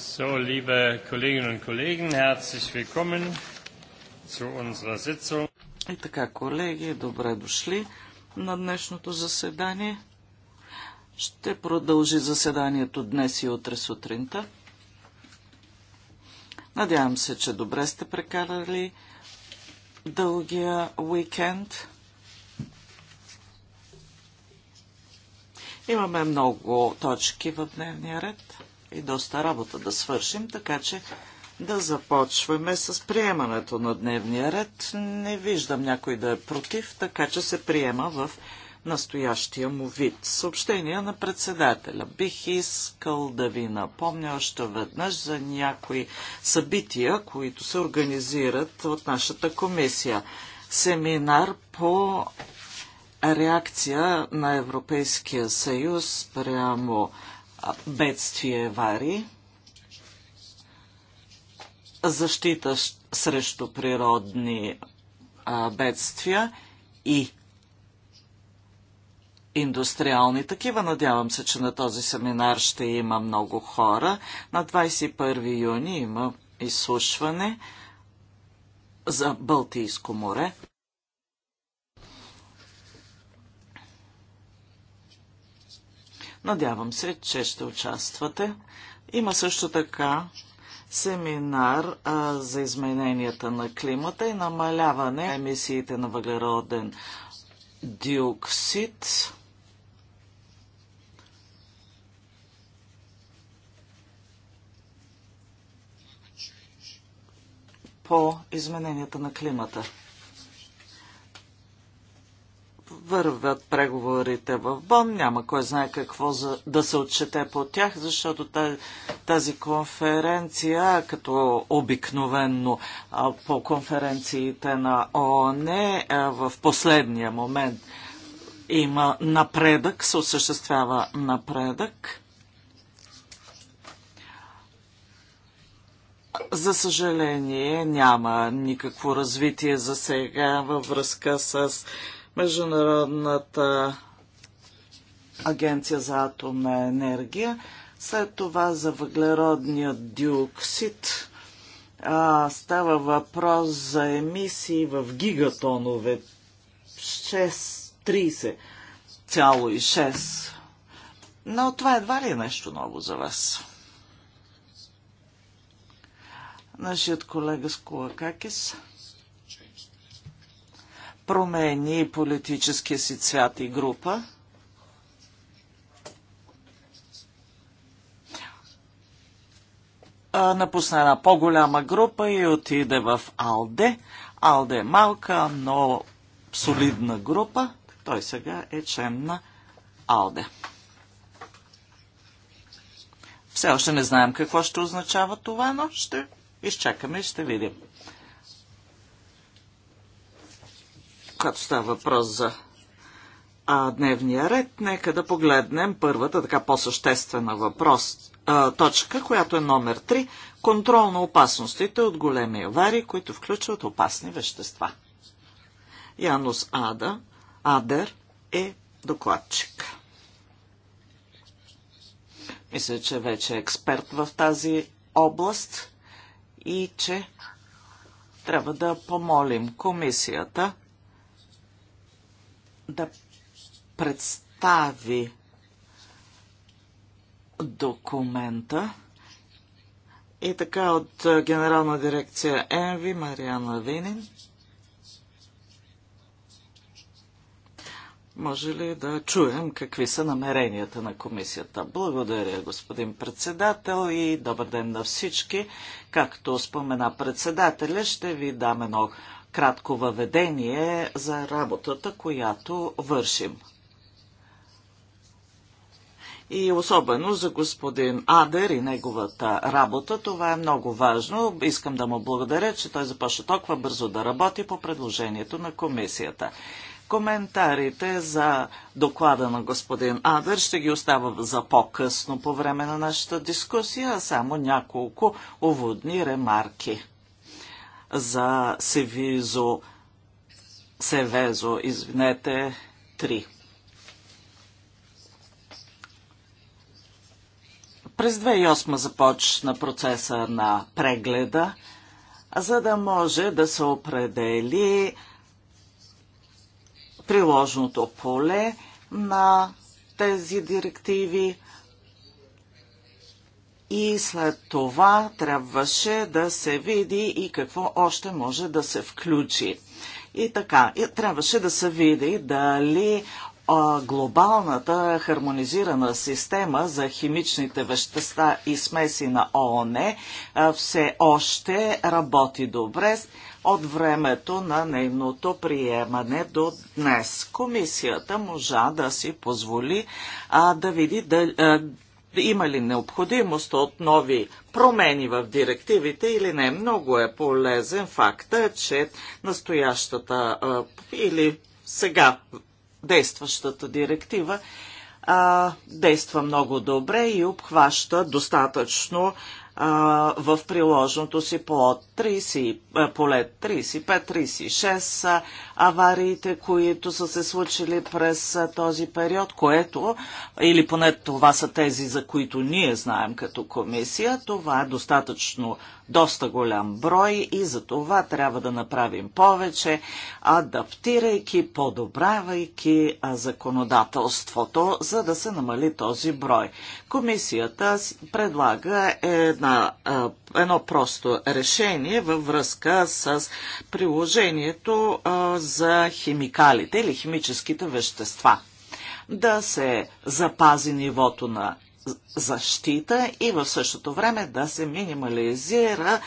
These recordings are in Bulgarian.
So, liebe Kolleginnen und Kollegen, herzlich willkommen zu unserer Sitzung. И така, колеги, добре дошли на днешното заседание. Ще продължи заседанието днес и утре сутринта. Надявам се, че добре сте прекарали дългия уикенд. Имаме много точки в дневния ред и доста работа да свършим, така че да започваме с приемането на дневния ред. Не виждам някой да е против, така че се приема в настоящия му вид. Съобщение на председателя. Бих искал да ви напомня още веднъж за някои събития, които се организират от нашата комисия. Семинар по реакция на Европейския съюз прямо бедствие Вари, защита срещу природни бедствия и индустриални такива. Надявам се, че на този семинар ще има много хора. На 21 юни има изслушване за Балтийско море. Надявам се, че ще участвате. Има също така семинар а, за измененията на климата и намаляване на емисиите на въглероден диоксид. по измененията на климата вървят преговорите в Бон. Няма кой знае какво за, да се отчете по тях, защото тази, конференция, като обикновенно по конференциите на ООН, е, в последния момент има напредък, се осъществява напредък. За съжаление, няма никакво развитие за сега във връзка с Международната агенция за атомна енергия, след това за въглеродния диоксид. А, става въпрос за емисии в гигатонове 6,30,6. Но това едва ли е нещо ново за вас? Нашият колега Скулакакис промени политическия си цвят и група. Напусна една по-голяма група и отиде в Алде. Алде е малка, но солидна група. Той сега е член на Алде. Все още не знаем какво ще означава това, но ще изчакаме и ще видим. когато става въпрос за а, дневния ред, нека да погледнем първата така по-съществена въпрос, а, точка, която е номер 3 – контрол на опасностите от големи аварии, които включват опасни вещества. Янус Ада, Адер е докладчик. Мисля, че вече е експерт в тази област и че трябва да помолим комисията да представи документа. И така от Генерална дирекция ЕНВИ Мариана Винин. Може ли да чуем какви са намеренията на комисията? Благодаря, господин председател и добър ден на всички. Както спомена председателя, ще ви дам едно кратко въведение за работата, която вършим. И особено за господин Адер и неговата работа. Това е много важно. Искам да му благодаря, че той започна толкова бързо да работи по предложението на комисията. Коментарите за доклада на господин Адър ще ги остава за по-късно по време на нашата дискусия, а само няколко уводни ремарки за Севизо, Севезо, извинете, 3. През 2008 започна процеса на прегледа, за да може да се определи приложното поле на тези директиви – и след това трябваше да се види и какво още може да се включи. И така, и трябваше да се види дали а, глобалната хармонизирана система за химичните вещества и смеси на ООН а, все още работи добре от времето на нейното приемане до днес. Комисията можа да си позволи а, да види да, а, има ли необходимост от нови промени в директивите или не. Много е полезен факта, че настоящата или сега действащата директива а, действа много добре и обхваща достатъчно в приложното си по 30, поле 35-36 авариите, които са се случили през този период, което, или поне това са тези, за които ние знаем като комисия, това е достатъчно доста голям брой и за това трябва да направим повече, адаптирайки, подобравайки законодателството, за да се намали този брой. Комисията предлага една на а, едно просто решение във връзка с приложението а, за химикалите или химическите вещества. Да се запази нивото на защита и в същото време да се минимализира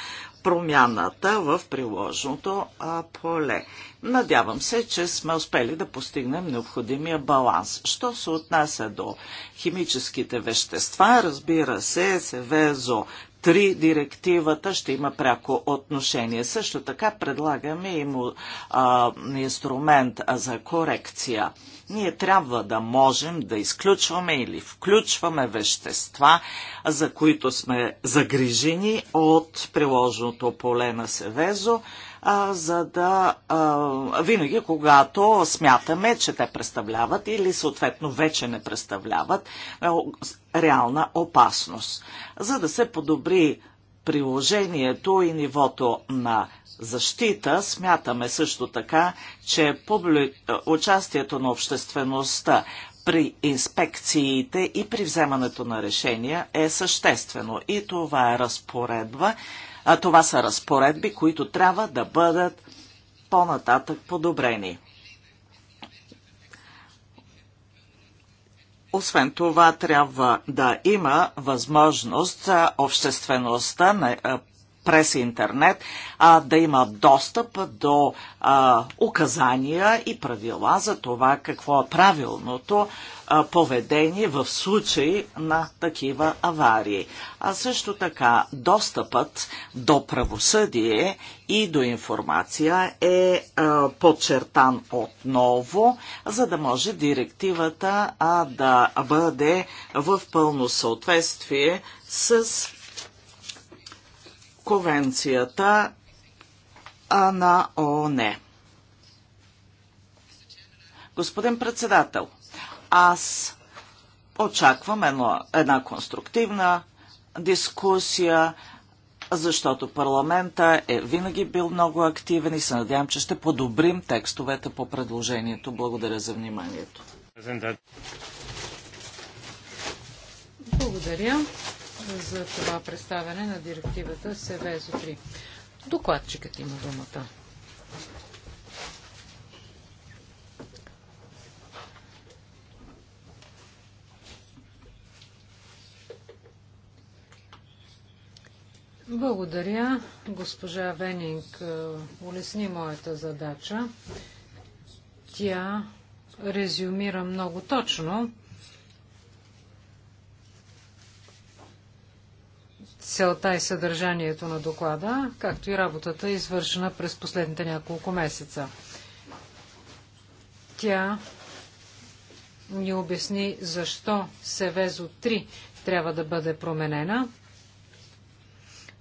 промяната в приложното а, поле. Надявам се, че сме успели да постигнем необходимия баланс. Що се отнася до химическите вещества, разбира се, Севезо Три директивата ще има пряко отношение. Също така предлагаме им а, инструмент за корекция. Ние трябва да можем да изключваме или включваме вещества, за които сме загрижени от приложеното поле на Севезо, а, за да а, винаги, когато смятаме, че те представляват или съответно вече не представляват реална опасност. За да се подобри приложението и нивото на защита, смятаме също така, че публи... участието на обществеността при инспекциите и при вземането на решения е съществено. И това е разпоредба, а това са разпоредби, които трябва да бъдат по-нататък подобрени. Освен това, трябва да има възможност обществеността през интернет, а, да има достъп до а, указания и правила за това какво е правилното а, поведение в случай на такива аварии. А също така достъпът до правосъдие и до информация е а, подчертан отново, за да може директивата а, да бъде в пълно съответствие с Конвенцията на ООН. Господин председател, аз очаквам едно, една конструктивна дискусия, защото парламента е винаги бил много активен и се надявам, че ще подобрим текстовете по предложението. Благодаря за вниманието. Благодаря за това представяне на директивата Севезо 3. Докладчикът има думата. Благодаря. Госпожа Венинг улесни моята задача. Тя резюмира много точно целта и съдържанието на доклада, както и работата, извършена през последните няколко месеца. Тя ни обясни защо Севезо 3 трябва да бъде променена.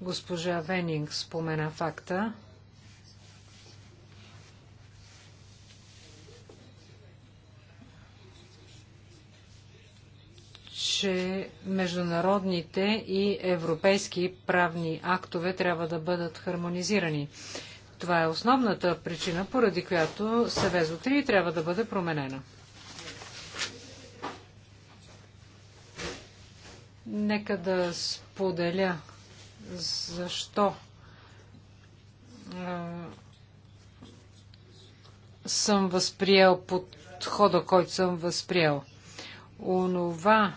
Госпожа Венинг спомена факта, че международните и европейски правни актове трябва да бъдат хармонизирани. Това е основната причина, поради която Севезо 3 трябва да бъде променена. Нека да споделя защо съм възприел подхода, който съм възприел. Онова,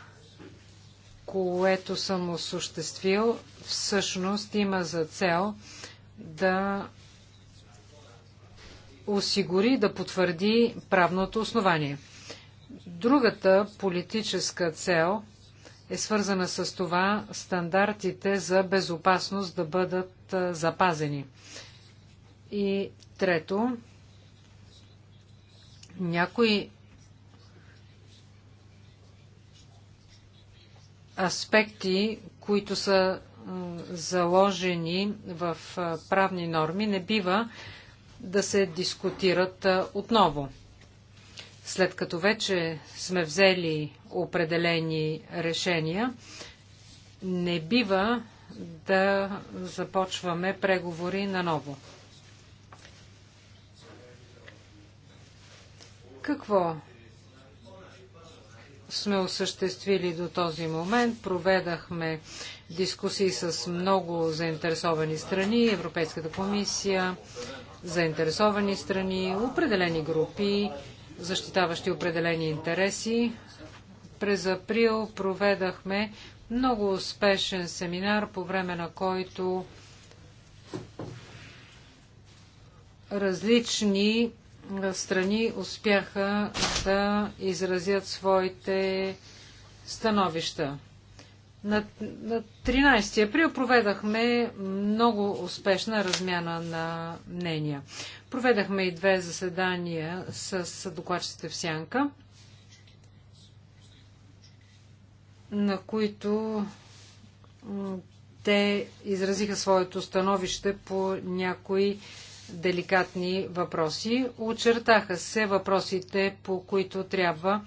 което съм осъществил, всъщност има за цел да осигури да потвърди правното основание. Другата политическа цел е свързана с това стандартите за безопасност да бъдат запазени. И трето, някои аспекти, които са заложени в правни норми, не бива да се дискутират отново. След като вече сме взели определени решения, не бива да започваме преговори наново. Какво сме осъществили до този момент. Проведахме дискусии с много заинтересовани страни, Европейската комисия, заинтересовани страни, определени групи, защитаващи определени интереси. През април проведахме много успешен семинар, по време на който различни страни успяха да изразят своите становища. На, на 13 април проведахме много успешна размяна на мнения. Проведахме и две заседания с докладчите в Сянка, на които те изразиха своето становище по някои деликатни въпроси. Очертаха се въпросите, по които трябва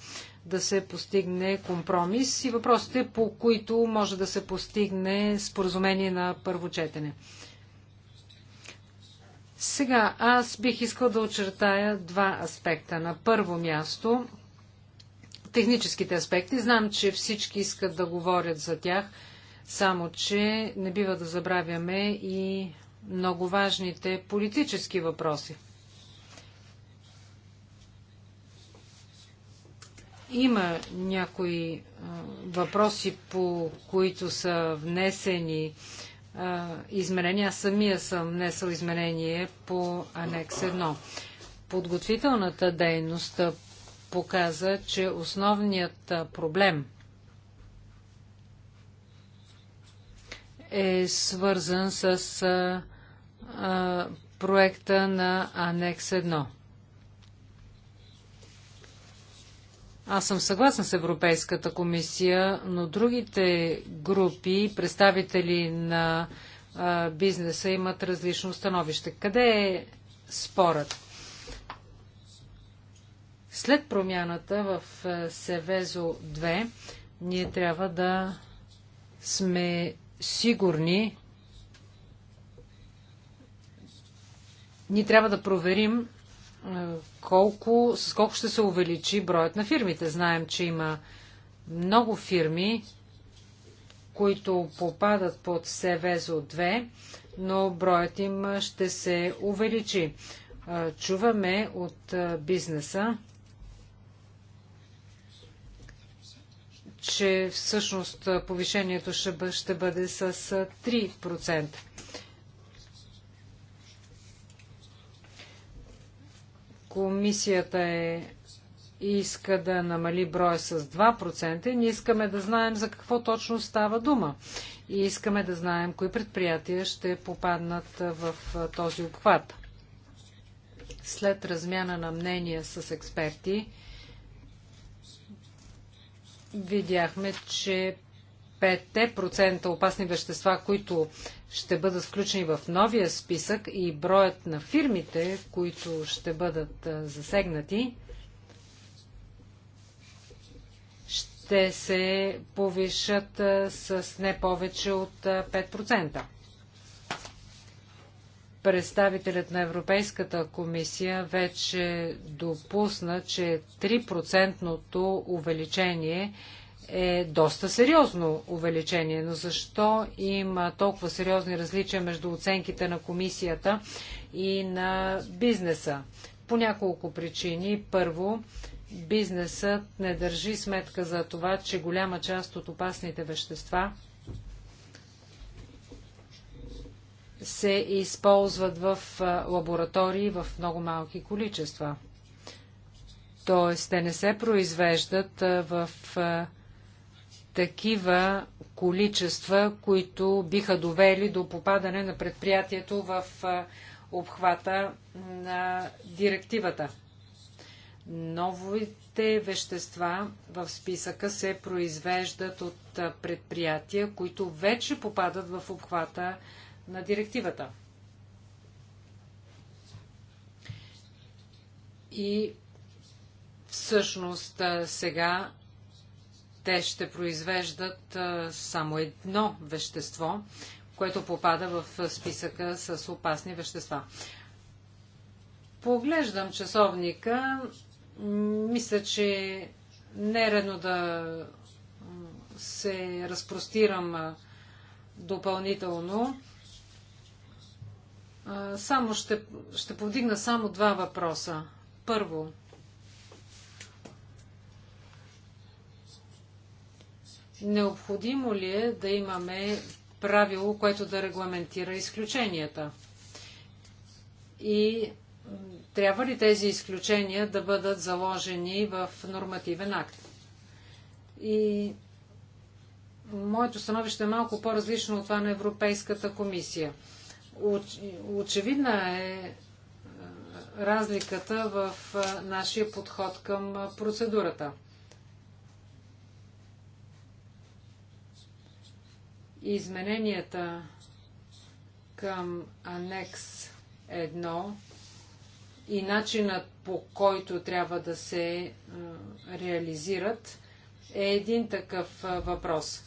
да се постигне компромис и въпросите, по които може да се постигне споразумение на първо четене. Сега аз бих искал да очертая два аспекта. На първо място техническите аспекти. Знам, че всички искат да говорят за тях, само че не бива да забравяме и много важните политически въпроси. Има някои а, въпроси, по които са внесени а, изменения. Аз самия съм внесъл изменение по анекс 1. Подготвителната дейност показа, че основният проблем – е свързан с а, а, проекта на Анекс 1. Аз съм съгласна с Европейската комисия, но другите групи, представители на а, бизнеса имат различно становище. Къде е спорът? След промяната в Севезо 2, ние трябва да сме сигурни, ние трябва да проверим е, колко, с колко ще се увеличи броят на фирмите. Знаем, че има много фирми, които попадат под СВЗО 2, но броят им ще се увеличи. Е, чуваме от е, бизнеса, че всъщност повишението ще бъде, с 3%. Комисията е иска да намали броя с 2% и ние искаме да знаем за какво точно става дума. И искаме да знаем кои предприятия ще попаднат в този обхват. След размяна на мнения с експерти, видяхме, че 5% опасни вещества, които ще бъдат включени в новия списък и броят на фирмите, които ще бъдат засегнати, ще се повишат с не повече от 5%. Представителят на Европейската комисия вече допусна, че 3 увеличение е доста сериозно увеличение, но защо има толкова сериозни различия между оценките на комисията и на бизнеса? По няколко причини. Първо, бизнесът не държи сметка за това, че голяма част от опасните вещества се използват в лаборатории в много малки количества. Тоест, те не се произвеждат в такива количества, които биха довели до попадане на предприятието в обхвата на директивата. Новите вещества в списъка се произвеждат от предприятия, които вече попадат в обхвата на директивата. И всъщност сега те ще произвеждат само едно вещество, което попада в списъка с опасни вещества. Поглеждам часовника. Мисля, че не е редно да се разпростирам допълнително. Само ще, ще повдигна само два въпроса. Първо, необходимо ли е да имаме правило, което да регламентира изключенията? И трябва ли тези изключения да бъдат заложени в нормативен акт? И моето становище е малко по-различно от това на Европейската комисия. Оч, очевидна е, е разликата в е, нашия подход към е, процедурата. Измененията към анекс 1 и начинът по който трябва да се реализират е един такъв въпрос.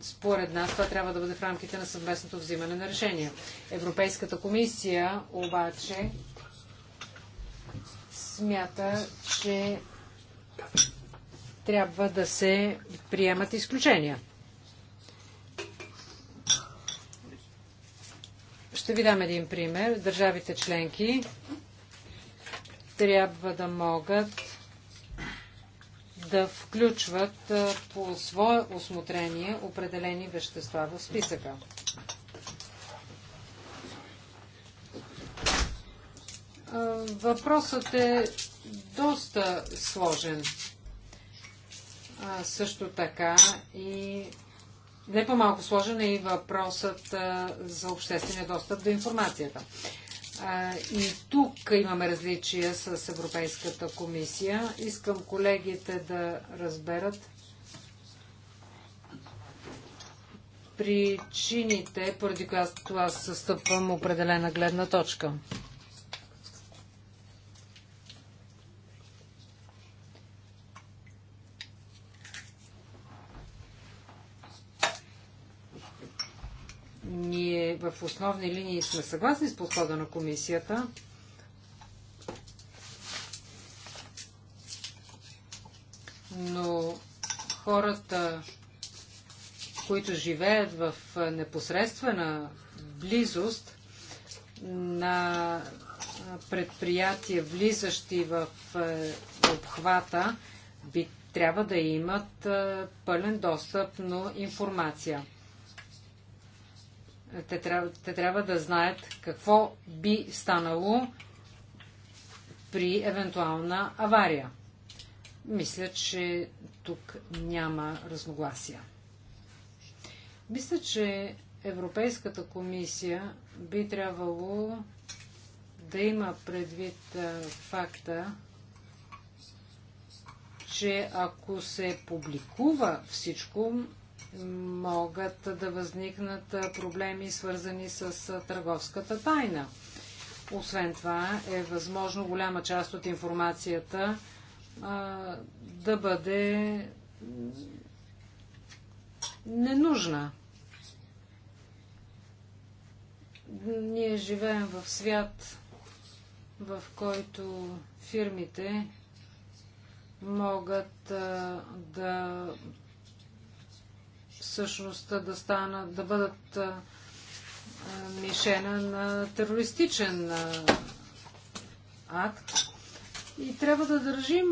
Според нас това трябва да бъде в рамките на съвместното взимане на решения. Европейската комисия обаче смята, че трябва да се приемат изключения. Ще ви дам един пример. Държавите членки трябва да могат да включват по свое осмотрение определени вещества в списъка. Въпросът е доста сложен. А, също така и не по-малко сложен е и въпросът а, за обществения достъп до информацията. И тук имаме различия с Европейската комисия. Искам колегите да разберат причините, поради която аз състъпвам определена гледна точка. в основни линии сме съгласни с подхода на комисията. Но хората, които живеят в непосредствена близост на предприятия, влизащи в е, обхвата, би трябва да имат е, пълен достъп на информация. Те трябва, те трябва да знаят какво би станало при евентуална авария. Мисля, че тук няма разногласия. Мисля, че Европейската комисия би трябвало да има предвид факта, че ако се публикува всичко, могат да възникнат проблеми, свързани с търговската тайна. Освен това е възможно голяма част от информацията а, да бъде ненужна. Ние живеем в свят, в който фирмите могат а, да всъщност да, станат, да бъдат мишена на терористичен акт. И трябва да държим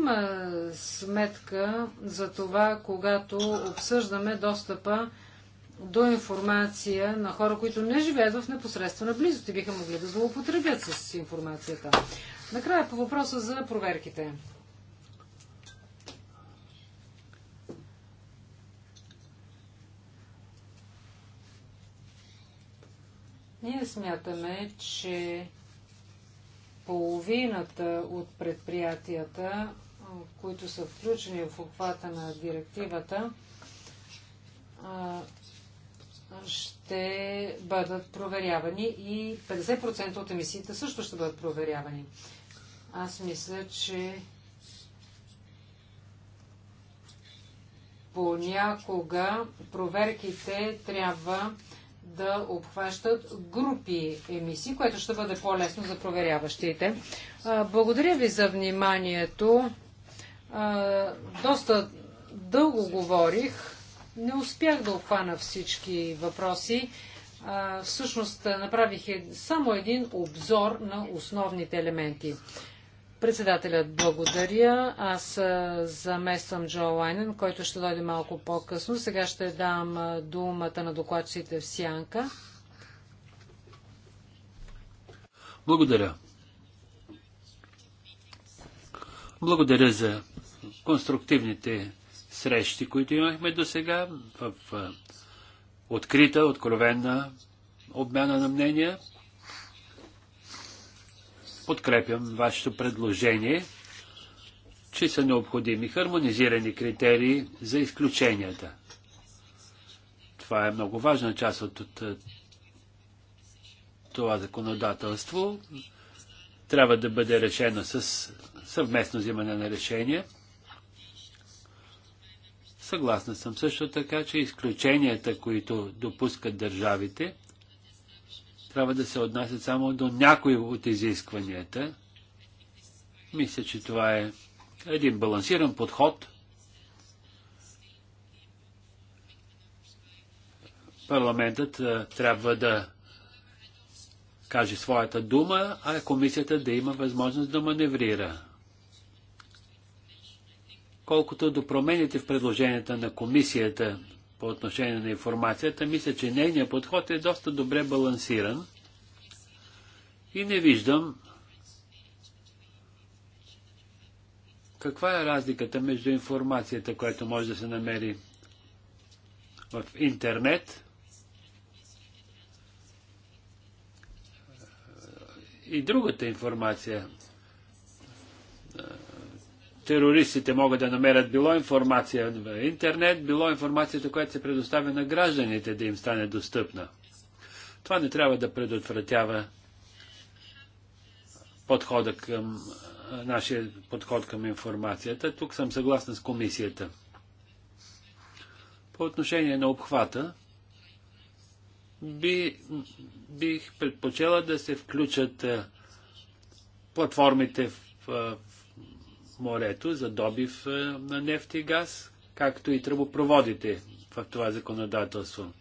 сметка за това, когато обсъждаме достъпа до информация на хора, които не живеят в непосредствена близост и биха могли да злоупотребят с информацията. Накрая по въпроса за проверките. Ние смятаме, че половината от предприятията, които са включени в обхвата на директивата, ще бъдат проверявани и 50% от емисиите също ще бъдат проверявани. Аз мисля, че понякога проверките трябва да обхващат групи емисии, което ще бъде по-лесно за проверяващите. Благодаря ви за вниманието. Доста дълго говорих. Не успях да обхвана всички въпроси. Всъщност направих е само един обзор на основните елементи. Председателят благодаря. Аз замествам Джо Лайнен, който ще дойде малко по-късно. Сега ще дам думата на докладчите в Сянка. Благодаря. Благодаря за конструктивните срещи, които имахме до сега в открита, откровена обмяна на мнения подкрепям вашето предложение, че са необходими хармонизирани критерии за изключенията. Това е много важна част от, от това законодателство. Трябва да бъде решено с съвместно взимане на решения. Съгласна съм също така, че изключенията, които допускат държавите, трябва да се отнасят само до някои от изискванията. Мисля, че това е един балансиран подход. Парламентът трябва да каже своята дума, а комисията да има възможност да маневрира. Колкото до промените в предложенията на комисията по отношение на информацията, мисля, че нейният подход е доста добре балансиран и не виждам каква е разликата между информацията, която може да се намери в интернет и другата информация, терористите могат да намерят било информация в интернет, било информацията, която се предоставя на гражданите да им стане достъпна. Това не трябва да предотвратява подхода към нашия подход към информацията. Тук съм съгласна с комисията. По отношение на обхвата, би, бих предпочела да се включат платформите в морето за добив е, на нефт и газ, както и тръбопроводите в това законодателство.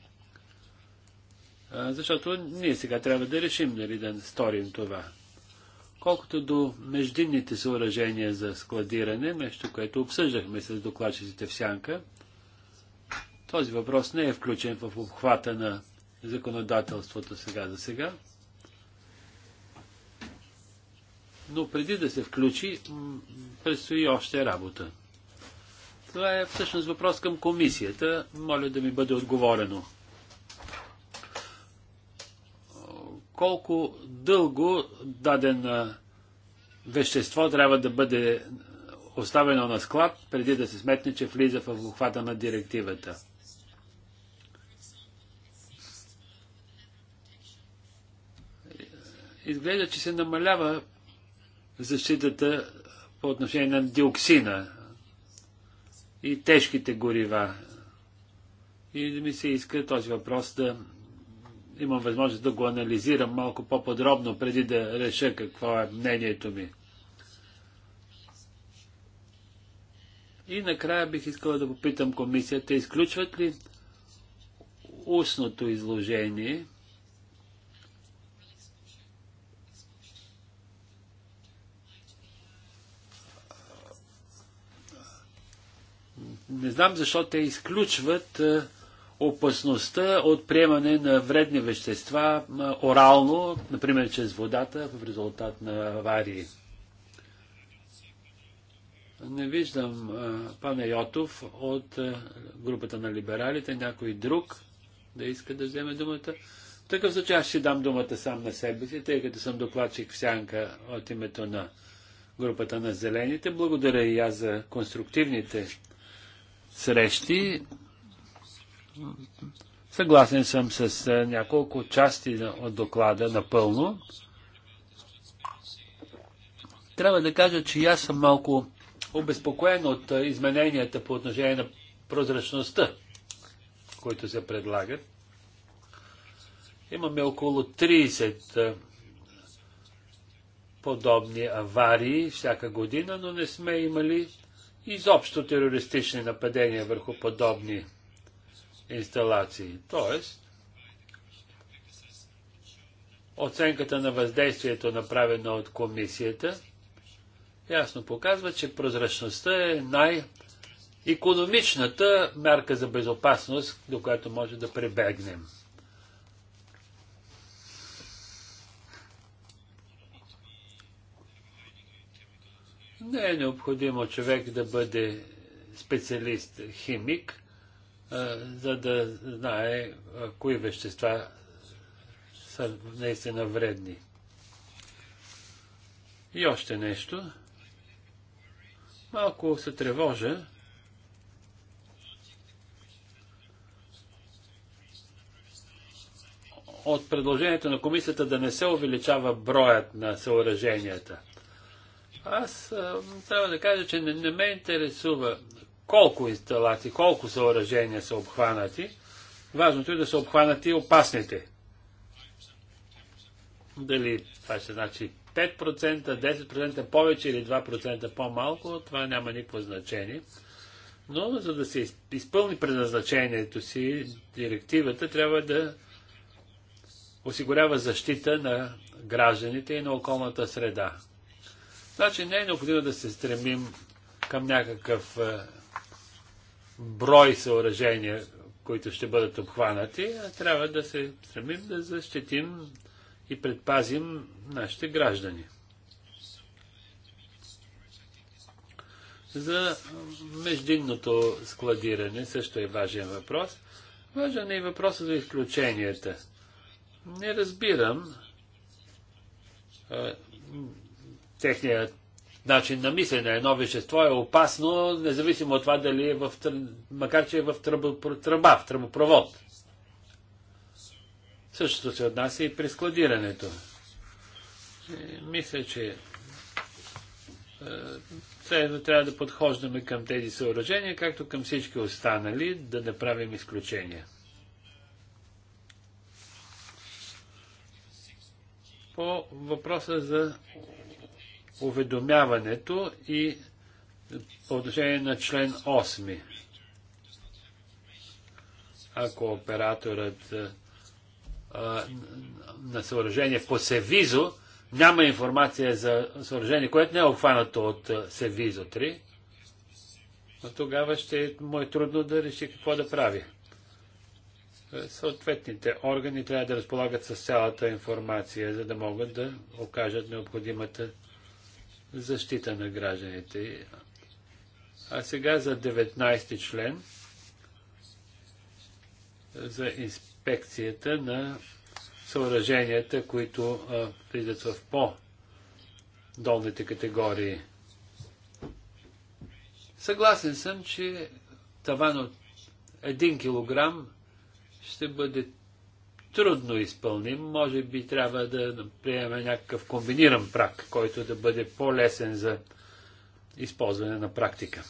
Защото ние сега трябва да решим нали, да сторим това. Колкото до междинните съоръжения за складиране, нещо, което обсъждахме с докладчиците в Сянка, този въпрос не е включен в обхвата на законодателството сега за сега. но преди да се включи, предстои още работа. Това е всъщност въпрос към комисията. Моля да ми бъде отговорено. Колко дълго даден вещество трябва да бъде оставено на склад, преди да се сметне, че влиза в обхвата на директивата? Изглежда, че се намалява защитата по отношение на диоксина и тежките горива. И да ми се иска този въпрос да имам възможност да го анализирам малко по-подробно, преди да реша какво е мнението ми. И накрая бих искала да попитам комисията, изключват ли устното изложение не знам защо те изключват е, опасността от приемане на вредни вещества е, орално, например чрез водата в резултат на аварии. Не виждам е, пана Йотов от групата на либералите, някой друг да иска да вземе думата. В такъв случай аз ще дам думата сам на себе си, тъй като съм докладчик в сянка от името на групата на зелените. Благодаря и аз за конструктивните срещи. Съгласен съм с няколко части от доклада напълно. Трябва да кажа, че аз съм малко обезпокоен от измененията по отношение на прозрачността, които се предлагат. Имаме около 30 подобни аварии всяка година, но не сме имали изобщо терористични нападения върху подобни инсталации. Тоест, оценката на въздействието, направено от комисията, ясно показва, че прозрачността е най-економичната мярка за безопасност, до която може да прибегнем. Не е необходимо човек да бъде специалист химик, за да знае кои вещества са наистина вредни. И още нещо. Малко се тревожа, от предложението на комисията да не се увеличава броят на съоръженията. Аз трябва да кажа, че не, не ме интересува колко инсталации, колко съоръжения са обхванати. Важното е да са обхванати опасните. Дали това ще значи 5%, 10% повече или 2% по-малко, това няма никакво значение. Но за да се изпълни предназначението си, директивата трябва да осигурява защита на гражданите и на околната среда. Значи не е необходимо да се стремим към някакъв е, брой съоръжения, които ще бъдат обхванати, а трябва да се стремим да защитим и предпазим нашите граждани. За междинното складиране също е важен въпрос. Важен е и въпросът за изключенията. Не разбирам е, техният начин на мислене. Едно вещество е опасно, независимо от това дали е в, макар че е в тръба, тръба в тръбопровод. Същото се отнася и при складирането. Е, мисля, че следно трябва да подхождаме към тези съоръжения, както към всички останали, да не правим изключения. По въпроса за уведомяването и по отношение на член 8. Ако операторът а, на съоръжение по Севизо няма информация за съоръжение, което не е обхванато от Севизо 3, тогава ще е му е трудно да реши какво да прави. Е, съответните органи трябва да разполагат с цялата информация, за да могат да окажат необходимата защита на гражданите. А сега за 19 член за инспекцията на съоръженията, които влизат в по-долните категории. Съгласен съм, че таван от 1 кг ще бъде трудно изпълним. Може би трябва да приемем някакъв комбиниран прак, който да бъде по-лесен за използване на практика.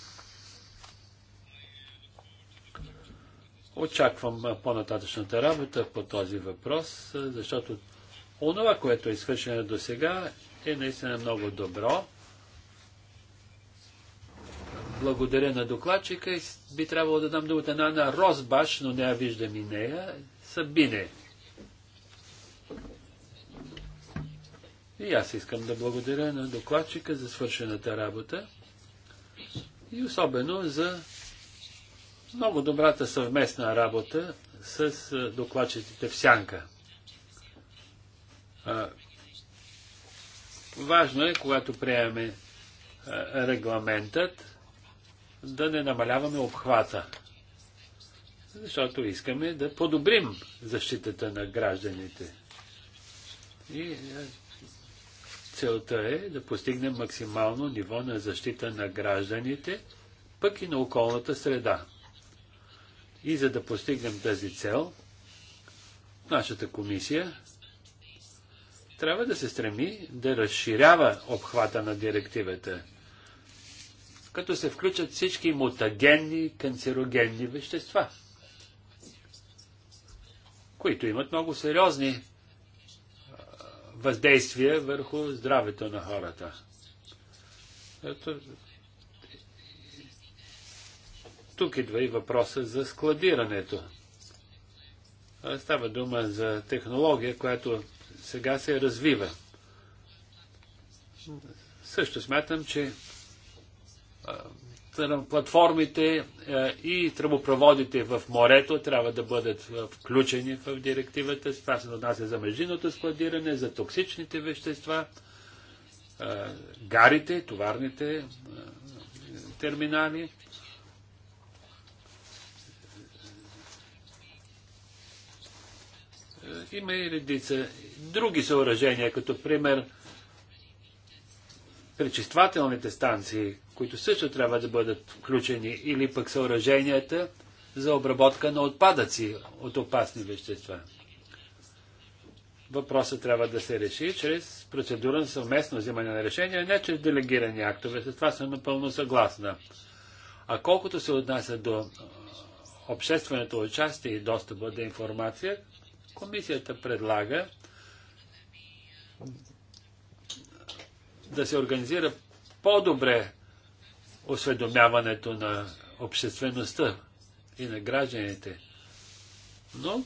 Очаквам по-нататъчната работа по този въпрос, защото онова, което е свършено до сега, е наистина много добро. Благодаря на докладчика и би трябвало да дам думата на Розбаш, но не я виждам и нея. Сабине. И аз искам да благодаря на докладчика за свършената работа и особено за много добрата съвместна работа с докладчиците в Сянка. Важно е, когато приемаме регламентът, да не намаляваме обхвата, защото искаме да подобрим защитата на гражданите. И Целта е да постигнем максимално ниво на защита на гражданите, пък и на околната среда. И за да постигнем тази цел, нашата комисия трябва да се стреми да разширява обхвата на директивата, като се включат всички мутагенни канцерогенни вещества, които имат много сериозни въздействие върху здравето на хората. Ето, тук идва и въпроса за складирането. Става дума за технология, която сега се развива. Също смятам, че платформите е, и тръбопроводите в морето трябва да бъдат включени в директивата. Това се отнася за междинното складиране, за токсичните вещества, е, гарите, товарните е, терминали. Има и редица други съоръжения, като пример пречиствателните станции, които също трябва да бъдат включени, или пък съоръженията за обработка на отпадъци от опасни вещества. Въпросът трябва да се реши чрез процедура на съвместно взимане на решение, не чрез делегирани актове. С това съм напълно съгласна. А колкото се отнася до общественото участие и достъпа до информация, комисията предлага да се организира по-добре осведомяването на обществеността и на гражданите. Но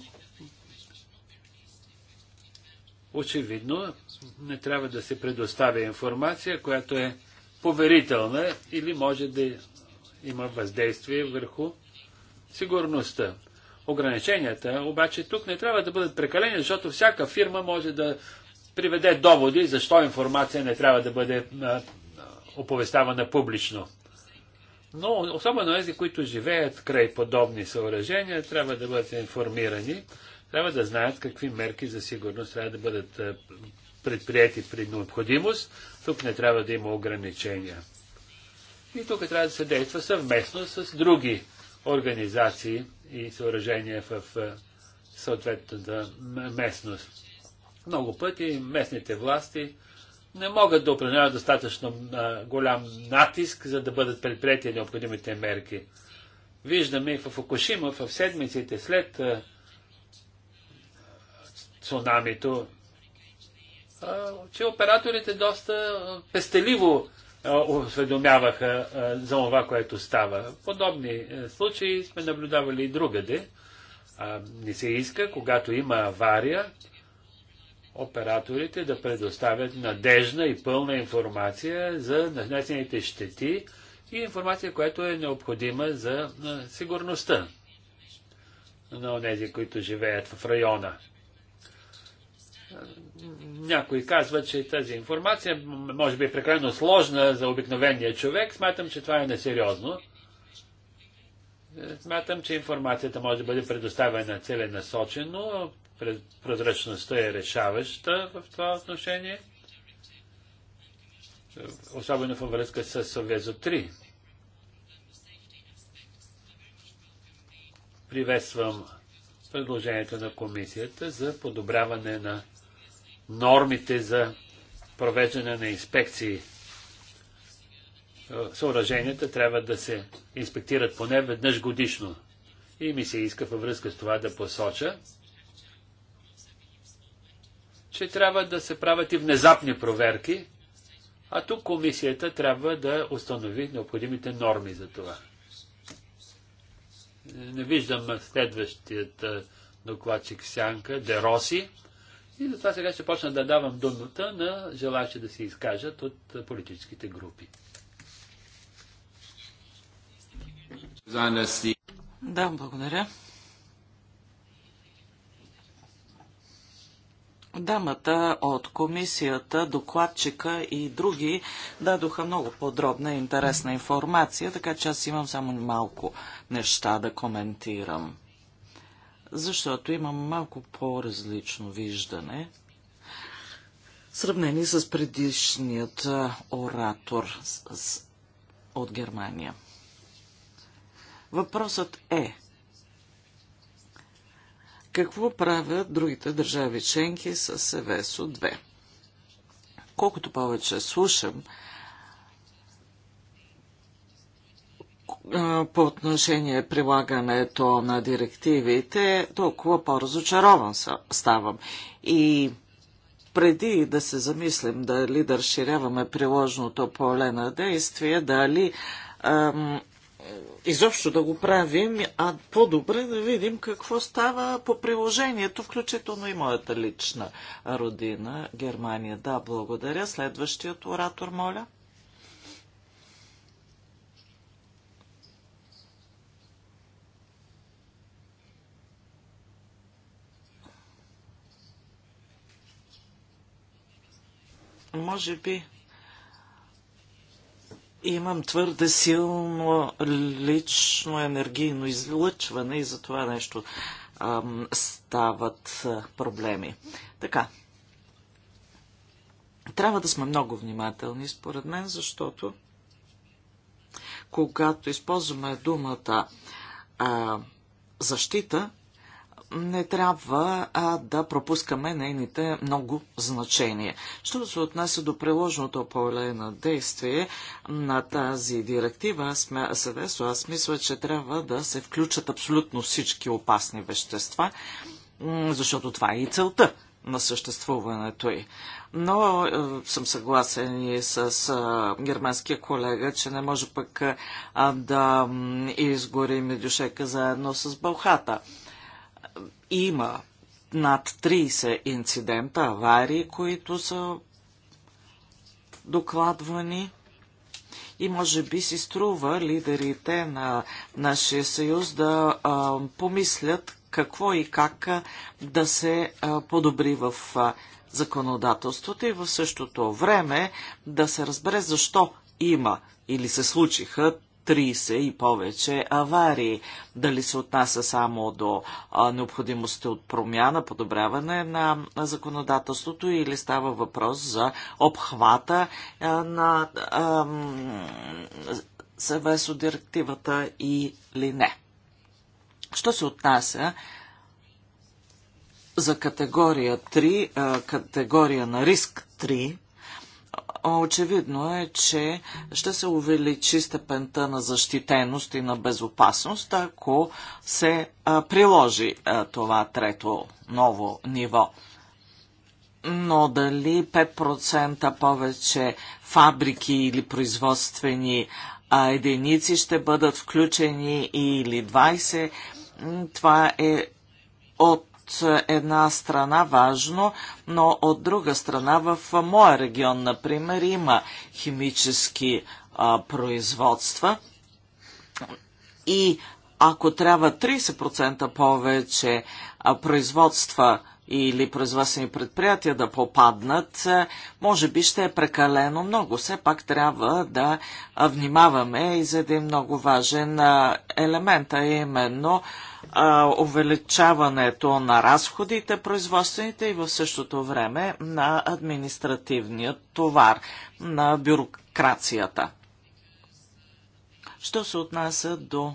очевидно не трябва да се предоставя информация, която е поверителна или може да има въздействие върху сигурността. Ограниченията обаче тук не трябва да бъдат прекалени, защото всяка фирма може да приведе доводи защо информация не трябва да бъде оповеставана публично. Но особено тези, които живеят край подобни съоръжения, трябва да бъдат информирани, трябва да знаят какви мерки за сигурност трябва да бъдат е, предприяти при необходимост. Тук не трябва да има ограничения. И тук трябва да се действа съвместно с други организации и съоръжения в е, съответната местност. Много пъти местните власти не могат да упражняват достатъчно а, голям натиск, за да бъдат предприяти необходимите мерки. Виждаме и в Фукушима, в седмиците след а, цунамито, а, че операторите доста пестеливо осведомяваха за това, което става. Подобни случаи сме наблюдавали и другаде. Не се иска, когато има авария, операторите да предоставят надежна и пълна информация за нанесените щети и информация, която е необходима за сигурността на тези, които живеят в района. Някой казва, че тази информация може би е прекалено сложна за обикновения човек. Смятам, че това е несериозно. Смятам, че информацията може да бъде предоставена целенасочено. Прозрачността е решаваща в това отношение. Особено във връзка с Совезо 3. Приветствам предложението на комисията за подобряване на нормите за провеждане на инспекции съоръженията трябва да се инспектират поне веднъж годишно. И ми се иска във връзка с това да посоча, че трябва да се правят и внезапни проверки, а тук комисията трябва да установи необходимите норми за това. Не виждам следващият докладчик Сянка, Дероси. И затова сега ще почна да давам думата на желащи да се изкажат от политическите групи. Да, благодаря. Дамата от комисията, докладчика и други дадоха много подробна и интересна информация, така че аз имам само малко неща да коментирам. Защото имам малко по-различно виждане, сравнени с предишният оратор с, с, от Германия. Въпросът е какво правят другите държави членки с СВСО 2? Колкото повече слушам по отношение прилагането на директивите, толкова по-разочарован ставам. И преди да се замислим дали да разширяваме приложното поле на действие, дали ам, изобщо да го правим, а по-добре да видим какво става по приложението, включително и моята лична родина, Германия. Да, благодаря. Следващият оратор, моля. Може би имам твърде силно лично енергийно излъчване и за това нещо ам, стават проблеми. Така. Трябва да сме много внимателни, според мен, защото когато използваме думата а, защита, не трябва а, да пропускаме нейните много значения. Що се отнася до приложното поле на действие на тази директива, аз, съвесо, аз мисля, че трябва да се включат абсолютно всички опасни вещества, защото това е и целта на съществуването й. Но е, съм съгласен и с е, германския колега, че не може пък е, да изгорим дюшека заедно с бълхата. Има над 30 инцидента, аварии, които са докладвани. И може би си струва лидерите на нашия съюз да а, помислят какво и как да се а, подобри в а, законодателството и в същото време да се разбере защо има или се случиха 30 и повече аварии. Дали се отнася само до необходимостта от промяна, подобряване на законодателството или става въпрос за обхвата на съвес съвесо директивата или не. Що се отнася за категория 3, категория на риск 3, Очевидно е, че ще се увеличи степента на защитеност и на безопасност, ако се приложи това трето ново ниво. Но дали 5% повече фабрики или производствени единици ще бъдат включени или 20, това е от от една страна важно, но от друга страна в моя регион, например, има химически а, производства и ако трябва 30% повече а, производства или производствени предприятия да попаднат, може би ще е прекалено много. Все пак трябва да внимаваме и за един много важен елемент, а именно а, увеличаването на разходите, производствените и в същото време на административния товар, на бюрокрацията. Що се отнася до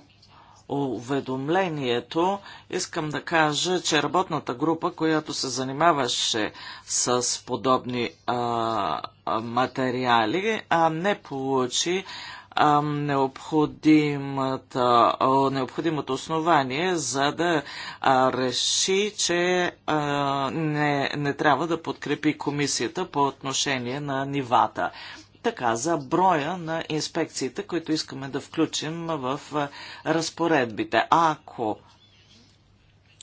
уведомлението, искам да кажа, че работната група, която се занимаваше с подобни а, материали, а не получи необходимото основание, за да реши, че не, не трябва да подкрепи комисията по отношение на нивата. Така, за броя на инспекциите, които искаме да включим в разпоредбите. Ако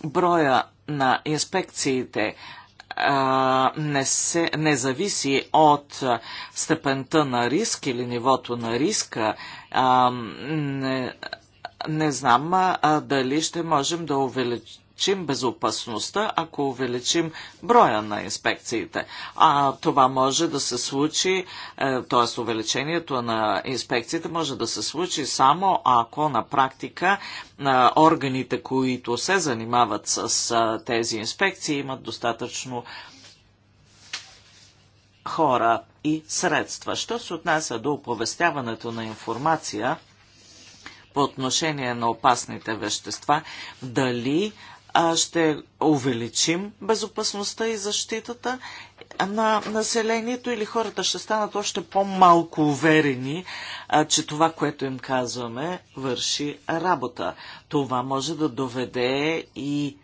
броя на инспекциите не, се, не зависи от степента на риск или нивото на риска, а, не, не знам а, дали ще можем да увеличим увеличим безопасността, ако увеличим броя на инспекциите. А това може да се случи, е, т.е. увеличението на инспекциите може да се случи само ако на практика е, органите, които се занимават с е, тези инспекции, имат достатъчно хора и средства. Що се отнася до оповестяването на информация по отношение на опасните вещества, дали ще увеличим безопасността и защитата на населението или хората ще станат още по-малко уверени, че това, което им казваме, върши работа. Това може да доведе и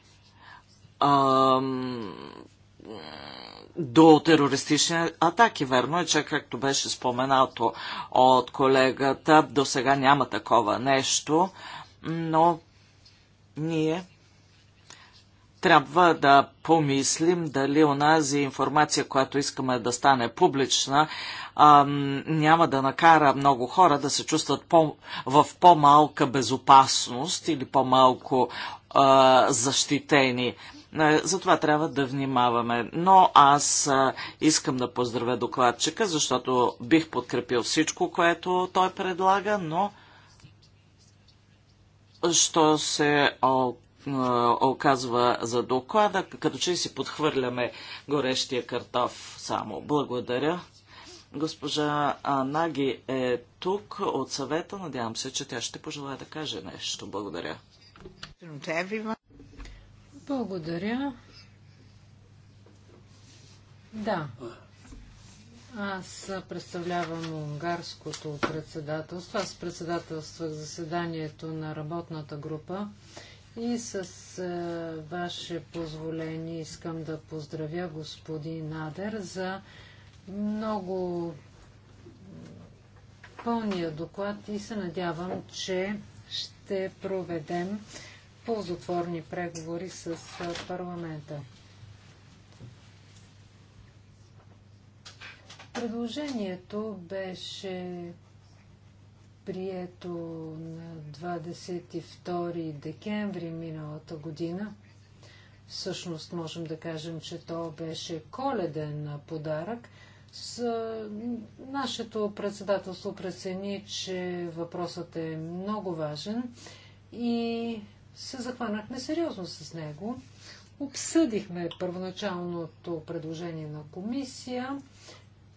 ам, до терористични атаки. Верно е, че както беше споменато от колегата, до сега няма такова нещо, но ние трябва да помислим дали онази информация, която искаме да стане публична, няма да накара много хора да се чувстват по, в по-малка безопасност или по-малко защитени. Е, затова трябва да внимаваме. Но аз искам да поздравя докладчика, защото бих подкрепил всичко, което той предлага, но що се от оказва за доклада, като че си подхвърляме горещия картоф само. Благодаря. Госпожа Наги е тук от съвета. Надявам се, че тя ще пожелая да каже нещо. Благодаря. Благодаря. Да. Аз представлявам унгарското председателство. Аз председателствах заседанието на работната група и с а, е, ваше позволение искам да поздравя господин Надер за много пълния доклад и се надявам, че ще проведем ползотворни преговори с е, парламента. Предложението беше прието на 22 декември миналата година. Всъщност можем да кажем, че то беше коледен подарък. С нашето председателство прецени, че въпросът е много важен и се захванахме сериозно с него. Обсъдихме първоначалното предложение на комисия,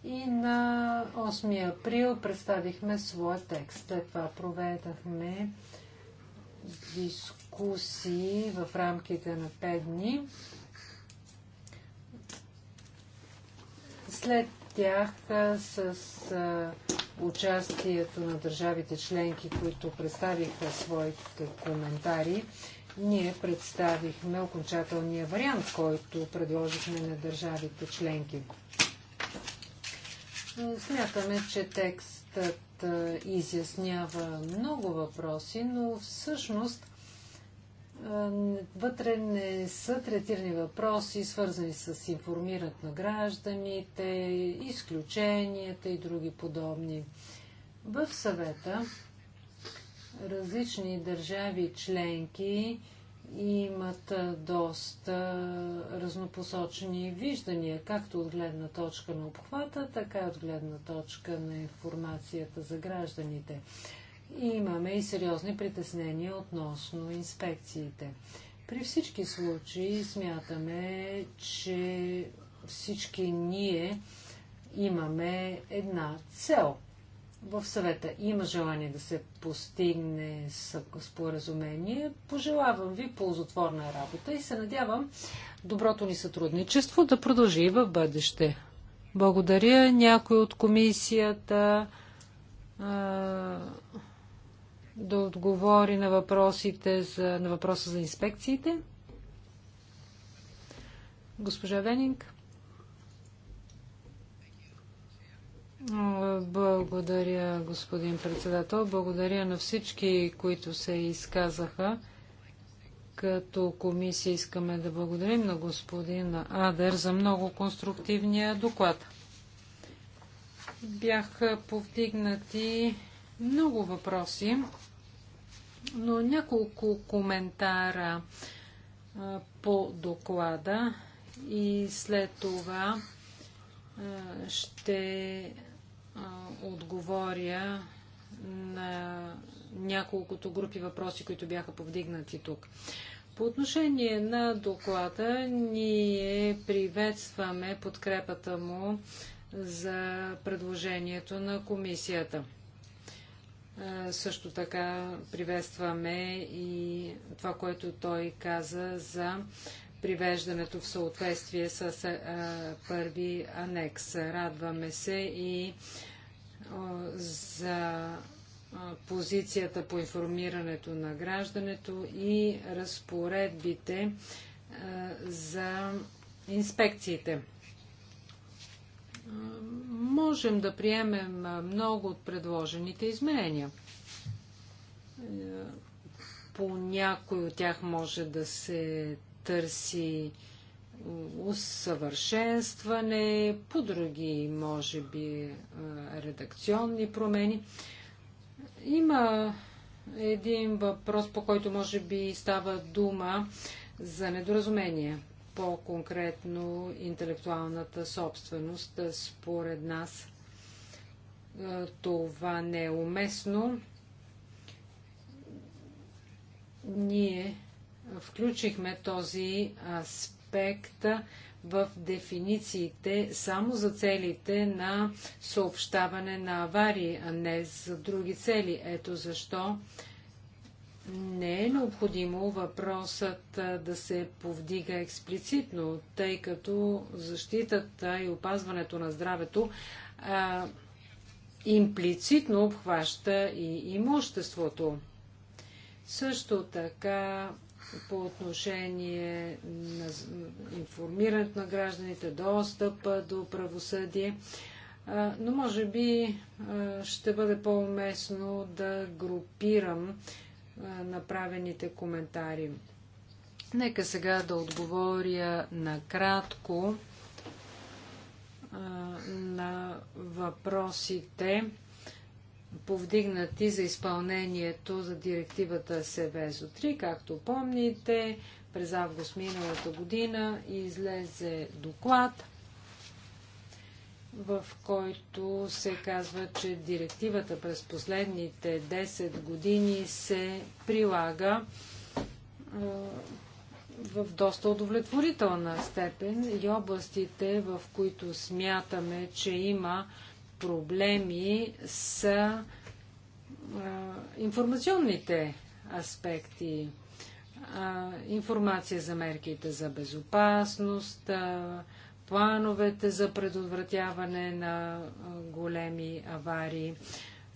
и на 8 април представихме своя текст. След това проведахме дискусии в рамките на 5 дни. След тях с участието на държавите членки, които представиха своите коментари, ние представихме окончателния вариант, който предложихме на държавите членки. Смятаме, че текстът изяснява много въпроси, но всъщност вътре не са третирани въпроси, свързани с информират на гражданите, изключенията и други подобни. В съвета различни държави членки имат доста разнопосочни виждания, както от гледна точка на обхвата, така и от гледна точка на информацията за гражданите. И имаме и сериозни притеснения относно инспекциите. При всички случаи смятаме, че всички ние имаме една цел – в съвета има желание да се постигне споразумение, пожелавам ви ползотворна работа и се надявам доброто ни сътрудничество да продължи и в бъдеще. Благодаря някой от комисията а, да отговори на, въпросите за, на въпроса за инспекциите. Госпожа Венинг. Благодаря, господин председател. Благодаря на всички, които се изказаха. Като комисия искаме да благодарим на господин Адер за много конструктивния доклад. Бяха повдигнати много въпроси, но няколко коментара по доклада и след това ще отговоря на няколкото групи въпроси, които бяха повдигнати тук. По отношение на доклада, ние приветстваме подкрепата му за предложението на комисията. Също така приветстваме и това, което той каза за привеждането в съответствие с а, първи анекс. Радваме се и а, за позицията по информирането на граждането и разпоредбите а, за инспекциите. Можем да приемем много от предложените изменения. Е, по някои от тях може да се търси усъвършенстване, по други, може би, е, редакционни промени. Има един въпрос, по който може би става дума за недоразумение. По-конкретно интелектуалната собственост, е, според нас, е, това не е уместно. Ние включихме този аспект в дефинициите само за целите на съобщаване на аварии, а не за други цели. Ето защо не е необходимо въпросът да се повдига експлицитно, тъй като защитата и опазването на здравето а, имплицитно обхваща и имуществото. Също така по отношение на информирането на гражданите, достъпа до правосъдие. Но може би ще бъде по-уместно да групирам направените коментари. Нека сега да отговоря накратко на въпросите повдигнати за изпълнението за директивата Севезо 3. Както помните, през август миналата година излезе доклад, в който се казва, че директивата през последните 10 години се прилага в доста удовлетворителна степен и областите, в които смятаме, че има проблеми са а, информационните аспекти. А, информация за мерките за безопасност, а, плановете за предотвратяване на големи аварии.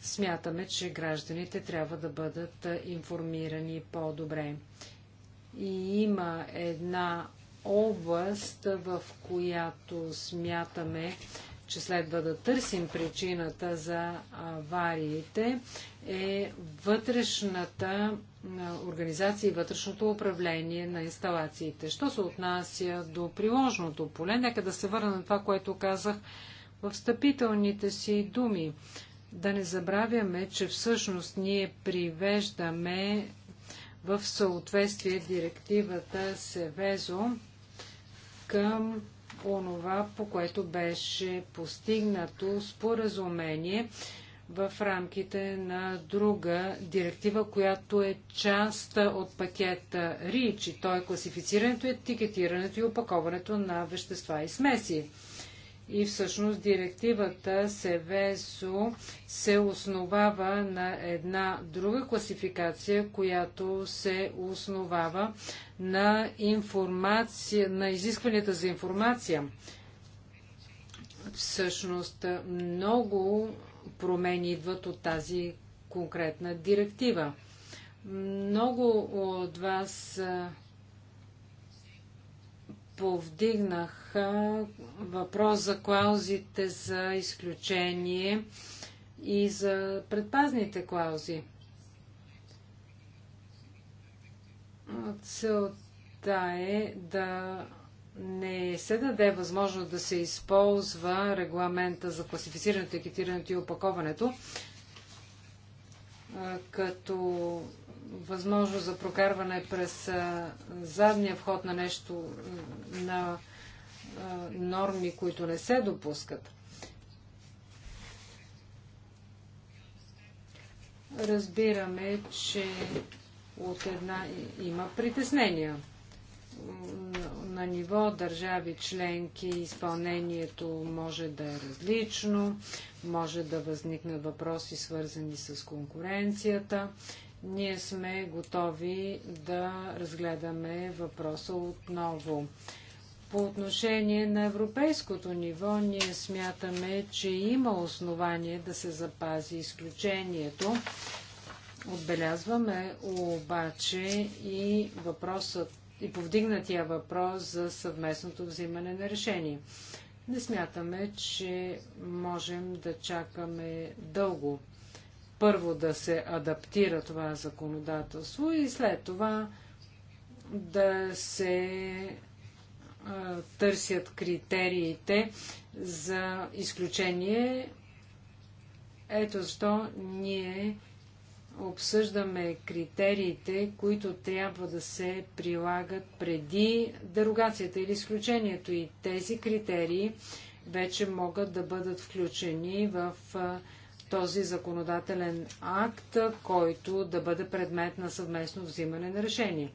Смятаме, че гражданите трябва да бъдат информирани по-добре. И има една област, в която смятаме, че следва да търсим причината за авариите, е вътрешната организация и вътрешното управление на инсталациите. Що се отнася до приложното поле, нека да се върна на това, което казах в встъпителните си думи. Да не забравяме, че всъщност ние привеждаме в съответствие директивата Севезо към онова, по което беше постигнато споразумение в рамките на друга директива, която е част от пакета РИЧ, и то е класифицирането, етикетирането и опаковането на вещества и смеси. И всъщност директивата СВСО се основава на една друга класификация, която се основава на, информация, на изискванията за информация. Всъщност много промени идват от тази конкретна директива. Много от вас повдигнаха въпрос за клаузите за изключение и за предпазните клаузи. Целта е да не се даде възможност да се използва регламента за класифицирането, етикетирането и опаковането като възможност за прокарване през задния вход на нещо, на норми, които не се допускат. Разбираме, че от една има притеснения на ниво държави членки изпълнението може да е различно, може да възникнат въпроси свързани с конкуренцията ние сме готови да разгледаме въпроса отново. По отношение на европейското ниво, ние смятаме, че има основание да се запази изключението. Отбелязваме обаче и въпросът и повдигнатия въпрос за съвместното взимане на решение. Не смятаме, че можем да чакаме дълго първо да се адаптира това законодателство и след това да се а, търсят критериите за изключение. Ето защо ние обсъждаме критериите, които трябва да се прилагат преди дерогацията или изключението. И тези критерии вече могат да бъдат включени в а, този законодателен акт, който да бъде предмет на съвместно взимане на решение.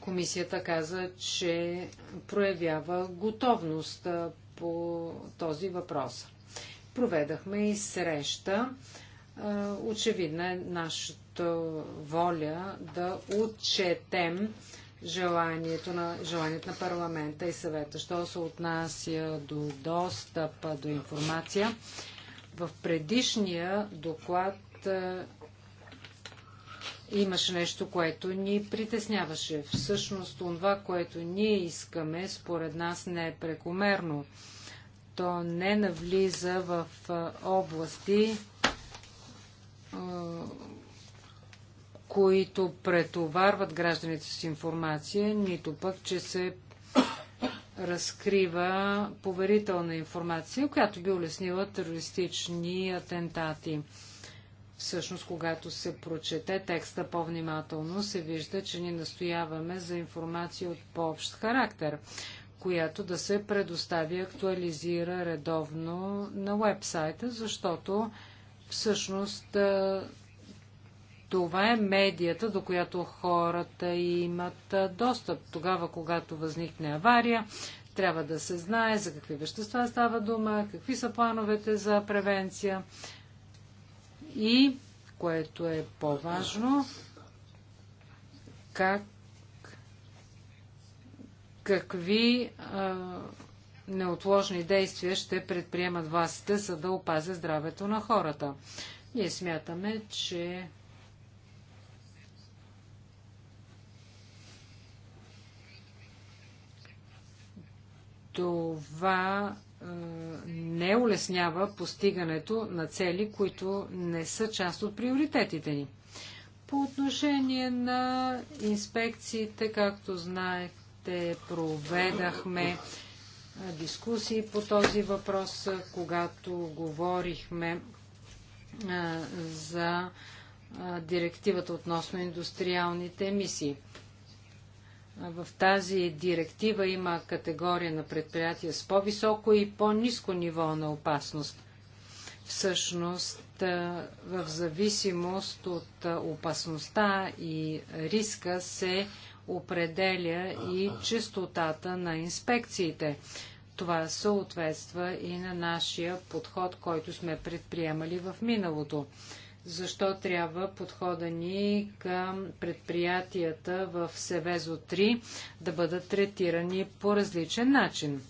Комисията каза, че проявява готовност по този въпрос. Проведахме и среща. Очевидна е нашата воля да отчетем желанието на, желанието на парламента и съвета. Що се отнася до достъпа до информация, в предишния доклад а, имаше нещо, което ни притесняваше. Всъщност, това, което ние искаме, според нас не е прекомерно. То не навлиза в а, области, а, които претоварват гражданите с информация, нито пък, че се разкрива поверителна информация, която би улеснила терористични атентати. Всъщност, когато се прочете текста по-внимателно, се вижда, че ни настояваме за информация от по-общ характер, която да се предостави актуализира редовно на вебсайта, защото всъщност това е медията, до която хората имат достъп. Тогава, когато възникне авария, трябва да се знае за какви вещества става дума, какви са плановете за превенция и, което е по-важно, как, какви а, неотложни действия ще предприемат властите, за да опазят здравето на хората. Ние смятаме, че това не улеснява постигането на цели, които не са част от приоритетите ни. По отношение на инспекциите, както знаете, проведахме дискусии по този въпрос, когато говорихме за директивата относно индустриалните емисии. В тази директива има категория на предприятия с по-високо и по-низко ниво на опасност. Всъщност, в зависимост от опасността и риска се определя и чистотата на инспекциите. Това съответства и на нашия подход, който сме предприемали в миналото защо трябва подхода ни към предприятията в Севезо 3 да бъдат третирани по различен начин.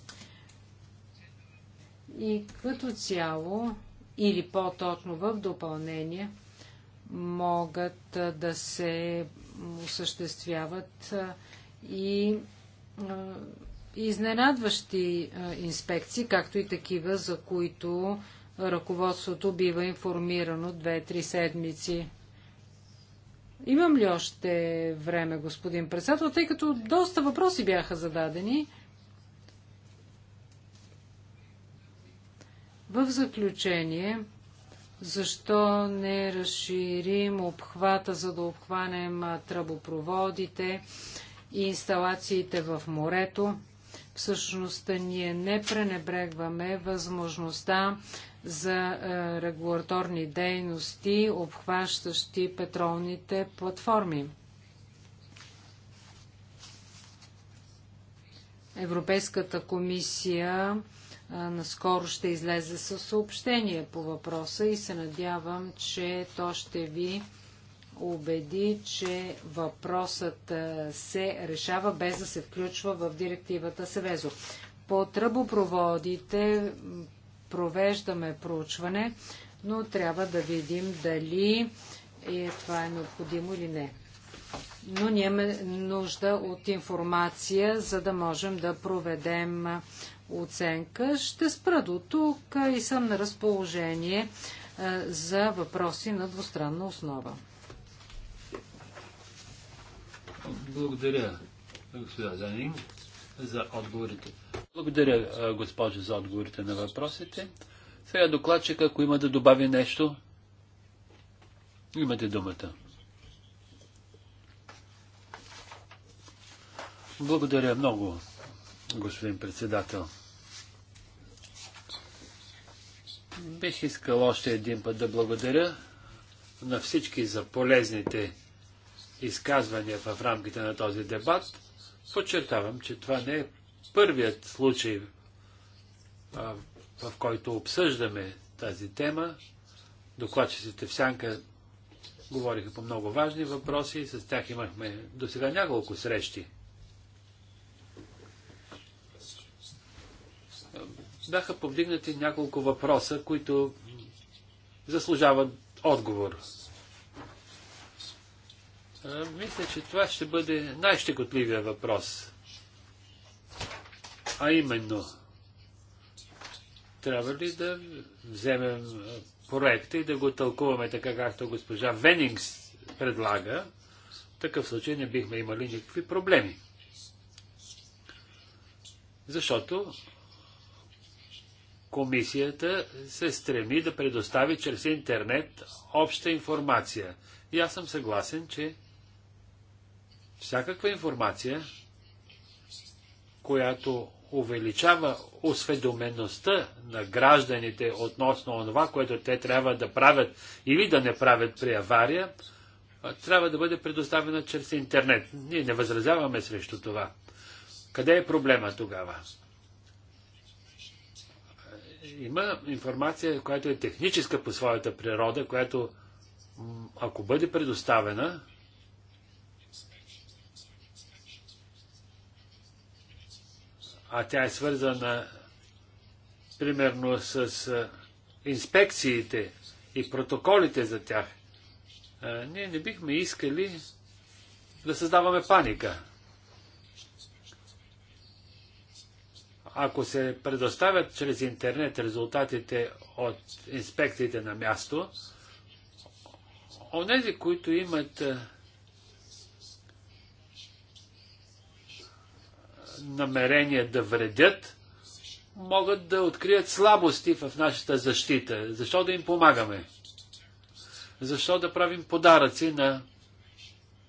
И като цяло, или по-точно в допълнение, могат да се осъществяват и изненадващи инспекции, както и такива, за които ръководството бива информирано 2-3 седмици. Имам ли още време, господин председател, тъй като доста въпроси бяха зададени? В заключение, защо не разширим обхвата, за да обхванем тръбопроводите и инсталациите в морето? Всъщност, ние не пренебрегваме възможността за е, регулаторни дейности, обхващащи петролните платформи. Европейската комисия е, наскоро ще излезе със съобщение по въпроса и се надявам, че то ще ви убеди, че въпросът е, се решава без да се включва в директивата Севезо. По тръбопроводите провеждаме проучване, но трябва да видим дали е, това е необходимо или не. Но ние имаме нужда от информация, за да можем да проведем оценка. Ще спра до тук и съм на разположение за въпроси на двустранна основа. Благодаря, господа Занин за отговорите. Благодаря, госпожо, за отговорите на въпросите. Сега докладчик, ако има да добави нещо, имате думата. Благодаря много, господин председател. Бих искал още един път да благодаря на всички за полезните изказвания в рамките на този дебат. Подчертавам, че това не е първият случай, в който обсъждаме тази тема. Докладчиците в Сянка говориха по много важни въпроси и с тях имахме до сега няколко срещи. Бяха повдигнати няколко въпроса, които заслужават отговор мисля, че това ще бъде най-щекотливия въпрос. А именно, трябва ли да вземем проекта и да го тълкуваме така, както госпожа Венингс предлага, в такъв случай не бихме имали никакви проблеми. Защото комисията се стреми да предостави чрез интернет обща информация. И аз съм съгласен, че всякаква информация, която увеличава осведомеността на гражданите относно това, което те трябва да правят или да не правят при авария, трябва да бъде предоставена чрез интернет. Ние не възразяваме срещу това. Къде е проблема тогава? Има информация, която е техническа по своята природа, която ако бъде предоставена, а тя е свързана примерно с инспекциите и протоколите за тях, ние не бихме искали да създаваме паника. Ако се предоставят чрез интернет резултатите от инспекциите на място, онези, които имат намерение да вредят, могат да открият слабости в нашата защита. Защо да им помагаме? Защо да правим подаръци на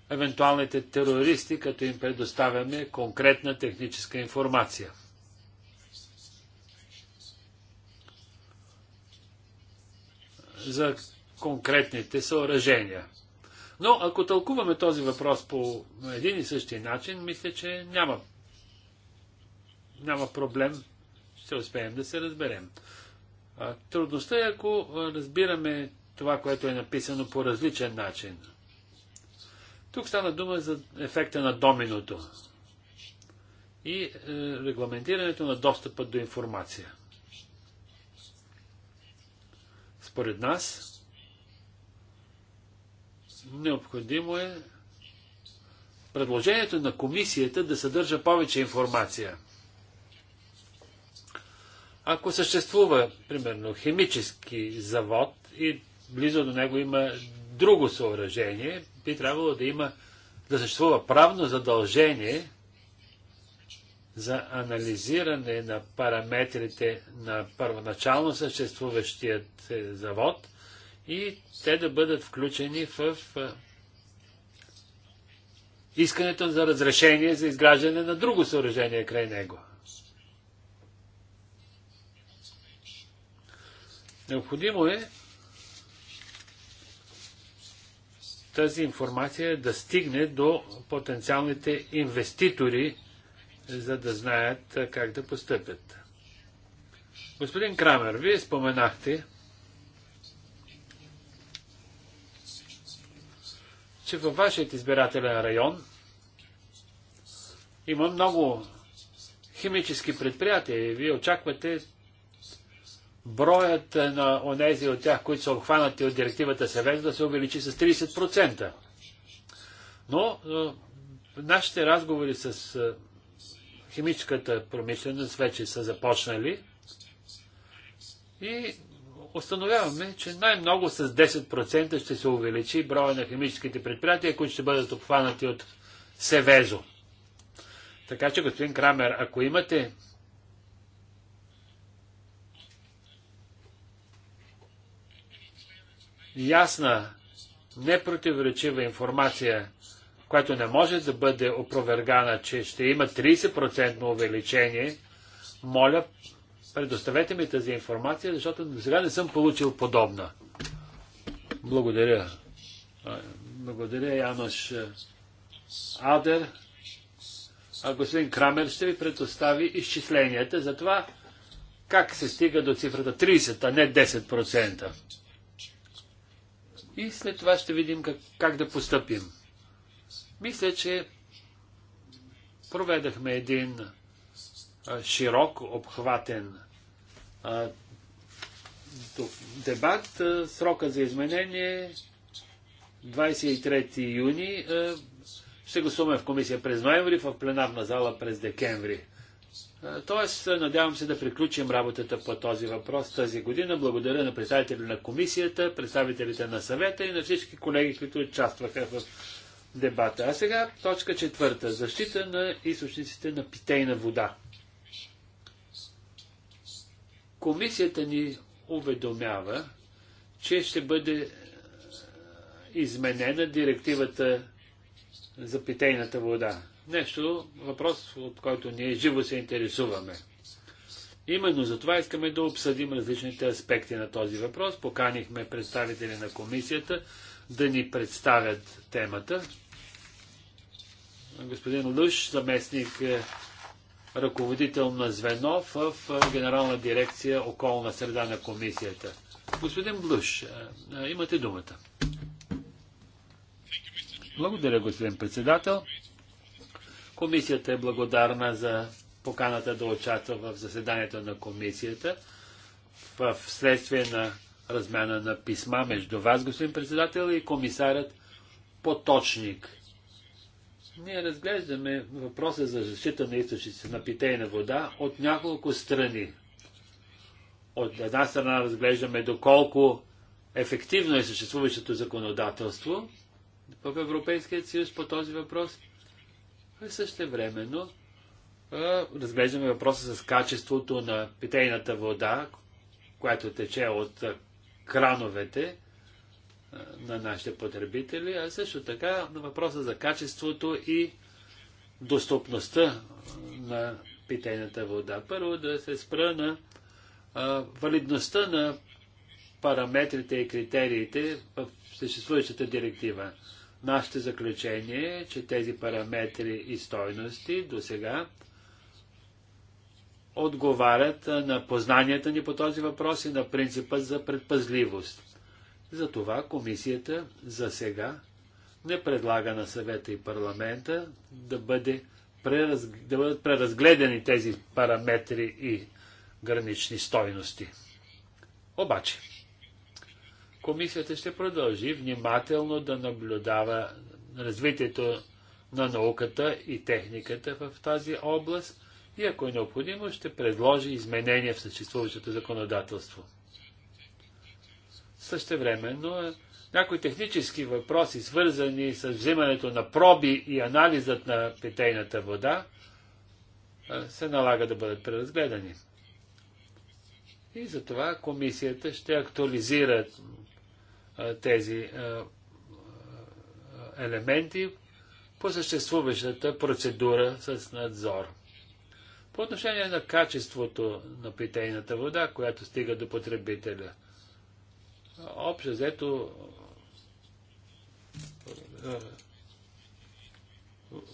евентуалните терористи, като им предоставяме конкретна техническа информация? За конкретните съоръжения. Но ако тълкуваме този въпрос по един и същи начин, мисля, че няма няма проблем, ще успеем да се разберем. Трудността е, ако разбираме това, което е написано по различен начин. Тук стана дума за ефекта на доминото и е, регламентирането на достъпа до информация. Според нас, необходимо е предложението на комисията да съдържа повече информация – ако съществува, примерно, химически завод и близо до него има друго съоръжение, би трябвало да има да съществува правно задължение за анализиране на параметрите на първоначално съществуващият е, завод и те да бъдат включени в е, искането за разрешение за изграждане на друго съоръжение край него. Необходимо е тази информация да стигне до потенциалните инвеститори, за да знаят как да постъпят. Господин Крамер, вие споменахте, че във вашият избирателен район има много химически предприятия и вие очаквате броят на онези от тях, които са обхванати от директивата Севез, да се увеличи с 30%. Но, но нашите разговори с химическата промишленост вече са започнали и установяваме, че най-много с 10% ще се увеличи броя на химическите предприятия, които ще бъдат обхванати от Севезо. Така че, господин Крамер, ако имате ясна, непротиворечива информация, която не може да бъде опровергана, че ще има 30% увеличение, моля, предоставете ми тази информация, защото до сега не съм получил подобна. Благодаря. Благодаря, Янош Адер. А господин Крамер ще ви предостави изчисленията за това как се стига до цифрата 30, а не 10% и след това ще видим как, как да постъпим. Мисля, че проведахме един а, широк, обхватен а, дебат. А, срока за изменение 23 юни. Ще гласуваме в комисия през ноември, в пленарна зала през декември. Е, тоест, надявам се да приключим работата по този въпрос тази година. Благодаря на представители на комисията, представителите на съвета и на всички колеги, които участваха в дебата. А сега точка четвърта. Защита на източниците на питейна вода. Комисията ни уведомява, че ще бъде е, изменена директивата за питейната вода. Нещо, въпрос, от който ние живо се интересуваме. Именно за това искаме да обсъдим различните аспекти на този въпрос. Поканихме представители на комисията да ни представят темата. Господин Луш, заместник е, ръководител на звено в е, Генерална дирекция околна среда на комисията. Господин Блуш, е, имате думата. Благодаря, господин председател. Комисията е благодарна за поканата да участва в заседанието на комисията в следствие на размяна на писма между вас, господин председател, и комисарят Поточник. Ние разглеждаме въпроса за защита на източниците на питейна вода от няколко страни. От една страна разглеждаме доколко ефективно е съществуващото законодателство в Европейския съюз по този въпрос – също времено разглеждаме въпроса с качеството на питейната вода, която тече от крановете на нашите потребители, а също така на въпроса за качеството и достъпността на питейната вода. Първо да се спра на валидността на параметрите и критериите в съществуващата директива. Нашето заключение е, че тези параметри и стойности до сега отговарят на познанията ни по този въпрос и на принципа за предпазливост. Затова комисията за сега не предлага на съвета и парламента да, бъде прераз... да бъдат преразгледани тези параметри и гранични стойности. Обаче, Комисията ще продължи внимателно да наблюдава развитието на науката и техниката в тази област и ако е необходимо, ще предложи изменения в съществуващото законодателство. Същевременно е, някои технически въпроси, свързани с взимането на проби и анализът на питейната вода, е, се налага да бъдат преразгледани. И затова комисията ще актуализира тези елементи по съществуващата процедура с надзор. По отношение на качеството на питейната вода, която стига до потребителя, общо взето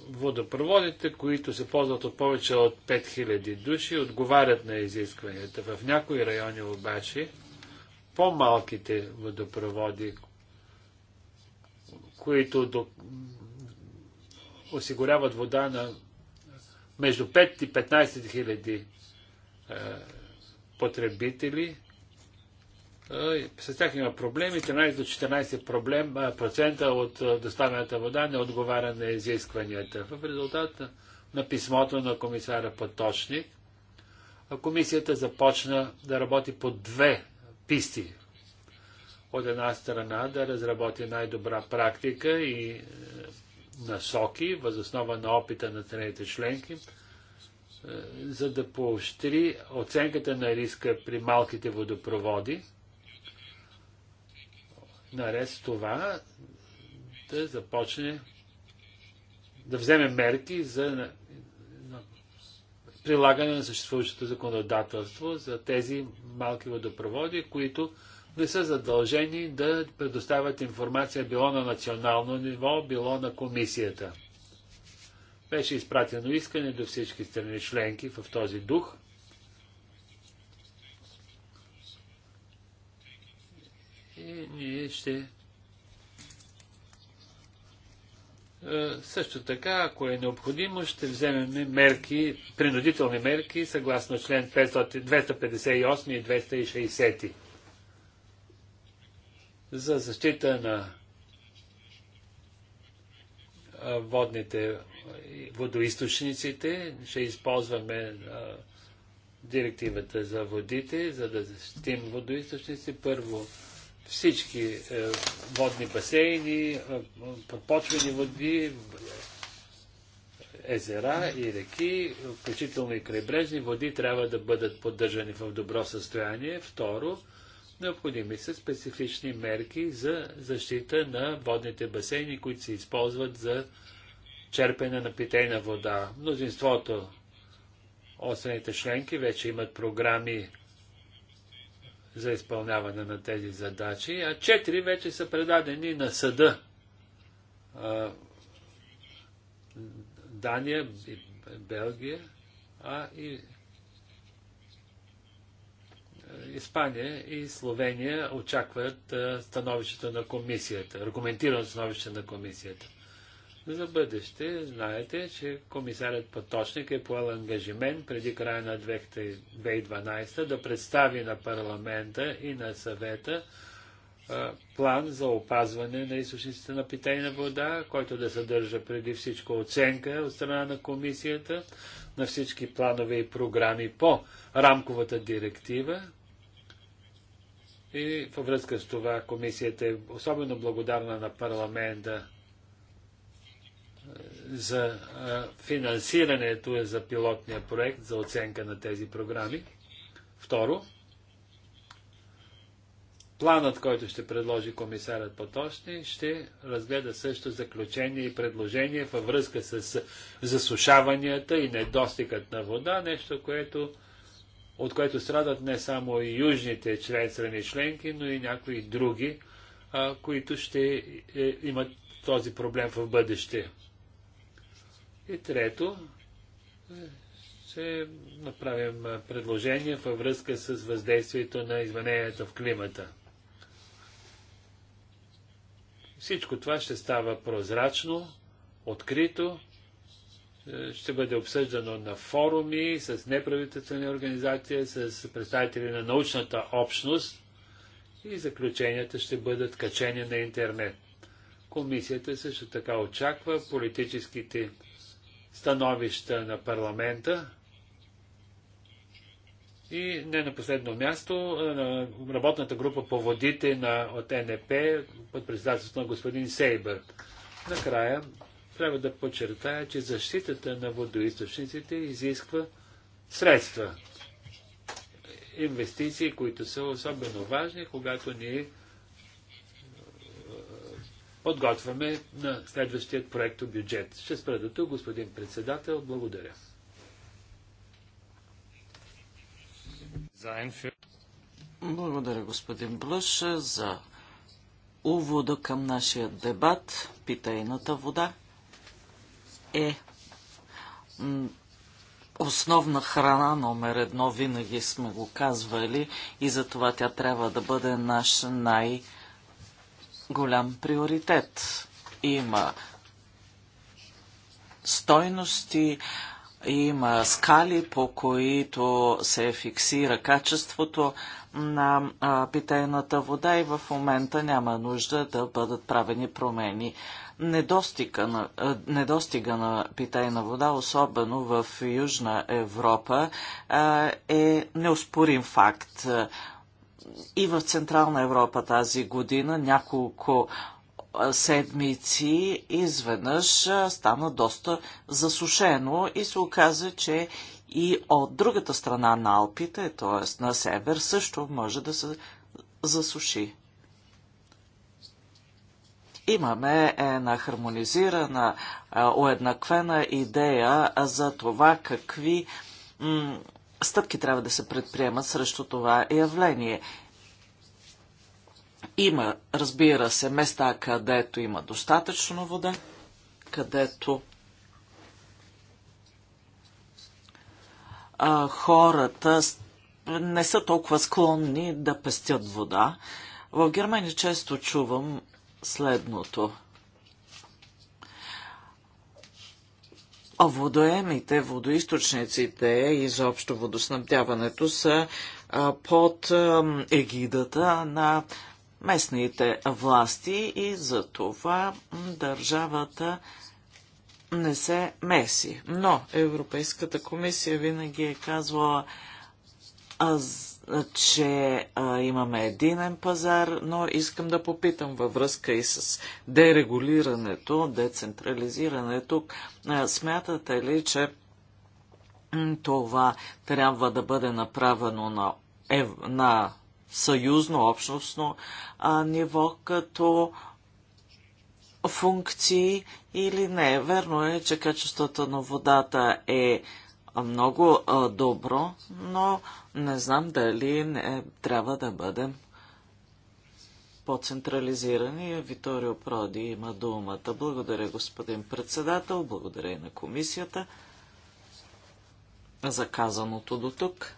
водопроводите, които се ползват от повече от 5000 души, отговарят на изискванията. В някои райони обаче по-малките водопроводи, които до... осигуряват вода на между 5 и 15 хиляди е, потребители. Е, с тях има проблеми. 13 до 14 проблем, е, процента от е, доставената вода не отговаря на изискванията. В резултат на писмото на комисара Поточник, комисията започна да работи по две писти. От една страна да разработи най-добра практика и е, насоки, възоснова на опита на страните членки, е, за да поощри оценката на риска при малките водопроводи. Наред с това да започне да вземе мерки за прилагане на съществуващото законодателство за тези малки водопроводи, които не са задължени да предоставят информация било на национално ниво, било на комисията. Беше изпратено искане до всички страни членки в този дух. И ние ще Е, също така, ако е необходимо, ще вземем мерки, принудителни мерки, съгласно член 258 и 260 за защита на водните водоисточниците. Ще използваме директивата за водите, за да защитим водоисточници. Първо, всички е, водни басейни, е, подпочвени води, езера и реки, включително и крайбрежни води, трябва да бъдат поддържани в добро състояние. Второ, необходими са специфични мерки за защита на водните басейни, които се използват за черпене на питейна вода. Мнозинството от членки вече имат програми за изпълняване на тези задачи, а четири вече са предадени на съда. Дания, Белгия, а и Испания и Словения очакват становището на комисията, аргументирано становище на комисията. За бъдеще знаете, че комисарят Поточник е поел ангажимент преди края на 2012 да представи на парламента и на съвета план за опазване на източниците на питейна вода, който да съдържа преди всичко оценка от страна на комисията на всички планове и програми по рамковата директива, и във връзка с това комисията е особено благодарна на парламента за финансирането е за пилотния проект за оценка на тези програми. Второ, планът, който ще предложи комисарът Поточни, ще разгледа също заключение и предложение във връзка с засушаванията и недостигът на вода, нещо, което, от което страдат не само и южните член, страни членки, но и някои други, които ще е, имат този проблем в бъдеще. И трето, ще направим предложение във връзка с въздействието на измененията в климата. Всичко това ще става прозрачно, открито, е, ще бъде обсъждано на форуми с неправителствени организации, с представители на научната общност и заключенията ще бъдат качени на интернет. Комисията също така очаква политическите становища на парламента и не на последно място на работната група по водите на, от НП под председателството на господин Сейбър. Накрая трябва да подчертая, че защитата на водоисточниците изисква средства. Инвестиции, които са особено важни, когато ние подготвяме на следващия проекто бюджет. Ще спра до тук, господин председател. Благодаря. Благодаря, господин Блъш, за увода към нашия дебат. Питайната вода е основна храна номер едно, винаги сме го казвали и затова тя трябва да бъде наш най- голям приоритет. Има стойности, има скали, по които се фиксира качеството на питейната вода и в момента няма нужда да бъдат правени промени. Недостига на, недостига на питейна вода, особено в Южна Европа, е неоспорим факт и в Централна Европа тази година няколко седмици изведнъж стана доста засушено и се оказа, че и от другата страна на Алпите, т.е. на север, също може да се засуши. Имаме една хармонизирана, уеднаквена идея за това какви стъпки трябва да се предприемат срещу това явление. Има, разбира се, места, където има достатъчно вода, където а, хората не са толкова склонни да пестят вода. В Германия често чувам следното – А водоемите, водоисточниците и изобщо водоснабдяването са под егидата на местните власти и за това държавата не се меси. Но Европейската комисия винаги е казвала аз че а, имаме единен пазар, но искам да попитам във връзка и с дерегулирането, децентрализирането. А, смятате ли, че това трябва да бъде направено на, ев, на съюзно, общностно а, ниво, като функции или не. Верно е, че качеството на водата е много добро, но не знам дали не трябва да бъдем по-централизирани. Виторио Проди има думата. Благодаря, господин председател. Благодаря и на комисията за казаното до тук.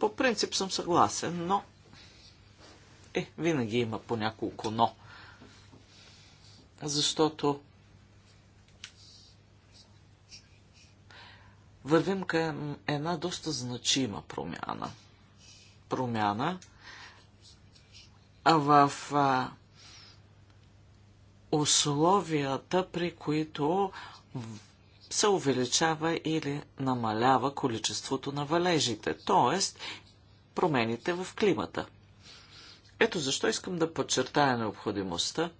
По принцип съм съгласен, но е, винаги има по няколко но. Защото вървим към една доста значима промяна. Промяна в условията, при които се увеличава или намалява количеството на валежите, т.е. промените в климата. Ето защо искам да подчертая необходимостта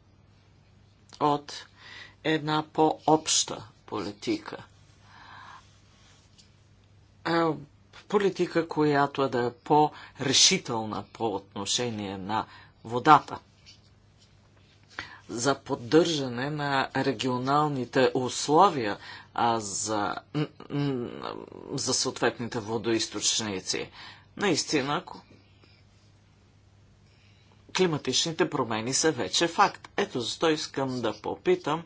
от една по-обща политика политика, която е да е по-решителна по отношение на водата за поддържане на регионалните условия а за, за съответните водоисточници. Наистина, климатичните промени са вече факт. Ето защо искам да попитам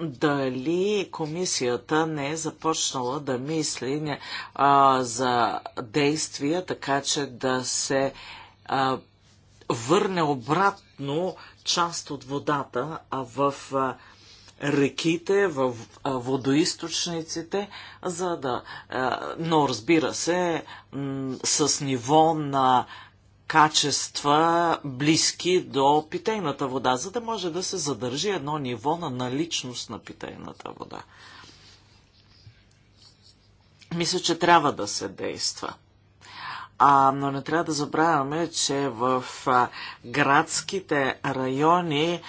дали комисията не е започнала да мисли а, за действия, така че да се а, върне обратно част от водата а в а, реките, в а, водоисточниците, за да. А, но разбира се, с ниво на качества, близки до питейната вода, за да може да се задържи едно ниво на наличност на питейната вода. Мисля, че трябва да се действа. А, но не трябва да забравяме, че в а, градските райони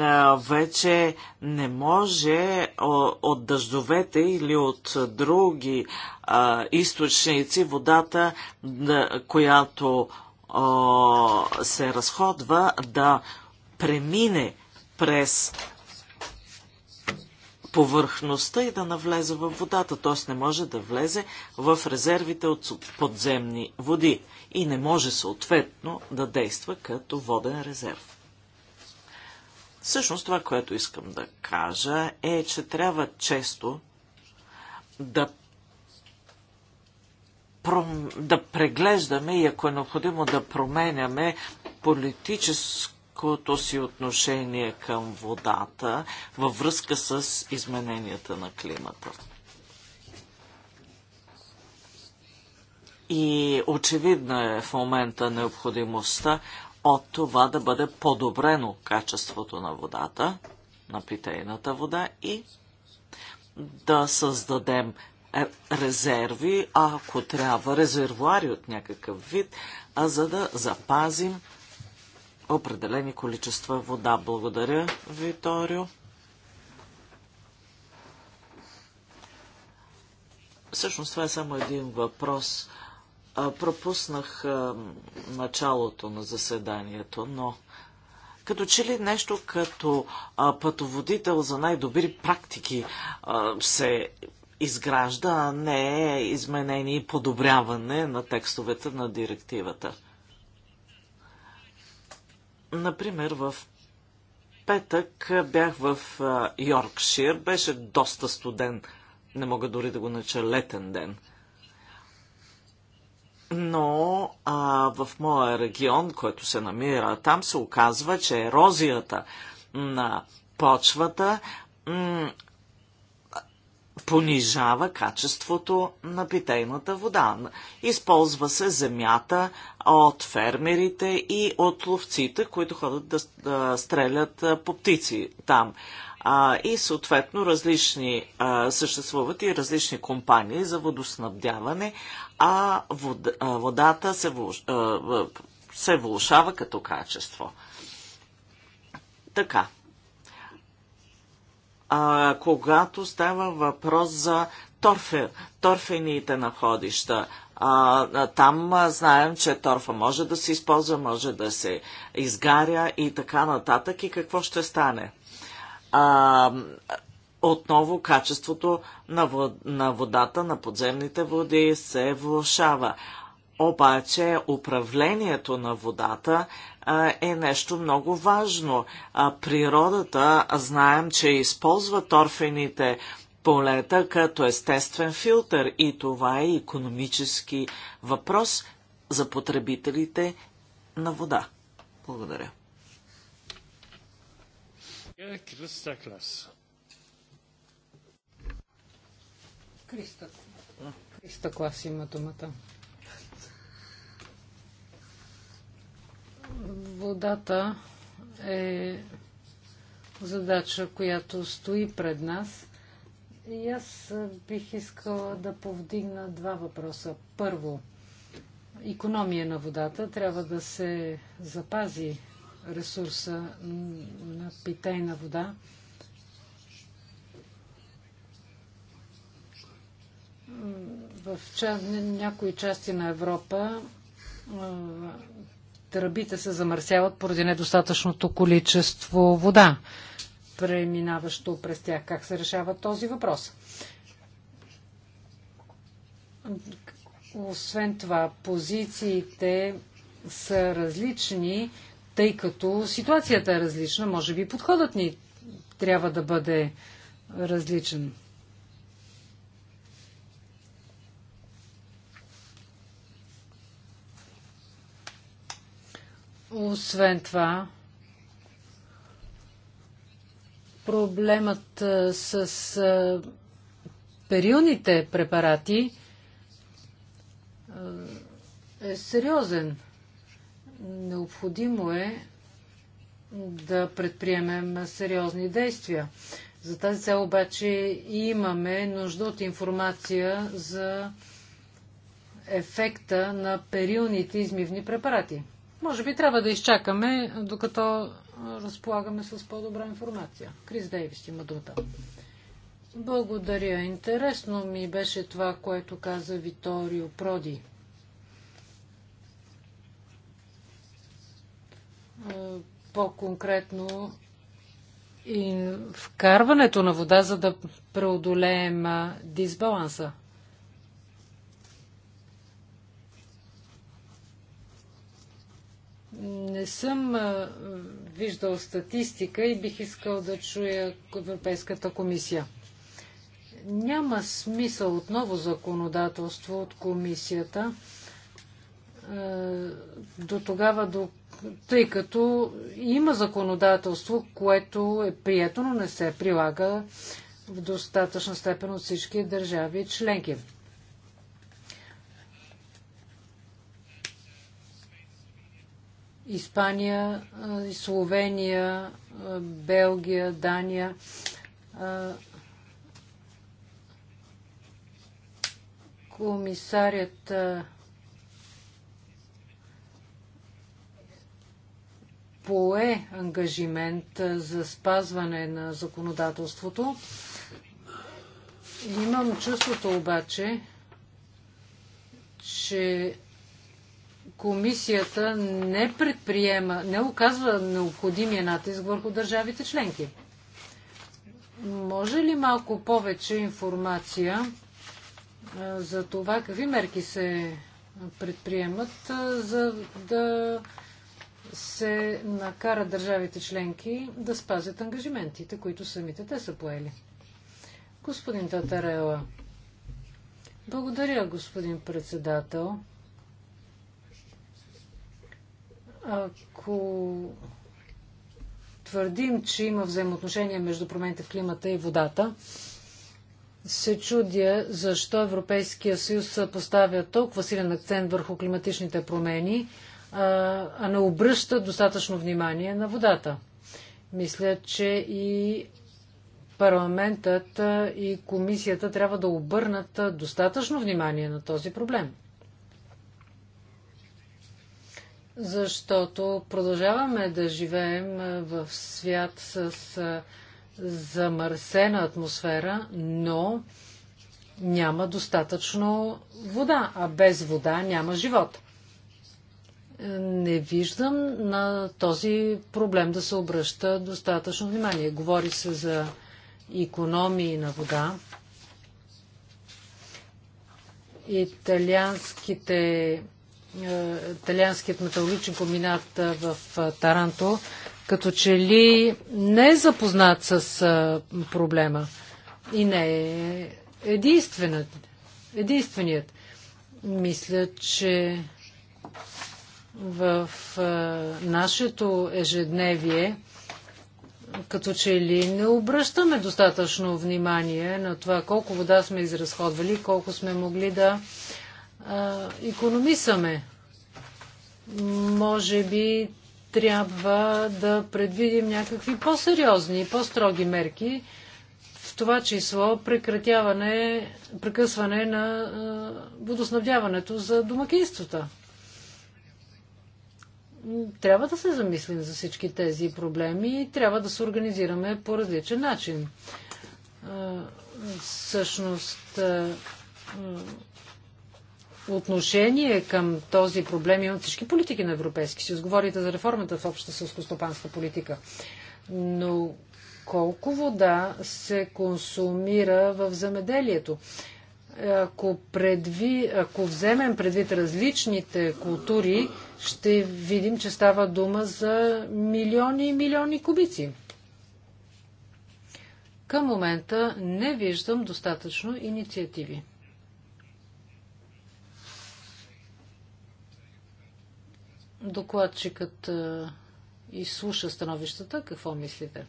а, вече не може о, от дъждовете или от други а, източници водата, да, която се разходва да премине през повърхността и да навлезе във водата. Т.е. не може да влезе в резервите от подземни води и не може съответно да действа като воден резерв. Всъщност това, което искам да кажа е, че трябва често да да преглеждаме и ако е необходимо да променяме политическото си отношение към водата във връзка с измененията на климата. И очевидна е в момента необходимостта от това да бъде подобрено качеството на водата, на питейната вода и да създадем е, резерви, а ако трябва резервуари от някакъв вид, а за да запазим определени количества вода. Благодаря, Виторио. Всъщност това е само един въпрос. Пропуснах началото на заседанието, но като че ли нещо като пътоводител за най-добри практики се изгражда, а не изменение и подобряване на текстовете на директивата. Например, в петък бях в Йоркшир. Беше доста студен. Не мога дори да го нача летен ден. Но а, в моя регион, който се намира там, се оказва, че ерозията на почвата понижава качеството на питейната вода. Използва се земята от фермерите и от ловците, които ходят да, стрелят по птици там. и съответно различни съществуват и различни компании за водоснабдяване, а водата се, се влушава като качество. Така, а, когато става въпрос за торфе, торфените находища. А, там а, знаем, че торфа може да се използва, може да се изгаря и така нататък. И какво ще стане? А, отново качеството на, вод, на водата, на подземните води се влушава. Обаче управлението на водата е нещо много важно. Природата, знаем, че използва торфените полета като естествен филтър и това е економически въпрос за потребителите на вода. Благодаря. Криста Клас. Клас има думата. Водата е задача, която стои пред нас. И аз бих искала да повдигна два въпроса. Първо, економия на водата. Трябва да се запази ресурса на питейна вода. В ча... някои части на Европа тръбите се замърсяват поради недостатъчното количество вода, преминаващо през тях. Как се решава този въпрос? Освен това, позициите са различни, тъй като ситуацията е различна. Може би подходът ни трябва да бъде различен. Освен това, проблемът с перилните препарати е сериозен. Необходимо е да предприемем сериозни действия. За тази цел обаче имаме нужда от информация за ефекта на перилните измивни препарати. Може би трябва да изчакаме, докато разполагаме с по-добра информация. Крис Дейвис има думата. Благодаря. Интересно ми беше това, което каза Виторио Проди. По-конкретно и вкарването на вода, за да преодолеем дисбаланса. Не съм виждал статистика и бих искал да чуя Европейската комисия. Няма смисъл отново законодателство от комисията до тогава, до, тъй като има законодателство, което е прието, но не се прилага в достатъчна степен от всички държави членки. Испания, Словения, Белгия, Дания. Комисарят пое ангажимент за спазване на законодателството. Имам чувството обаче, че комисията не предприема, не оказва необходимия натиск върху държавите членки. Може ли малко повече информация за това какви мерки се предприемат, за да се накарат държавите членки да спазят ангажиментите, които самите те са поели? Господин Татарела. Благодаря, господин председател. Ако твърдим, че има взаимоотношения между промените в климата и водата, се чудя защо Европейския съюз поставя толкова силен акцент върху климатичните промени, а не обръща достатъчно внимание на водата. Мисля, че и парламентът и комисията трябва да обърнат достатъчно внимание на този проблем. защото продължаваме да живеем в свят с замърсена атмосфера, но няма достатъчно вода, а без вода няма живот. Е, не виждам на този проблем да се обръща достатъчно внимание. Говори се за економии на вода. Италианските е, италианският металургичен комбинат е, в е, Таранто, като че ли не е запознат с проблема и не е единственият. единственият. Мисля, че в нашето ежедневие като че ли не обръщаме достатъчно внимание на това колко вода сме изразходвали, колко сме могли да економисаме. Може би трябва да предвидим някакви по-сериозни и по-строги мерки, в това число прекратяване, прекъсване на водоснабдяването за домакинствата. Трябва да се замислим за всички тези проблеми и трябва да се организираме по различен начин. Всъщност, отношение към този проблем имат всички политики на Европейски съюз. Говорите за реформата в обща сълскостопанска политика. Но колко вода се консумира в земеделието? Ако, предви, ако вземем предвид различните култури, ще видим, че става дума за милиони и милиони кубици. Към момента не виждам достатъчно инициативи. докладчикът е, изслуша становищата, какво мислите?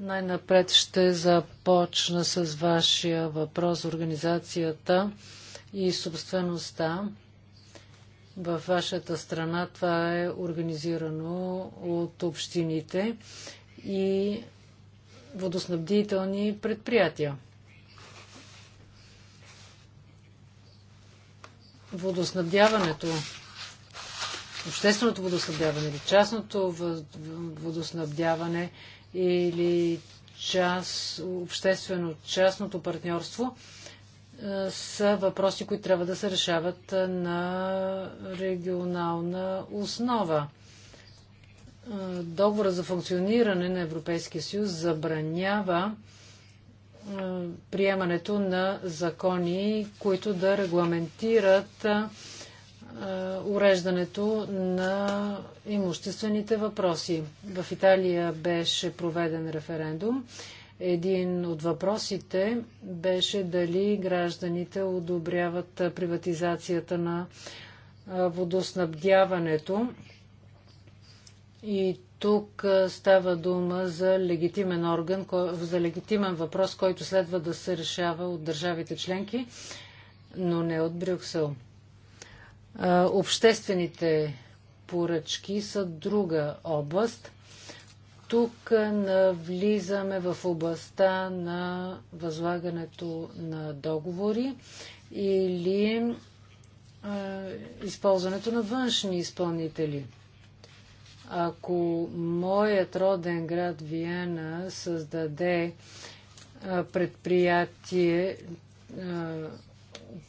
Най-напред ще започна с вашия въпрос за организацията и собствеността. В вашата страна това е организирано от общините и водоснабдителни предприятия. водоснабдяването, общественото водоснабдяване или частното водоснабдяване или част, обществено-частното партньорство е, са въпроси, които трябва да се решават е, на регионална основа. Е, договора за функциониране на Европейския съюз забранява е, приемането на закони, които да регламентират е, уреждането на имуществените въпроси. В Италия беше проведен референдум. Един от въпросите беше дали гражданите одобряват приватизацията на е, водоснабдяването. И тук става дума за легитимен орган, за легитимен въпрос, който следва да се решава от държавите членки, но не от Брюксел. Обществените поръчки са друга област. Тук навлизаме в областта на възлагането на договори или е, използването на външни изпълнители. Ако моят роден град Виена създаде предприятие,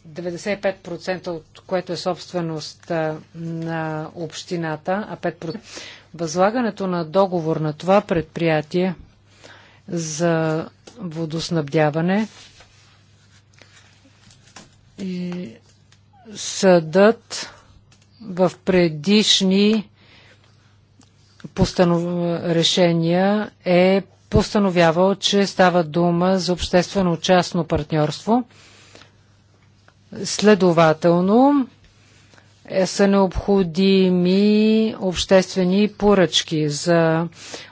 95% от което е собственост на общината, а 5% възлагането на договор на това предприятие за водоснабдяване и съдът в предишни постанов... решения е постановявал, че става дума за обществено-частно партньорство. Следователно е, са необходими обществени поръчки за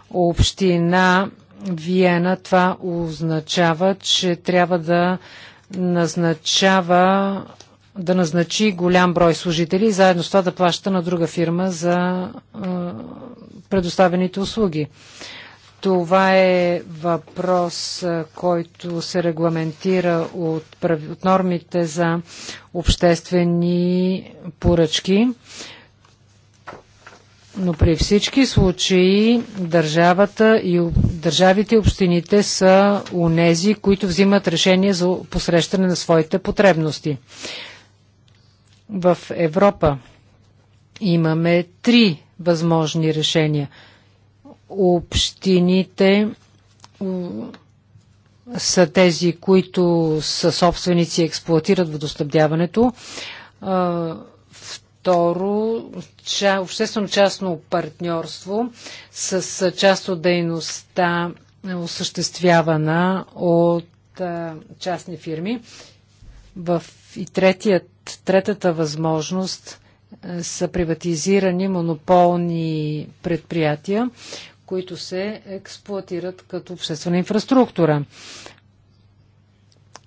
община Виена. Това означава, че трябва да назначава да назначи голям брой служители и заедно с това да плаща на друга фирма за предоставените услуги. Това е въпрос, който се регламентира от, от нормите за обществени поръчки. Но при всички случаи държавата и държавите и общините са унези, които взимат решение за посрещане на своите потребности. В Европа имаме три възможни решения. Общините са тези, които са собственици и експлуатират водоснабдяването. Второ, обществено-частно партньорство с част от дейността е, осъществявана от частни фирми. В и третият, третата възможност са приватизирани монополни предприятия, които се експлуатират като обществена инфраструктура.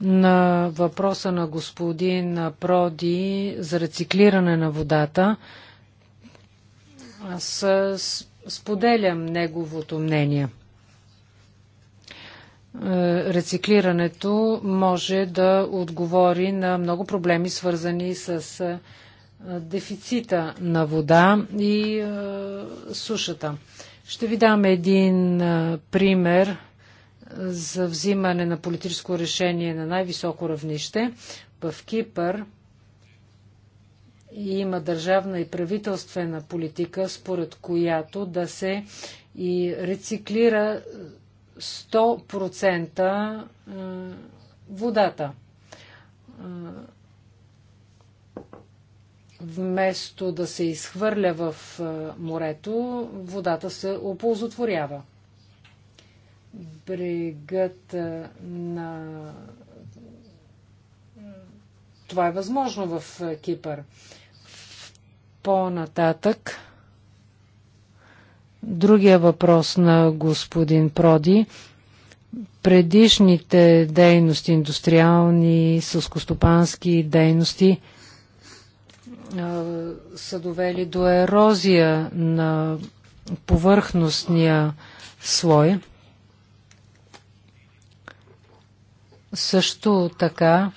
На въпроса на господин Проди за рециклиране на водата, аз споделям неговото мнение. Е, рециклирането може да отговори на много проблеми, свързани с е, дефицита на вода и сушата. Ще ви дам един пример за взимане на политическо решение на най-високо равнище. В Кипър има държавна и правителствена политика, според която да се и рециклира 100% водата вместо да се изхвърля в морето, водата се оползотворява. Брегът на... Това е възможно в Кипър. По-нататък. Другия въпрос на господин Проди. Предишните дейности, индустриални, сълскостопански дейности – са довели до ерозия на повърхностния слой. Също така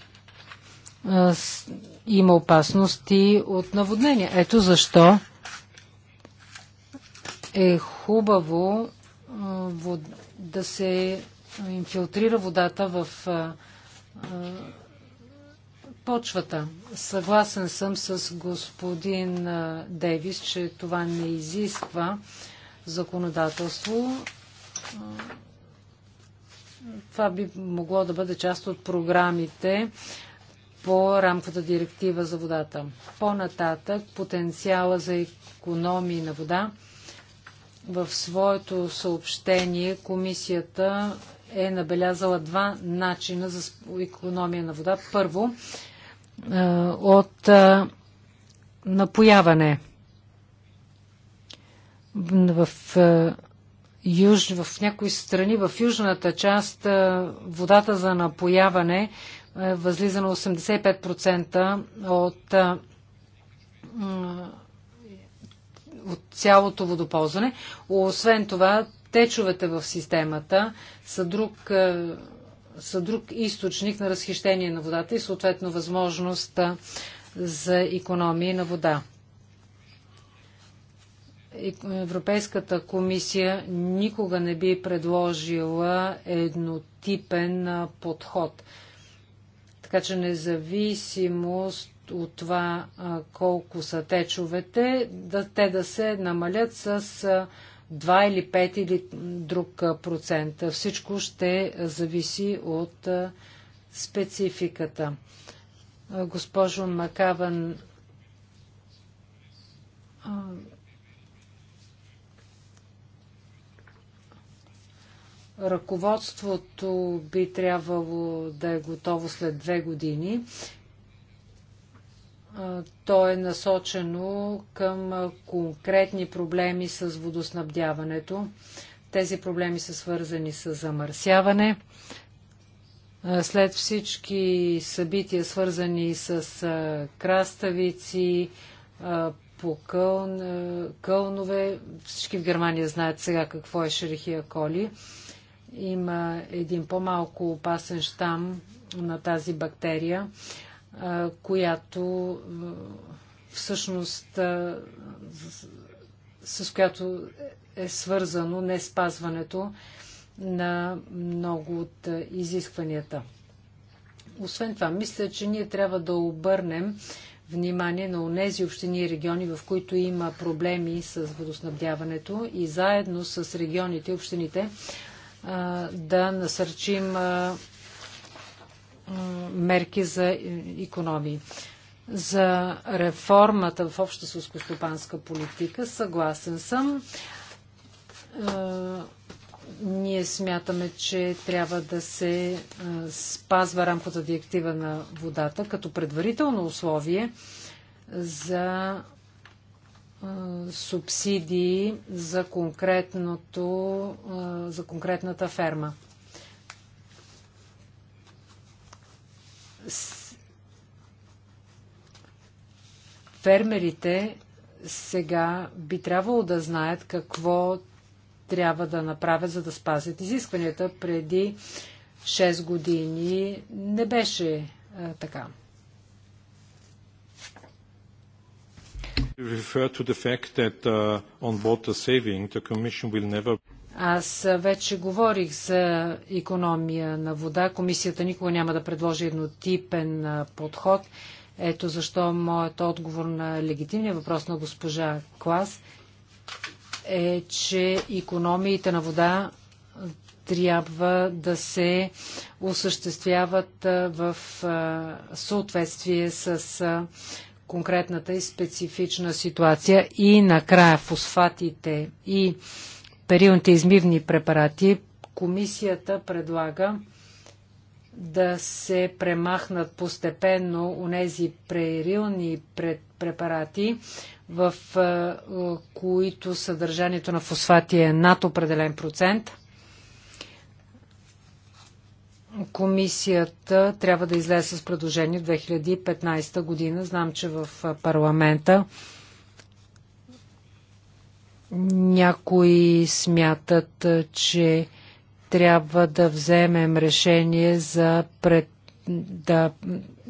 има опасности от наводнения. Ето защо е хубаво да се инфилтрира водата в почвата. Съгласен съм с господин Дейвис, че това не изисква законодателство. Това би могло да бъде част от програмите по рамковата директива за водата. По-нататък потенциала за економии на вода. В своето съобщение комисията е набелязала два начина за економия на вода. Първо, е, от е, напояване. В, е, юж, в някои страни, в южната част, водата за напояване възлиза на 85% от, от цялото водоползване. Освен това, течовете в системата са друг са друг източник на разхищение на водата и съответно възможност за економии на вода. Европейската комисия никога не би предложила еднотипен подход. Така че независимост от това колко са течовете, да, те да се намалят с 2 или 5 или друг процент. Всичко ще зависи от спецификата. Госпожо Макаван, ръководството би трябвало да е готово след две години то е насочено към конкретни проблеми с водоснабдяването. Тези проблеми са свързани с замърсяване. След всички събития, свързани с краставици, покълн, кълнове, всички в Германия знаят сега какво е шерихия коли. Има един по-малко опасен щам на тази бактерия която всъщност с която е свързано не спазването на много от изискванията. Освен това, мисля, че ние трябва да обърнем внимание на онези общини и региони, в които има проблеми с водоснабдяването и заедно с регионите и общините да насърчим мерки за економии. За реформата в обща сълскостопанска политика съгласен съм. Е, ние смятаме, че трябва да се е, спазва рамката директива на водата като предварително условие за е, субсидии за, конкретното, за конкретната ферма. фермерите сега би трябвало да знаят какво трябва да направят, за да спазят изискванията. Преди 6 години не беше а, е, така. refer to the fact that uh, on water saving, the Commission will never аз вече говорих за економия на вода. Комисията никога няма да предложи еднотипен подход. Ето защо моят отговор на легитимния въпрос на госпожа Клас е, че економиите на вода трябва да се осъществяват в съответствие с конкретната и специфична ситуация. И накрая фосфатите и перилните измивни препарати, комисията предлага да се премахнат постепенно у нези преирилни препарати, в е, които съдържанието на фосфати е над определен процент. Комисията трябва да излезе с предложение в 2015 година. Знам, че в е, парламента някои смятат, че трябва да вземем решение за, пред, да,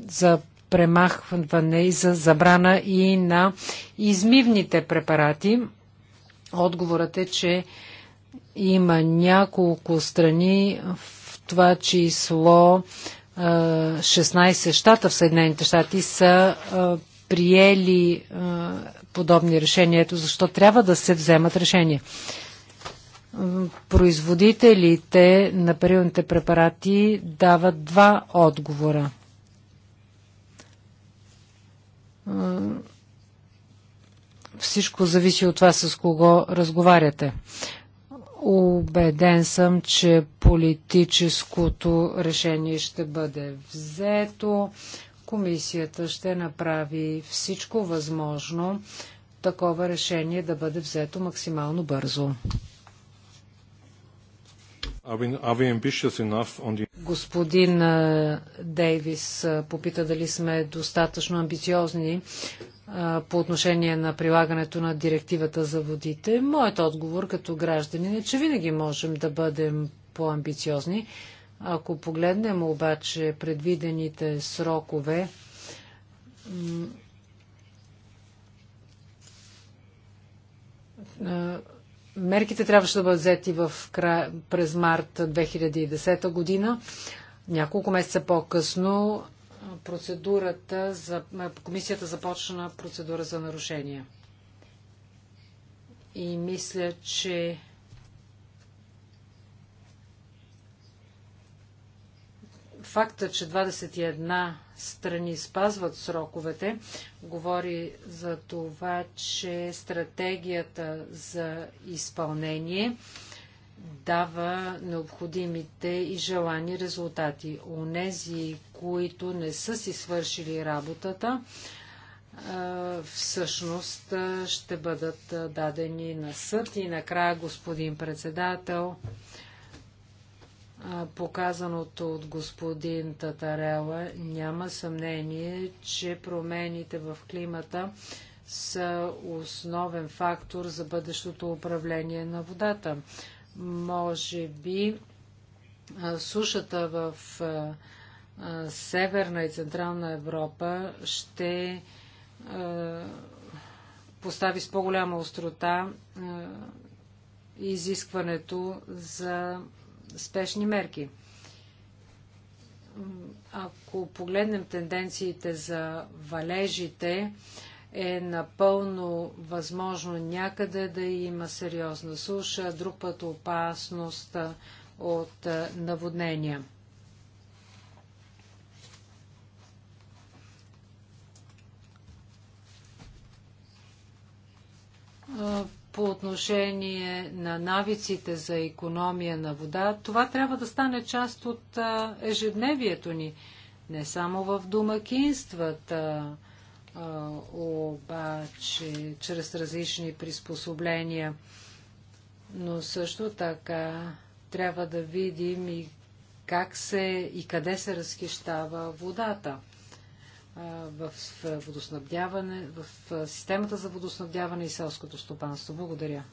за премахване и за забрана и на измивните препарати. Отговорът е, че има няколко страни, в това число 16 щата в Съединените щати са приели подобни решения. Ето защо трябва да се вземат решения. Производителите на периодните препарати дават два отговора. Всичко зависи от това с кого разговаряте. Обеден съм, че политическото решение ще бъде взето. Комисията ще направи всичко възможно такова решение да бъде взето максимално бързо. Господин Дейвис попита дали сме достатъчно амбициозни по отношение на прилагането на директивата за водите. Моят отговор като гражданин е, че винаги можем да бъдем по-амбициозни, ако погледнем обаче предвидените срокове, мерките трябваше да бъдат взети в кра... през март 2010 година. Няколко месеца по-късно процедурата за... комисията започна процедура за нарушение. И мисля, че Факта, че 21 страни спазват сроковете, говори за това, че стратегията за изпълнение дава необходимите и желани резултати. Онези, които не са си свършили работата, всъщност ще бъдат дадени на съд. И накрая, господин председател, показаното от господин Татарела, няма съмнение, че промените в климата са основен фактор за бъдещото управление на водата. Може би сушата в Северна и Централна Европа ще постави с по-голяма острота изискването за спешни мерки. Ако погледнем тенденциите за валежите, е напълно възможно някъде да има сериозна суша, друг път опасност от наводнения по отношение на навиците за економия на вода, това трябва да стане част от ежедневието ни. Не само в домакинствата, а, обаче чрез различни приспособления, но също така трябва да видим и как се и къде се разхищава водата в водоснабдяване, в системата за водоснабдяване и селското стопанство. Благодаря.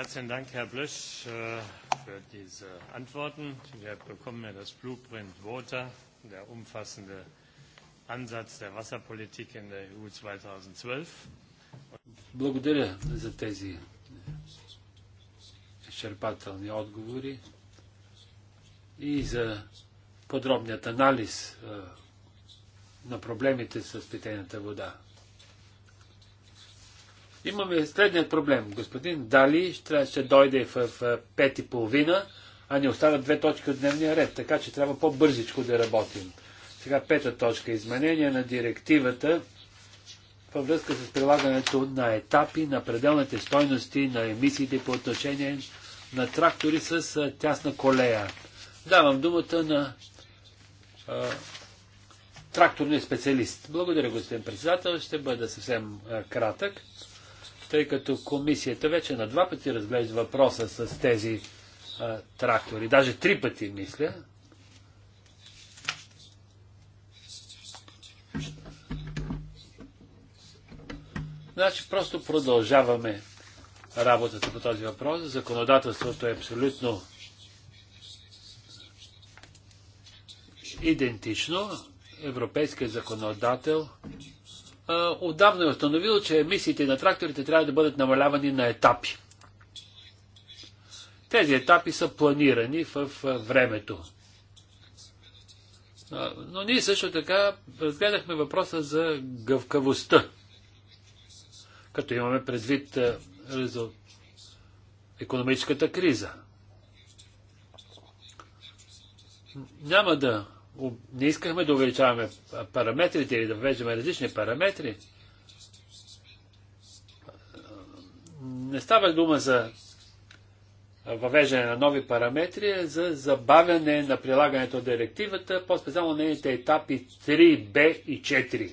Herzlichen Dank, Herr Blösch, äh, für diese Antworten. Wir bekommen ja das Blueprint Water, der umfassende Ansatz der Wasserpolitik in der EU 2012. Благодаря за тези изчерпателни отговори и за подробният анализ на проблемите с питейната вода. Имаме следният проблем. Господин Дали ще, дойде в, в пет и половина, а ни остават две точки от дневния ред, така че трябва по-бързичко да работим. Сега пета точка. Изменение на директивата във връзка с прилагането на етапи на пределните стойности на емисиите по отношение на трактори с тясна колея. Давам думата на тракторния специалист. Благодаря, господин председател. Ще бъда съвсем кратък, тъй като комисията вече на два пъти разглежда въпроса с тези а, трактори. Даже три пъти, мисля. Значи просто продължаваме работата по този въпрос. Законодателството е абсолютно идентично европейският законодател а, отдавна е установил, че емисиите на тракторите трябва да бъдат намалявани на етапи. Тези етапи са планирани в времето. Но ние също така разгледахме въпроса за гъвкавостта, като имаме предвид економическата криза. Няма да не искахме да увеличаваме параметрите или да въвеждаме различни параметри. Не става дума за въвеждане на нови параметри, а за забавяне на прилагането на директивата, по-специално нейните етапи 3b и 4.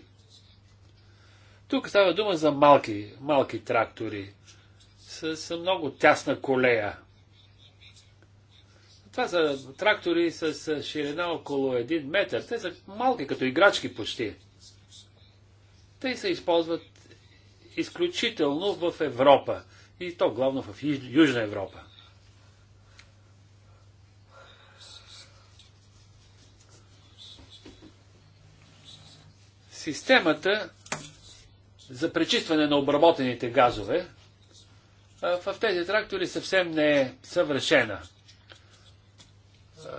Тук става дума за малки, малки трактори с много тясна колея. Това са трактори с ширина около 1 метър. Те са малки, като играчки почти. Те се използват изключително в Европа. И то главно в Южна Европа. Системата за пречистване на обработените газове в тези трактори съвсем не е съвършена. Е,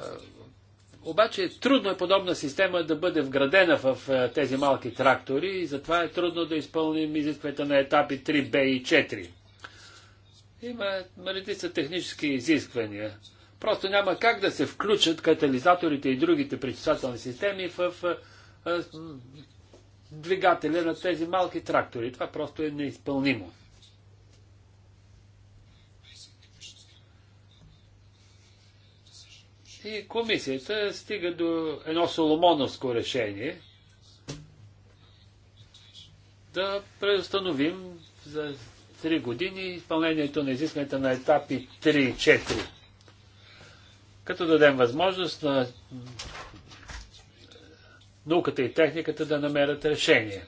обаче трудно е подобна система да бъде вградена в е, тези малки трактори и затова е трудно да изпълним изискванията на етапи 3B и 4. Има малитица технически изисквания. Просто няма как да се включат катализаторите и другите пречиствателни системи в е, двигателя на тези малки трактори. Това просто е неизпълнимо. И комисията стига до едно соломоновско решение да преустановим за 3 години изпълнението на изискването на етапи 3 и 4. Като дадем възможност на науката и техниката да намерят решение.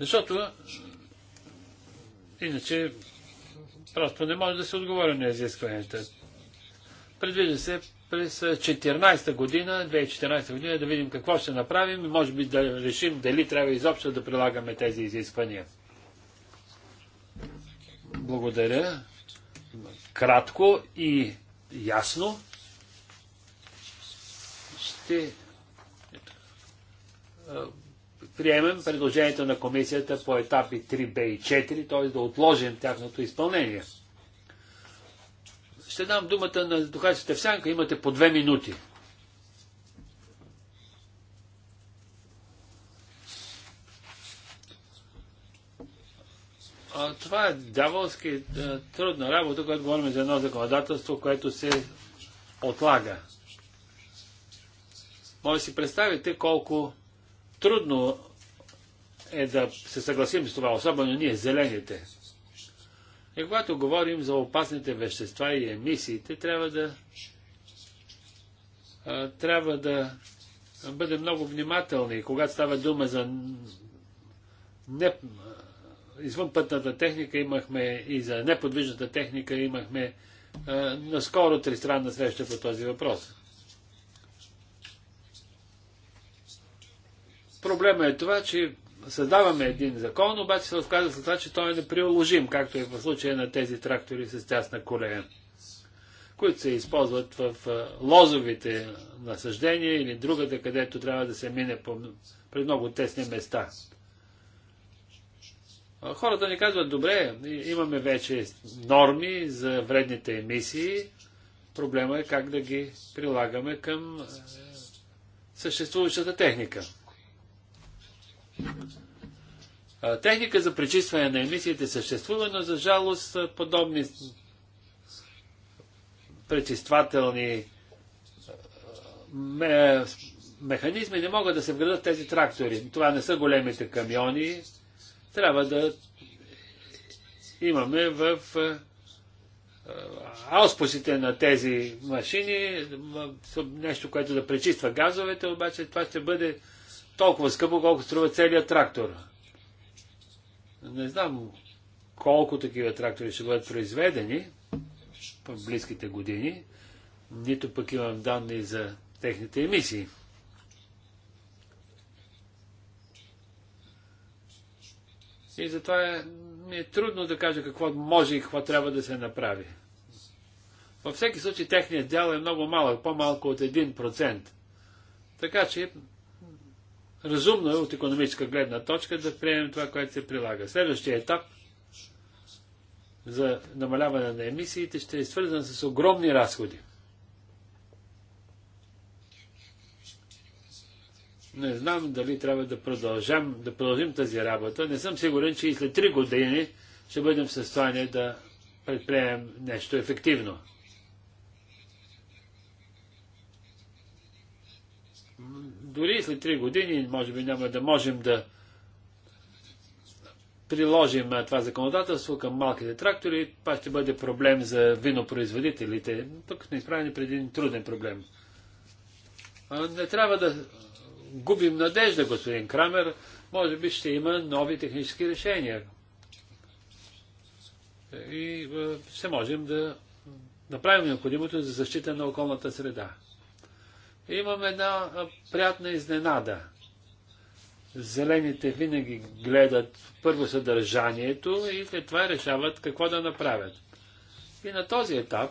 Защото иначе просто не може да се отговори на изискванията. Предвижда се през 2014 година, 2014 година да видим какво ще направим и може би да решим дали трябва изобщо да прилагаме тези изисквания. Благодаря. Кратко и ясно ще приемем предложението на комисията по етапи 3b и 4, т.е. да отложим тяхното изпълнение. Ще дам думата на духачите в сянка. Имате по две минути. А, това е дяволски е, трудна работа, когато говорим за едно законодателство, което се отлага. Може си представите колко трудно е да се съгласим с това, особено ние, зелените. И когато говорим за опасните вещества и емисиите, трябва да трябва да бъдем много внимателни. Когато става дума за не, извънпътната техника имахме и за неподвижната техника имахме а, наскоро тристранна среща по този въпрос. Проблема е това, че създаваме един закон, обаче се отказва за това, че той е неприложим, както е в случая на тези трактори с тясна колея, които се използват в лозовите насъждения или другата, където трябва да се мине по, много тесни места. Хората ни казват, добре, имаме вече норми за вредните емисии, проблема е как да ги прилагаме към съществуващата техника. Техника за пречистване на емисиите съществува, но за жалост подобни пречиствателни механизми не могат да се вградат тези трактори. Това не са големите камиони. Трябва да имаме в ауспусите на тези машини нещо, което да пречиства газовете, обаче това ще бъде толкова скъпо, колко струва целият трактор. Не знам колко такива трактори ще бъдат произведени в близките години, нито пък имам данни за техните емисии. И затова е, ми е трудно да кажа какво може и какво трябва да се направи. Във всеки случай техният дял е много малък, по-малко от 1%. Така че разумно е от економическа гледна точка да приемем това, което се прилага. Следващия етап за намаляване на емисиите ще е свързан с огромни разходи. Не знам дали трябва да продължим, да продължим тази работа. Не съм сигурен, че и след 3 години ще бъдем в състояние да предприемем нещо ефективно. дори след 3 години, може би няма да можем да приложим това законодателство към малките трактори, това ще бъде проблем за винопроизводителите. Тук сме изправени пред един труден проблем. Не трябва да губим надежда, господин Крамер. Може би ще има нови технически решения. И ще можем да направим необходимото за защита на околната среда имам една приятна изненада. Зелените винаги гледат първо съдържанието и след това решават какво да направят. И на този етап,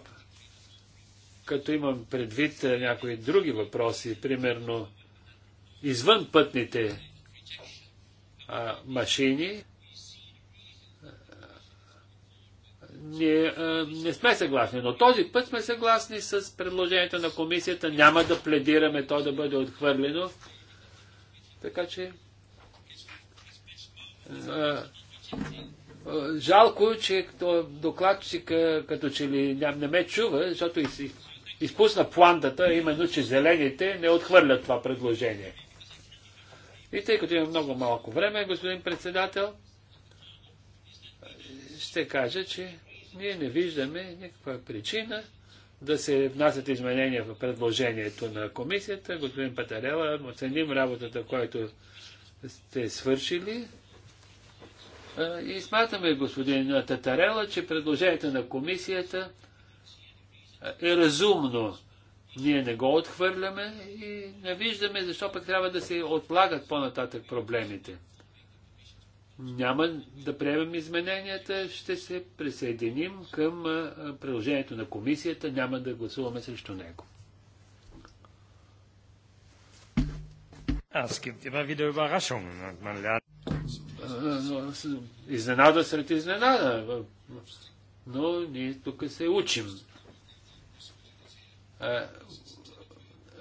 като имам предвид някои други въпроси, примерно извън пътните а, машини, ние е, не сме съгласни. Но този път сме съгласни с предложението на комисията. Няма да пледираме то да бъде отхвърлено. Така че. Е, е, жалко, че докладчика като че ли не ме чува, защото изпусна плантата, именно, че зелените не отхвърлят това предложение. И тъй като има много малко време, господин председател, ще кажа, че ние не виждаме никаква причина да се внасят изменения в предложението на комисията. Господин Патарела, оценим работата, която сте свършили. И смятаме, господин Татарела, че предложението на комисията е разумно. Ние не го отхвърляме и не виждаме защо пък трябва да се отлагат по-нататък проблемите няма да приемем измененията, ще се присъединим към приложението на комисията, няма да гласуваме срещу него. Изненада сред изненада. Но ние тук се учим.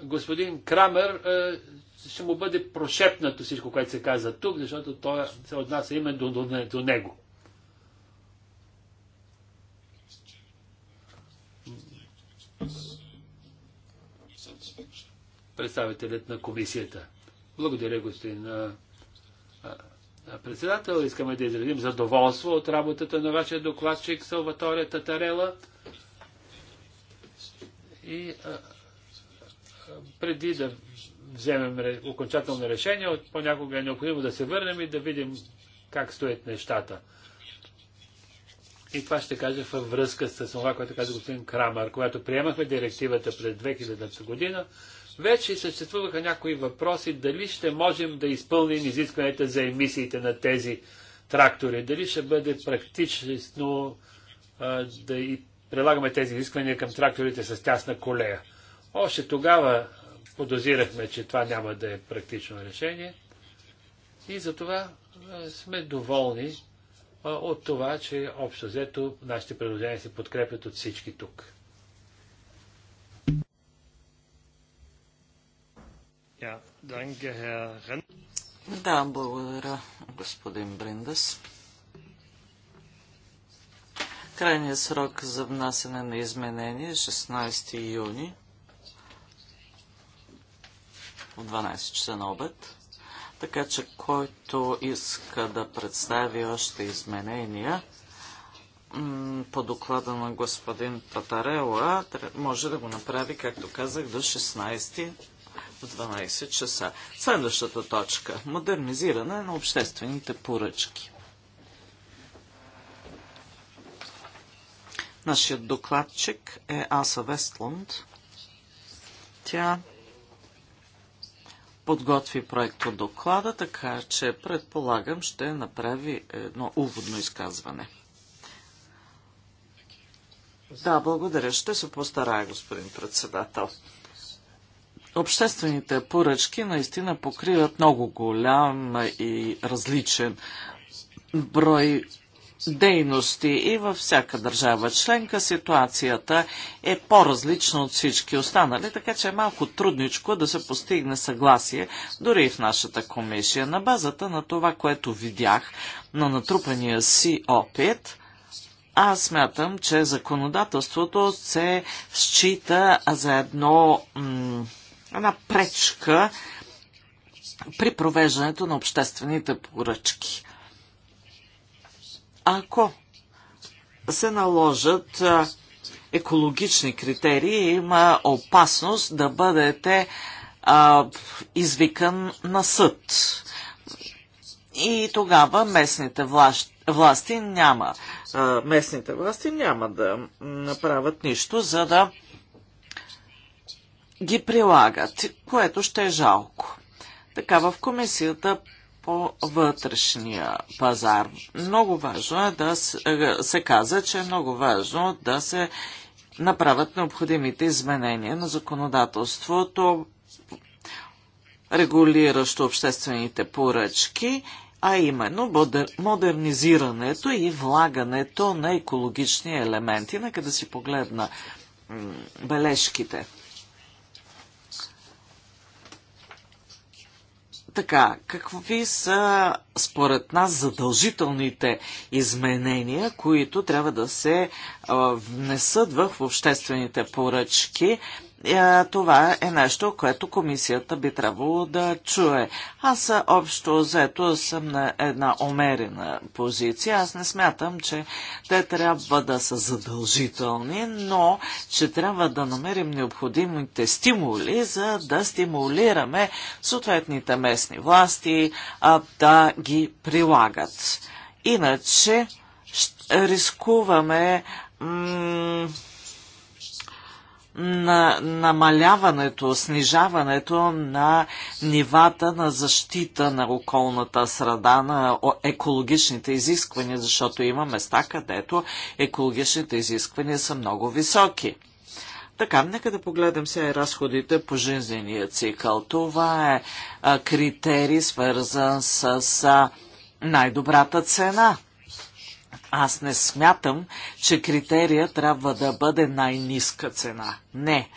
Господин Крамер ще му бъде прошепнато всичко, което се каза тук, защото той се отнася именно до, до, до него. Представителят на комисията. Благодаря, господин председател. Искаме да изразим задоволство от работата на вашия докладчик Салватория Татарела. И а, а, преди да вземем окончателно решение, понякога е необходимо да се върнем и да видим как стоят нещата. И това ще кажа във връзка с това, което каза господин Крамър. Когато приемахме директивата през 2000 година, вече съществуваха някои въпроси дали ще можем да изпълним изискванията за емисиите на тези трактори, дали ще бъде практично а, да и прилагаме тези изисквания към тракторите с тясна колея. Още тогава подозирахме, че това няма да е практично решение и затова е, сме доволни е, от това, че общо взето нашите предложения се подкрепят от всички тук. Да, благодаря, господин Бриндас. Крайният срок за внасяне на изменение е 16 юни от 12 часа на обед. Така че който иска да представи още изменения по доклада на господин Татарела, може да го направи, както казах, до 16 в 12 часа. Следващата точка – модернизиране на обществените поръчки. Нашият докладчик е Аса Вестлунд. Тя подготви проекто доклада, така че предполагам ще направи едно уводно изказване. Да, благодаря. Ще се постарая, господин председател. Обществените поръчки наистина покриват много голям и различен брой дейности и във всяка държава членка ситуацията е по-различна от всички останали, така че е малко трудничко да се постигне съгласие дори и в нашата комисия. На базата на това, което видях на натрупания си опит, аз смятам, че законодателството се счита за едно, една пречка при провеждането на обществените поръчки ако се наложат екологични критерии, има опасност да бъдете а, извикан на съд. И тогава местните власти, власти няма, а, местните власти няма да направят нищо, за да ги прилагат, което ще е жалко. Така в комисията по вътрешния пазар. Много важно е да е, се, каза, че е много важно да се направят необходимите изменения на законодателството, регулиращо обществените поръчки, а именно модернизирането и влагането на екологични елементи. Нека да си погледна бележките. Така, какви са според нас задължителните изменения, които трябва да се внесат в обществените поръчки? Е, това е нещо, което комисията би трябвало да чуе. Аз е, общо взето съм на една умерена позиция. Аз не смятам, че те трябва да са задължителни, но че трябва да намерим необходимите стимули, за да стимулираме съответните местни власти а, да ги прилагат. Иначе рискуваме на намаляването, снижаването на нивата на защита на околната среда, на екологичните изисквания, защото има места, където екологичните изисквания са много високи. Така, нека да погледнем сега и разходите по жизнения цикъл. Това е критерий, свързан с най-добрата цена – аз не смятам, че критерия трябва да бъде най-ниска цена. Не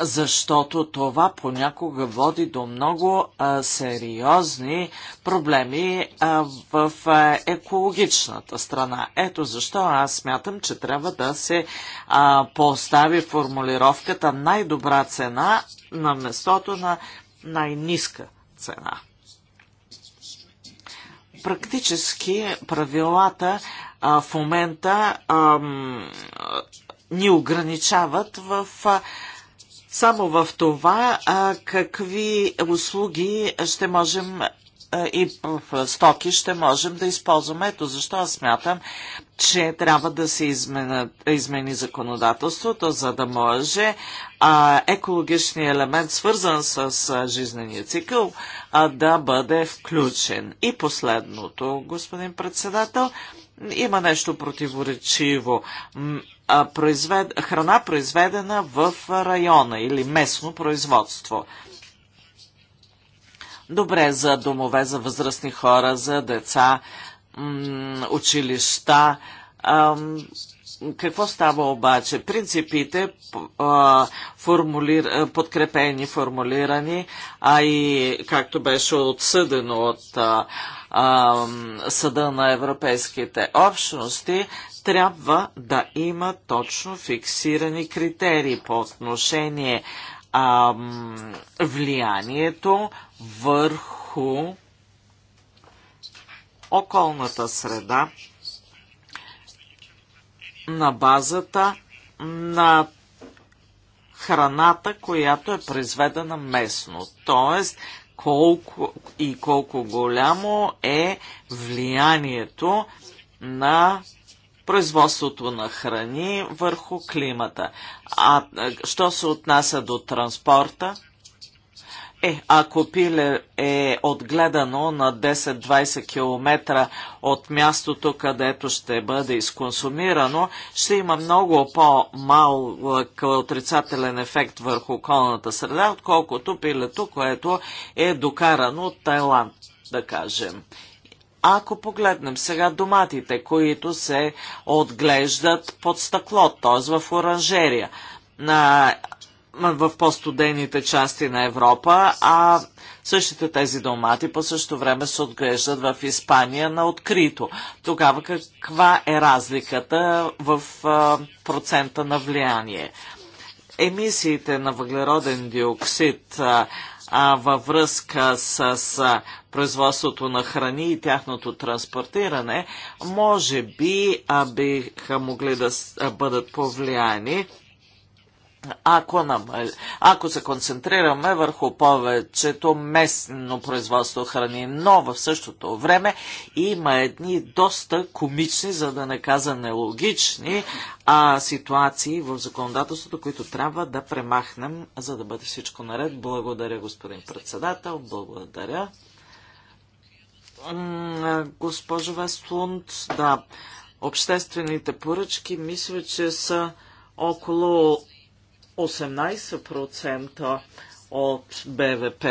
защото това понякога води до много а, сериозни проблеми а, в а, екологичната страна. Ето защо аз смятам, че трябва да се а, постави формулировката най-добра цена на местото на най-ниска цена практически правилата а, в момента а, ни ограничават в а, само в това а, какви услуги ще можем и стоки ще можем да използваме. Ето защо аз смятам, че трябва да се изменят, измени законодателството, за да може а, екологичният елемент, свързан с а, жизнения цикъл, а, да бъде включен. И последното, господин председател, има нещо противоречиво. А, произвед... Храна произведена в района или местно производство. Добре за домове за възрастни хора, за деца, училища. Какво става обаче? Принципите, формулир... подкрепени, формулирани, а и както беше отсъдено от Съда на европейските общности, трябва да има точно фиксирани критерии по отношение на а, влиянието върху околната среда на базата на храната, която е произведена местно. Тоест, колко и колко голямо е влиянието на производството на храни върху климата. А що се отнася до транспорта? Е, ако пиле е отгледано на 10-20 км от мястото, където ще бъде изконсумирано, ще има много по-малък отрицателен ефект върху околната среда, отколкото пилето, което е докарано от Тайланд, да кажем. Ако погледнем сега доматите, които се отглеждат под стъкло, т.е. в оранжерия, на, в по-студените части на Европа, а същите тези домати по същото време се отглеждат в Испания на открито. Тогава каква е разликата в а, процента на влияние? Емисиите на въглероден диоксид а, а, във връзка с с производството на храни и тяхното транспортиране, може би а, биха могли да а, бъдат повлияни ако, намал... ако се концентрираме върху повечето местно производство храни, но в същото време има едни доста комични, за да не каза нелогични а, ситуации в законодателството, които трябва да премахнем, за да бъде всичко наред. Благодаря, господин председател. Благодаря. Госпожо Вестлунд, да, обществените поръчки мисля, че са около 18% от БВП.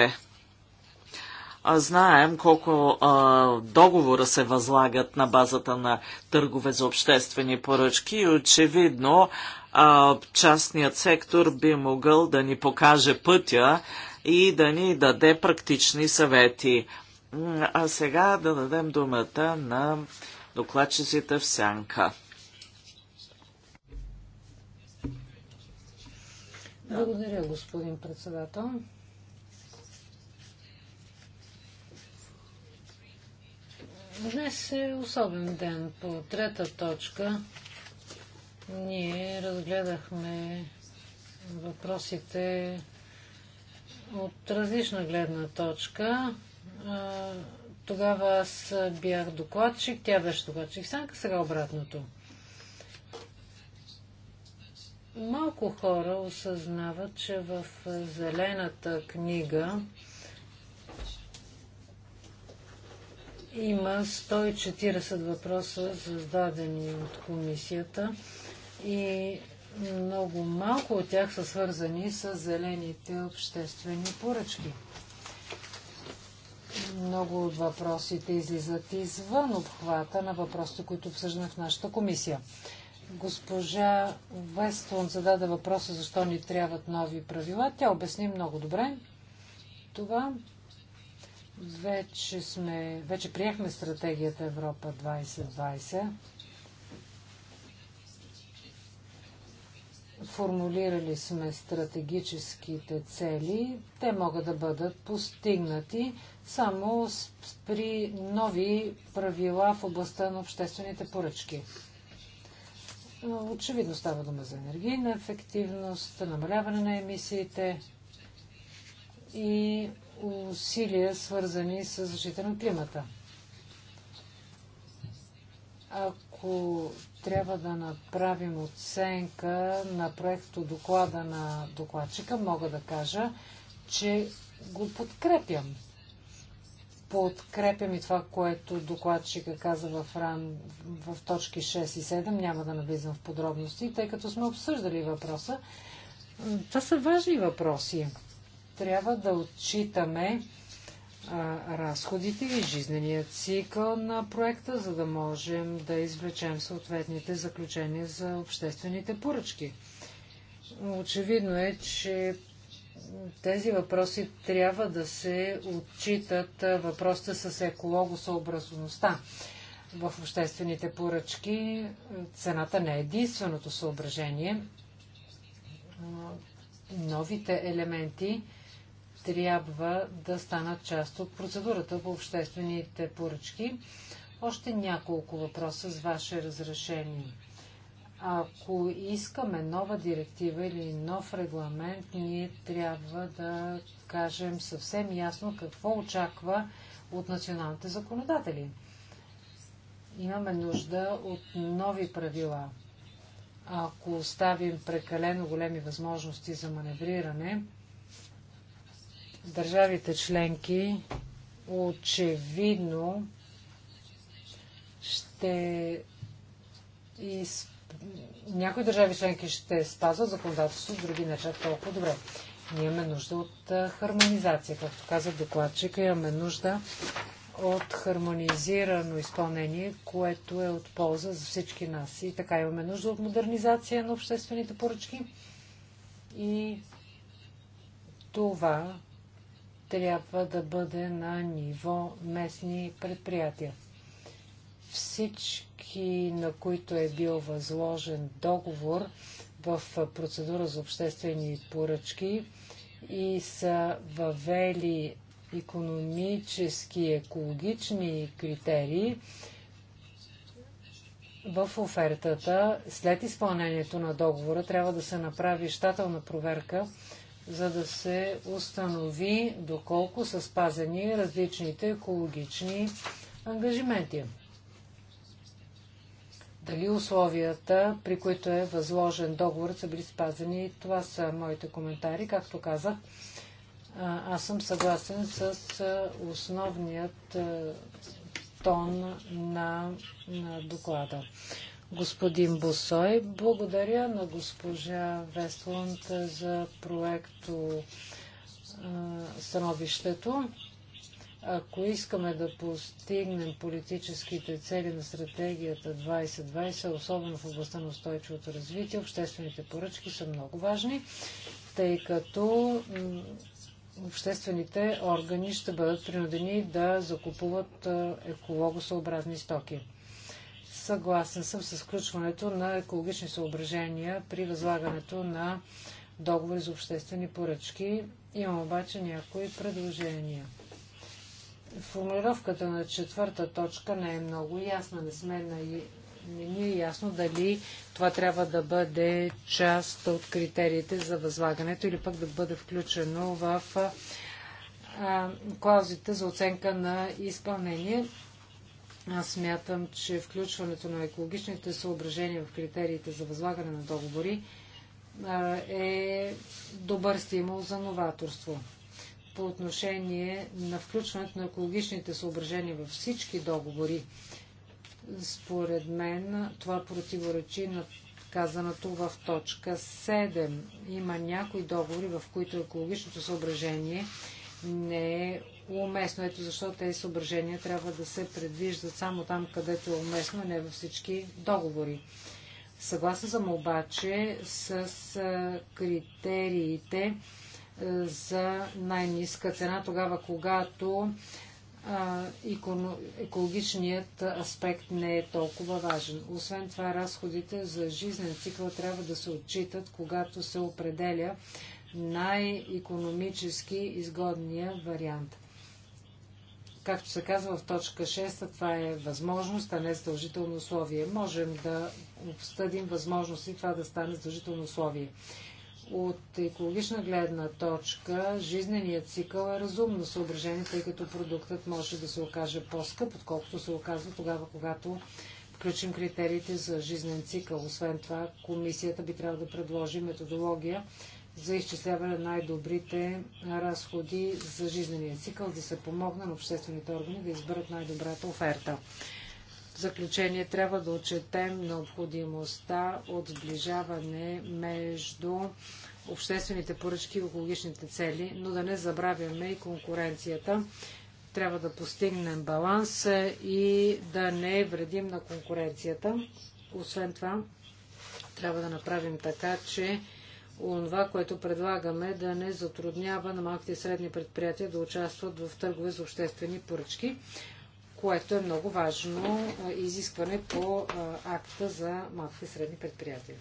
А знаем колко а, договора се възлагат на базата на търгове за обществени поръчки и очевидно а, частният сектор би могъл да ни покаже пътя и да ни даде практични съвети. А сега да дадем думата на докладчиците в сянка. Благодаря, господин председател. Днес е особен ден. По трета точка ние разгледахме въпросите от различна гледна точка. Тогава аз бях докладчик, тя беше докладчик. Санка сега обратното. Малко хора осъзнават, че в зелената книга има 140 въпроса, зададени от комисията и много малко от тях са свързани с зелените обществени поръчки. Много от въпросите излизат извън обхвата на въпросите, които обсъждаме в нашата комисия. Госпожа Вестлон зададе въпроса защо ни трябват нови правила. Тя обясни много добре това. Вече, сме, вече приехме стратегията Европа 2020. Формулирали сме стратегическите цели. Те могат да бъдат постигнати само при нови правила в областта на обществените поръчки. Очевидно става дума за енергийна ефективност, намаляване на емисиите и усилия, свързани с защита на климата. Ако трябва да направим оценка на проекто доклада на докладчика, мога да кажа, че го подкрепям. Подкрепям и това, което докладчика каза в, ран, в точки 6 и 7. Няма да навлизам в подробности, тъй като сме обсъждали въпроса. Това са важни въпроси. Трябва да отчитаме а, разходите и жизнения цикъл на проекта, за да можем да извлечем съответните заключения за обществените поръчки. Очевидно е, че тези въпроси трябва да се отчитат въпросите с екологосъобразността в обществените поръчки. Цената не е единственото съображение. Новите елементи трябва да станат част от процедурата в обществените поръчки. Още няколко въпроса с ваше разрешение. Ако искаме нова директива или нов регламент, ние трябва да кажем съвсем ясно какво очаква от националните законодатели. Имаме нужда от нови правила. Ако оставим прекалено големи възможности за маневриране, държавите членки очевидно ще изпълнят някои държави членки ще спазват законодателство, други не чак толкова добре. Ние имаме нужда от хармонизация. Както каза докладчика, имаме нужда от хармонизирано изпълнение, което е от полза за всички нас. И така имаме нужда от модернизация на обществените поръчки. И това трябва да бъде на ниво местни предприятия. Всички всички, на които е бил възложен договор в процедура за обществени поръчки и са въвели економически, екологични критерии в офертата, след изпълнението на договора, трябва да се направи щателна проверка, за да се установи доколко са спазени различните екологични ангажименти дали условията, при които е възложен договорът, са били спазени. Това са моите коментари. Както казах, аз съм съгласен с основният тон на, на доклада. Господин Босой, благодаря на госпожа Вестланд за проекто становището. Ако искаме да постигнем политическите цели на стратегията 2020, особено в областта на устойчивото развитие, обществените поръчки са много важни, тъй като обществените органи ще бъдат принудени да закупуват екологосъобразни стоки. Съгласен съм с включването на екологични съображения при възлагането на договори за обществени поръчки. Имам обаче някои предложения формулировката на четвърта точка не е много ясна. Не сме на... Не ни е ясно дали това трябва да бъде част от критериите за възлагането или пък да бъде включено в а, клаузите за оценка на изпълнение. Аз смятам, че включването на екологичните съображения в критериите за възлагане на договори а, е добър стимул за новаторство по отношение на включването на екологичните съображения във всички договори. Според мен това противоречи на казаното в точка 7. Има някои договори, в които екологичното съображение не е уместно. Ето защо тези съображения трябва да се предвиждат само там, където е уместно, а не във всички договори. Съгласна съм обаче с критериите за най ниска цена, тогава когато екологичният аспект не е толкова важен. Освен това, разходите за жизнен цикъл трябва да се отчитат, когато се определя най-економически изгодния вариант. Както се казва в точка 6, това е възможност, а не задължително условие. Можем да обсъдим възможности това да стане задължително условие. От екологична гледна точка, жизненият цикъл е разумно съображение, тъй като продуктът може да се окаже по-скъп, отколкото се оказва тогава, когато включим критериите за жизнен цикъл. Освен това, комисията би трябвало да предложи методология за изчисляване на най-добрите разходи за жизнения цикъл, да се помогна на обществените органи да изберат най-добрата оферта заключение трябва да отчетем необходимостта от сближаване между обществените поръчки и екологичните цели, но да не забравяме и конкуренцията. Трябва да постигнем баланс и да не вредим на конкуренцията. Освен това, трябва да направим така, че онова, което предлагаме, да не затруднява на малките и средни предприятия да участват в търгове за обществени поръчки което е много важно изискване по акта за малки и средни предприятия.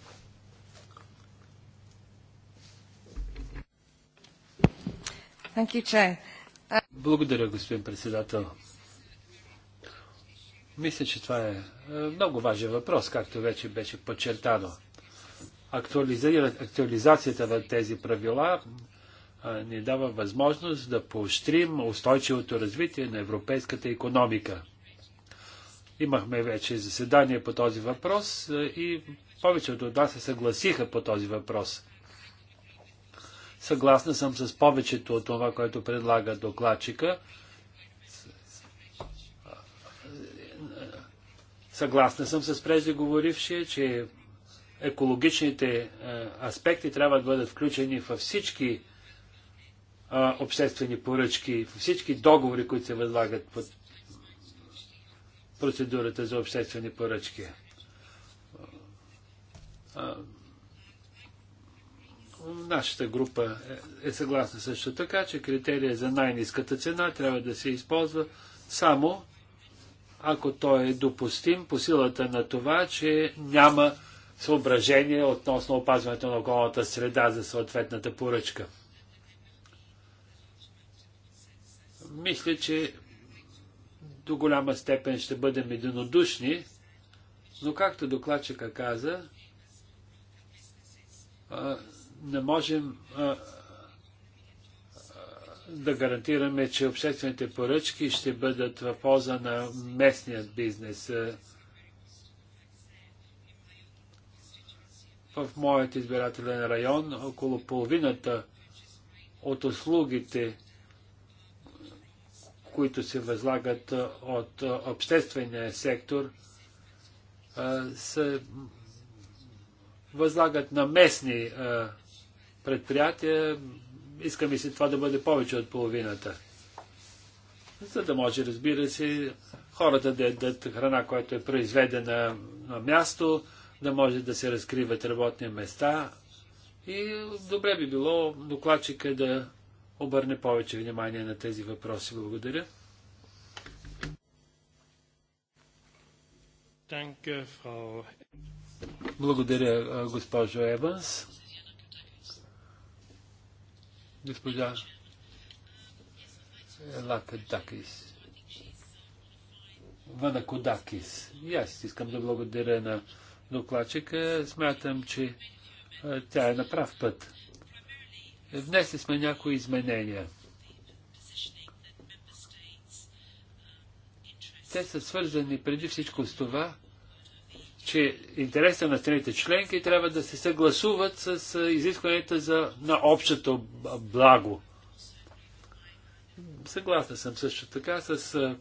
Благодаря, господин председател. Мисля, че това е, е много важен въпрос, както вече беше подчертано. Актуализацията на тези правила ни дава възможност да поощрим устойчивото развитие на европейската економика. Имахме вече заседание по този въпрос и повечето от нас се съгласиха по този въпрос. Съгласна съм с повечето от това, което предлага докладчика. Съгласна съм с преждеговорившия, че екологичните аспекти трябва да бъдат включени във всички а, обществени поръчки, всички договори, които се възлагат под процедурата за обществени поръчки. нашата група е, е съгласна също така, че критерия за най-низката цена трябва да се използва само ако той е допустим по силата на това, че няма съображение относно опазването на околната среда за съответната поръчка. мисля, че до голяма степен ще бъдем единодушни, но както докладчика каза, не можем да гарантираме, че обществените поръчки ще бъдат в полза на местния бизнес. В моят избирателен район около половината от услугите, които се възлагат от обществения сектор, се възлагат на местни предприятия. Искаме си това да бъде повече от половината. За да може, разбира се, хората да ядат храна, която е произведена на място, да може да се разкриват работни места. И добре би било докладчика да обърне повече внимание на тези въпроси. Благодаря. Благодаря, госпожо Еванс. Госпожа Елака Дакис. Вана Кодакис. И аз искам да благодаря на докладчика. Смятам, че тя е на прав път. Внесли сме някои изменения. Те са свързани преди всичко с това, че интереса на страните членки трябва да се съгласуват с изискванията за, на общото благо. Съгласна съм също така с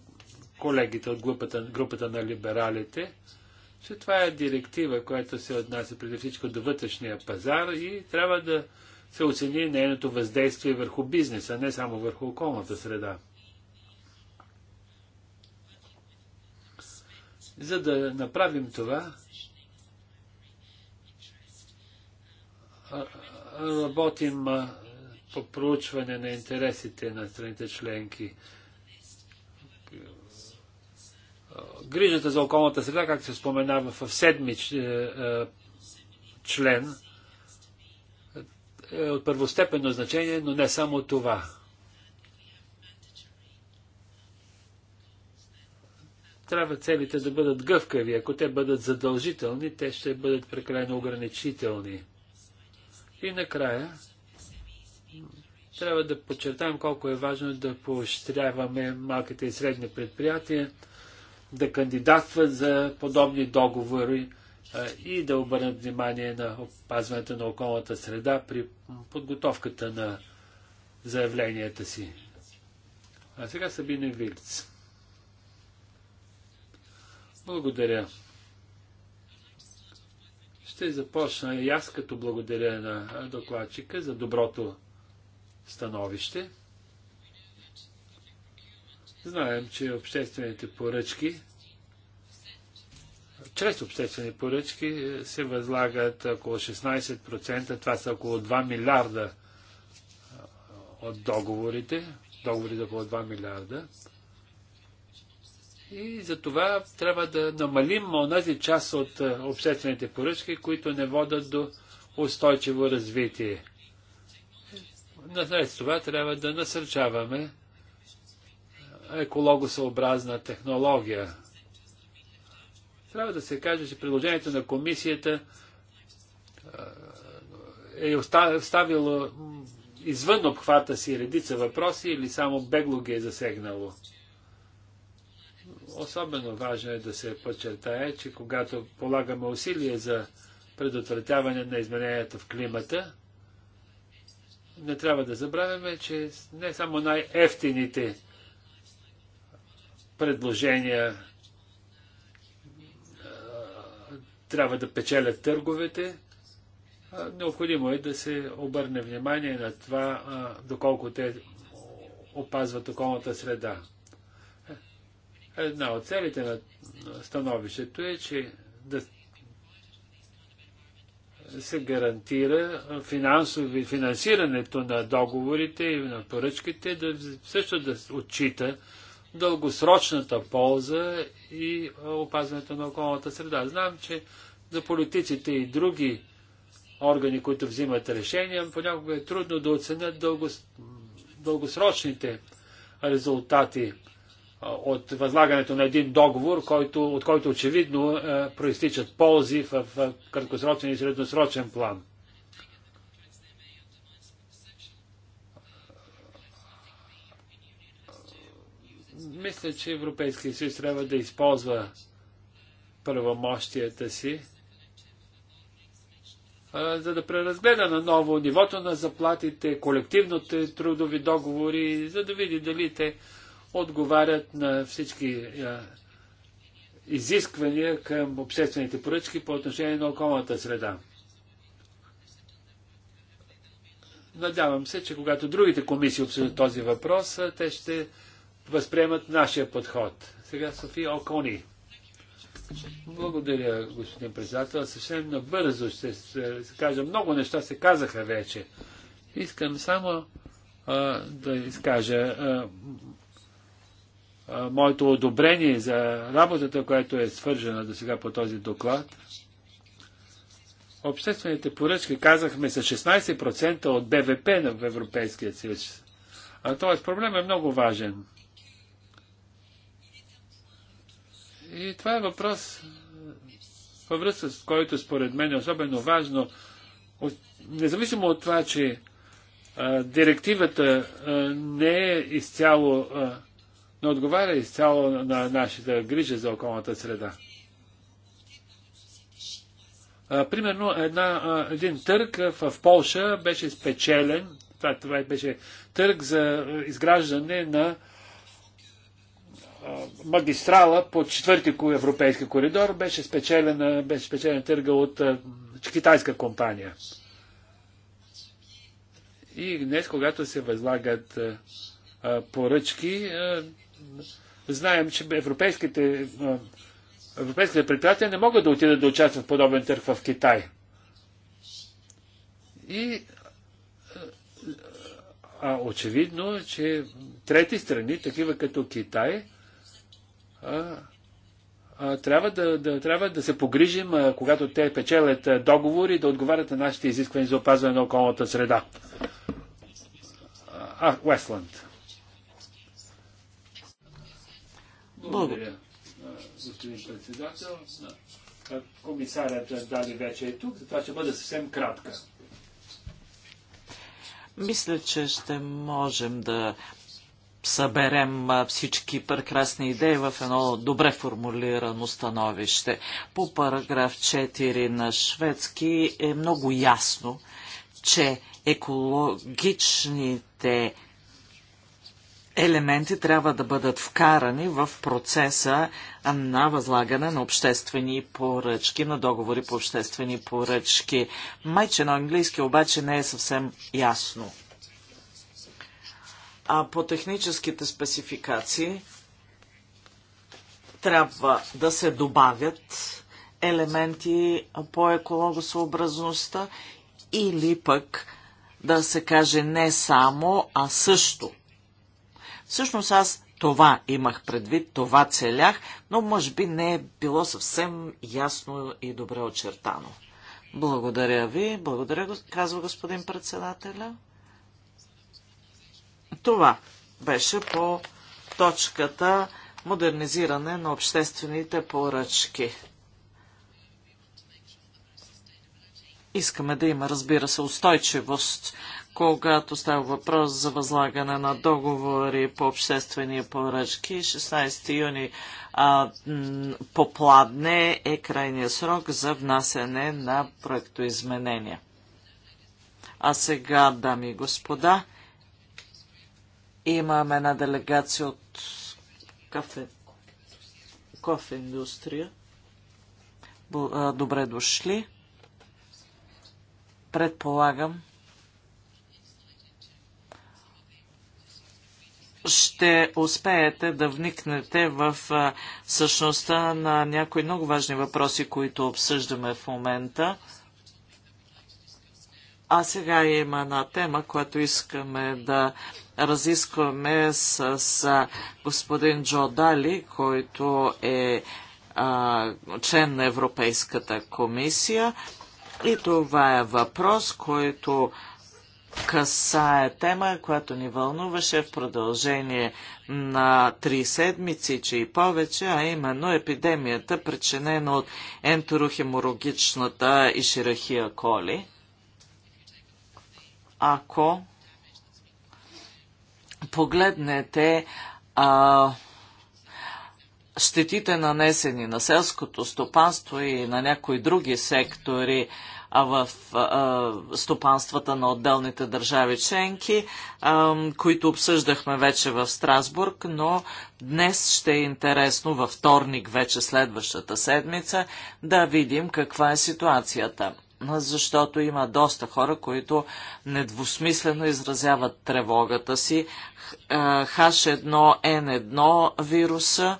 колегите от групата, групата на либералите, че това е директива, която се отнася преди всичко до вътрешния пазар и трябва да се оцени нейното въздействие върху бизнеса, не само върху околната среда. За да направим това, работим по проучване на интересите на страните членки. Грижата за околната среда, както се споменава в седми член, е от първостепенно значение, но не само това. Трябва целите да бъдат гъвкави. Ако те бъдат задължителни, те ще бъдат прекалено ограничителни. И накрая, трябва да подчертаем колко е важно да поощряваме малките и средни предприятия да кандидатстват за подобни договори, и да обърнат внимание на опазването на околната среда при подготовката на заявленията си. А сега бина Вилц. Благодаря. Ще започна и аз като благодаря на докладчика за доброто становище. Знаем, че обществените поръчки чрез обществени поръчки е, се възлагат около 16%, това са около 2 милиарда е, от договорите, договорите около 2 милиарда. И за това трябва да намалим онази част от е, обществените поръчки, които не водат до устойчиво развитие. Наред с това трябва да насърчаваме екологосъобразна технология, трябва да се каже, че предложението на комисията е оставило извън обхвата си редица въпроси или само бегло ги е засегнало. Особено важно е да се подчертае, че когато полагаме усилия за предотвратяване на измененията в климата, не трябва да забравяме, че не само най-ефтините предложения трябва да печелят търговете, необходимо е да се обърне внимание на това, доколко те опазват околната среда. Една от целите на становището е, че да се гарантира финансови, финансирането на договорите и на поръчките, да също да отчита дългосрочната полза и опазването на околната среда. Знам, че за политиците и други органи, които взимат решения, понякога е трудно да оценят дългос... дългосрочните резултати от възлагането на един договор, който, от който очевидно е, проистичат ползи в, в краткосрочен и средносрочен план. Мисля, че Европейския съюз трябва да използва правомощията си, за да преразгледа на ново нивото на заплатите, колективните трудови договори, за да види дали те отговарят на всички изисквания към обществените поръчки по отношение на околната среда. Надявам се, че когато другите комисии обсъдят този въпрос, те ще възприемат нашия подход. Сега София Окони. Благодаря, господин председател. Съвсем набързо ще се, се кажа. Много неща се казаха вече. Искам само а, да изкажа а, а, моето одобрение за работата, която е свържена до сега по този доклад. Обществените поръчки, казахме, са 16% от БВП в Европейския съюз. А т.е. проблем е много важен. И това е въпрос е, във връзка с който според мен е особено важно, независимо от това, че а, е, директивата а, е, не е изцяло, а, не отговаря изцяло на нашата грижа за околната среда. А, примерно една, а, един търг в Полша беше спечелен, това, това беше търг за изграждане на магистрала по четвърти европейски коридор беше спечелена, беше спечелен търга от китайска компания. И днес, когато се възлагат поръчки, знаем, че европейските, европейските предприятия не могат да отидат да участват в подобен търг в Китай. И а очевидно, че трети страни, такива като Китай, трябва да, да, трябва да се погрижим, когато те печелят договори, да отговарят на нашите изисквания за опазване на околната среда. А, Уестланд. Благодаря, господин председател. Комисарят Дали вече е тук, затова ще бъде съвсем кратка. Мисля, че ще можем да съберем всички прекрасни идеи в едно добре формулирано становище. По параграф 4 на шведски е много ясно, че екологичните елементи трябва да бъдат вкарани в процеса на възлагане на обществени поръчки, на договори по обществени поръчки. Майче на английски обаче не е съвсем ясно а, по техническите спецификации трябва да се добавят елементи по екологосъобразността или пък да се каже не само, а също. Всъщност аз това имах предвид, това целях, но може би не е било съвсем ясно и добре очертано. Благодаря ви, благодаря, казва господин председателя. Това беше по точката модернизиране на обществените поръчки. Искаме да има, разбира се, устойчивост, когато става въпрос за възлагане на договори по обществени поръчки. 16 юни а, попладне е крайния срок за внасене на проектоизменения. А сега, дами и господа, Имам една делегация от кафе, кофе индустрия. Добре дошли. Предполагам, ще успеете да вникнете в същността на някои много важни въпроси, които обсъждаме в момента. А сега има една тема, която искаме да разискваме с, с господин Джо Дали, който е а, член на Европейската комисия. И това е въпрос, който касае тема, която ни вълнуваше в продължение на три седмици, че и повече, а именно епидемията, причинена от ентерохеморогичната и ширахия коли – ако погледнете а, щетите нанесени на селското стопанство и на някои други сектори а в а, стопанствата на отделните държави членки, а, които обсъждахме вече в Страсбург, но днес ще е интересно във вторник, вече следващата седмица, да видим каква е ситуацията защото има доста хора, които недвусмислено изразяват тревогата си. H1N1 вируса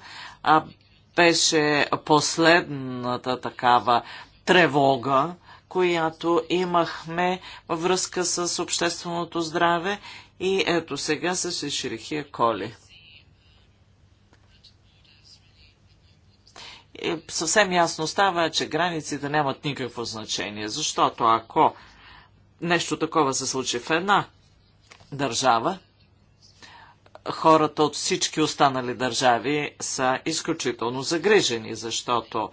беше последната такава тревога, която имахме във връзка с общественото здраве и ето сега с Ширихия Коли. е, съвсем ясно става, че границите нямат никакво значение, защото ако нещо такова се случи в една държава, хората от всички останали държави са изключително загрижени, защото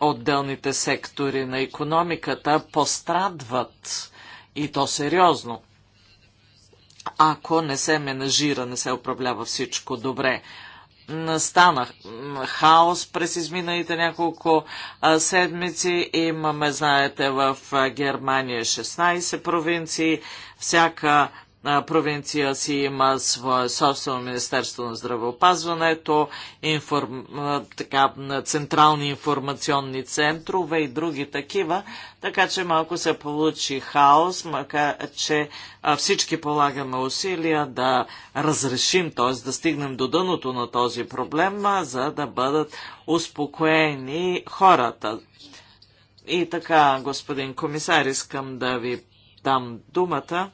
отделните сектори на економиката пострадват и то сериозно. Ако не се менажира, не се управлява всичко добре настана хаос през изминалите няколко седмици. Имаме, знаете, в Германия 16 провинции. Всяка провинция си има свое собствено Министерство на здравеопазването, информ, така, централни информационни центрове и други такива, така че малко се получи хаос, макар че всички полагаме усилия да разрешим, т.е. да стигнем до дъното на този проблем, за да бъдат успокоени хората. И така, господин комисар, искам да ви дам думата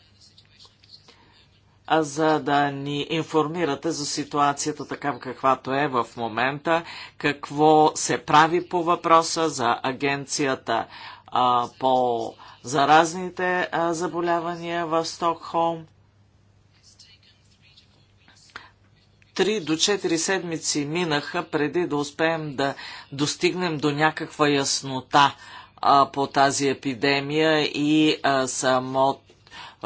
за да ни информирате за ситуацията така каквато е в момента, какво се прави по въпроса за агенцията а, по заразните а, заболявания в Стокхолм. Три до четири седмици минаха преди да успеем да достигнем до някаква яснота а, по тази епидемия и а, самото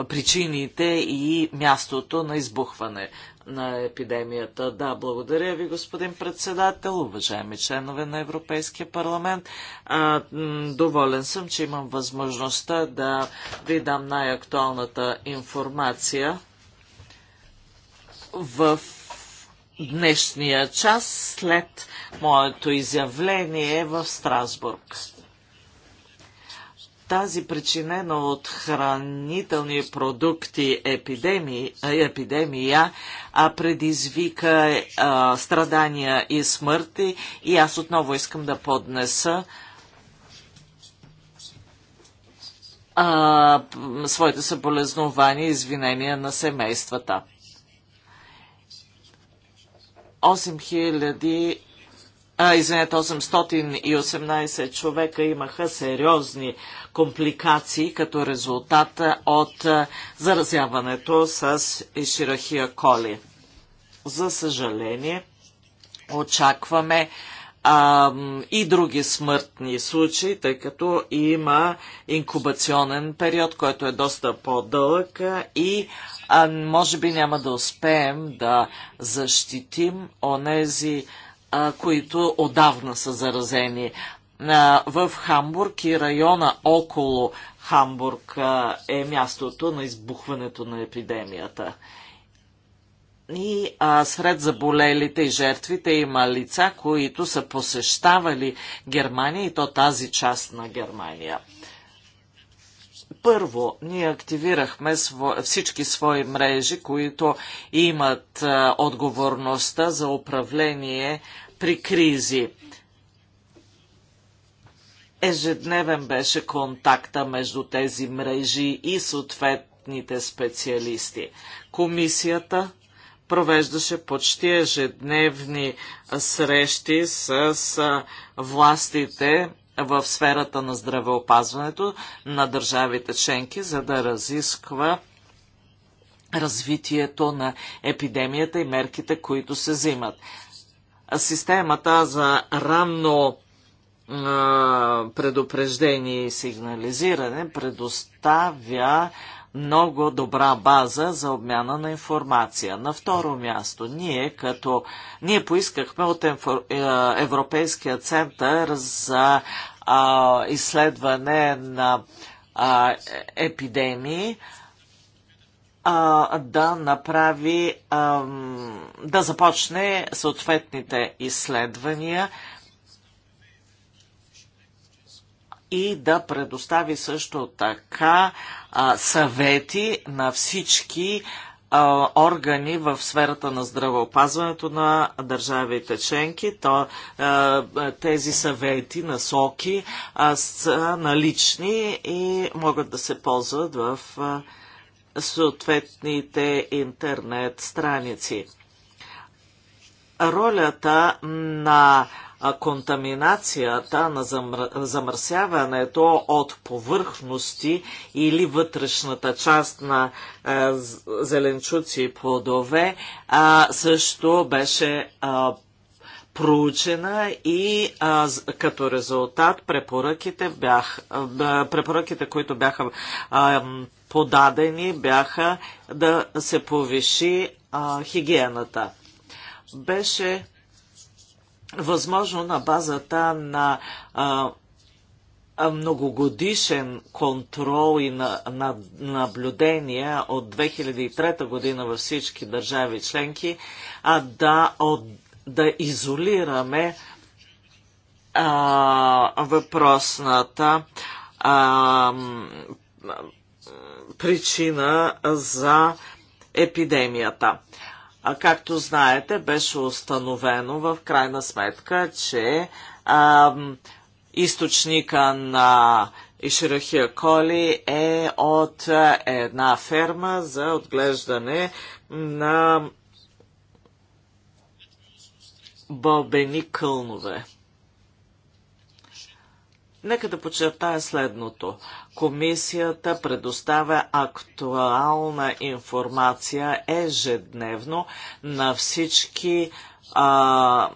причините и мястото на избухване на епидемията. Да, благодаря ви, господин председател, уважаеми членове на Европейския парламент. А, доволен съм, че имам възможността да ви дам най-актуалната информация в днешния час след моето изявление в Страсбург тази причинена от хранителни продукти епидемия, епидемия а предизвика а, страдания и смърти. И аз отново искам да поднеса а, своите съболезнования и извинения на семействата. 8000 а, извинете, 818 човека имаха сериозни компликации като резултат от заразяването с Иширахия коли. За съжаление, очакваме а, и други смъртни случаи, тъй като има инкубационен период, който е доста по-дълъг и а, може би няма да успеем да защитим онези, които отдавна са заразени в Хамбург и района около Хамбург е мястото на избухването на епидемията. И а, сред заболелите и жертвите има лица, които са посещавали Германия и то тази част на Германия. Първо, ние активирахме сво... всички свои мрежи, които имат а, отговорността за управление при кризи. Ежедневен беше контакта между тези мрежи и съответните специалисти. Комисията провеждаше почти ежедневни срещи с властите в сферата на здравеопазването на държавите членки, за да разисква развитието на епидемията и мерките, които се взимат. Системата за ранно предупреждение и сигнализиране предоставя много добра база за обмяна на информация. На второ място, ние като ние поискахме от е, Европейския център за а, изследване на а, епидемии а, да направи а, да започне съответните изследвания и да предостави също така а, съвети на всички а, органи в сферата на здравеопазването на държавите членки. То, а, тези съвети, насоки а, са налични и могат да се ползват в а, съответните интернет страници. Ролята на контаминацията на замърсяването от повърхности или вътрешната част на е, зеленчуци и плодове също беше проучена и а, като резултат препоръките, бях, а, препоръките които бяха а, подадени, бяха да се повиши а, хигиената. Беше възможно на базата на а, многогодишен контрол и на, на, наблюдения от 2003 година във всички държави членки, а да, от, да изолираме а, въпросната а, причина за епидемията. А както знаете, беше установено в крайна сметка, че а, източника на Иширахия Коли е от е, една ферма за отглеждане на бълбени кълнове. Нека да подчертая следното. Комисията предоставя актуална информация ежедневно на всички а,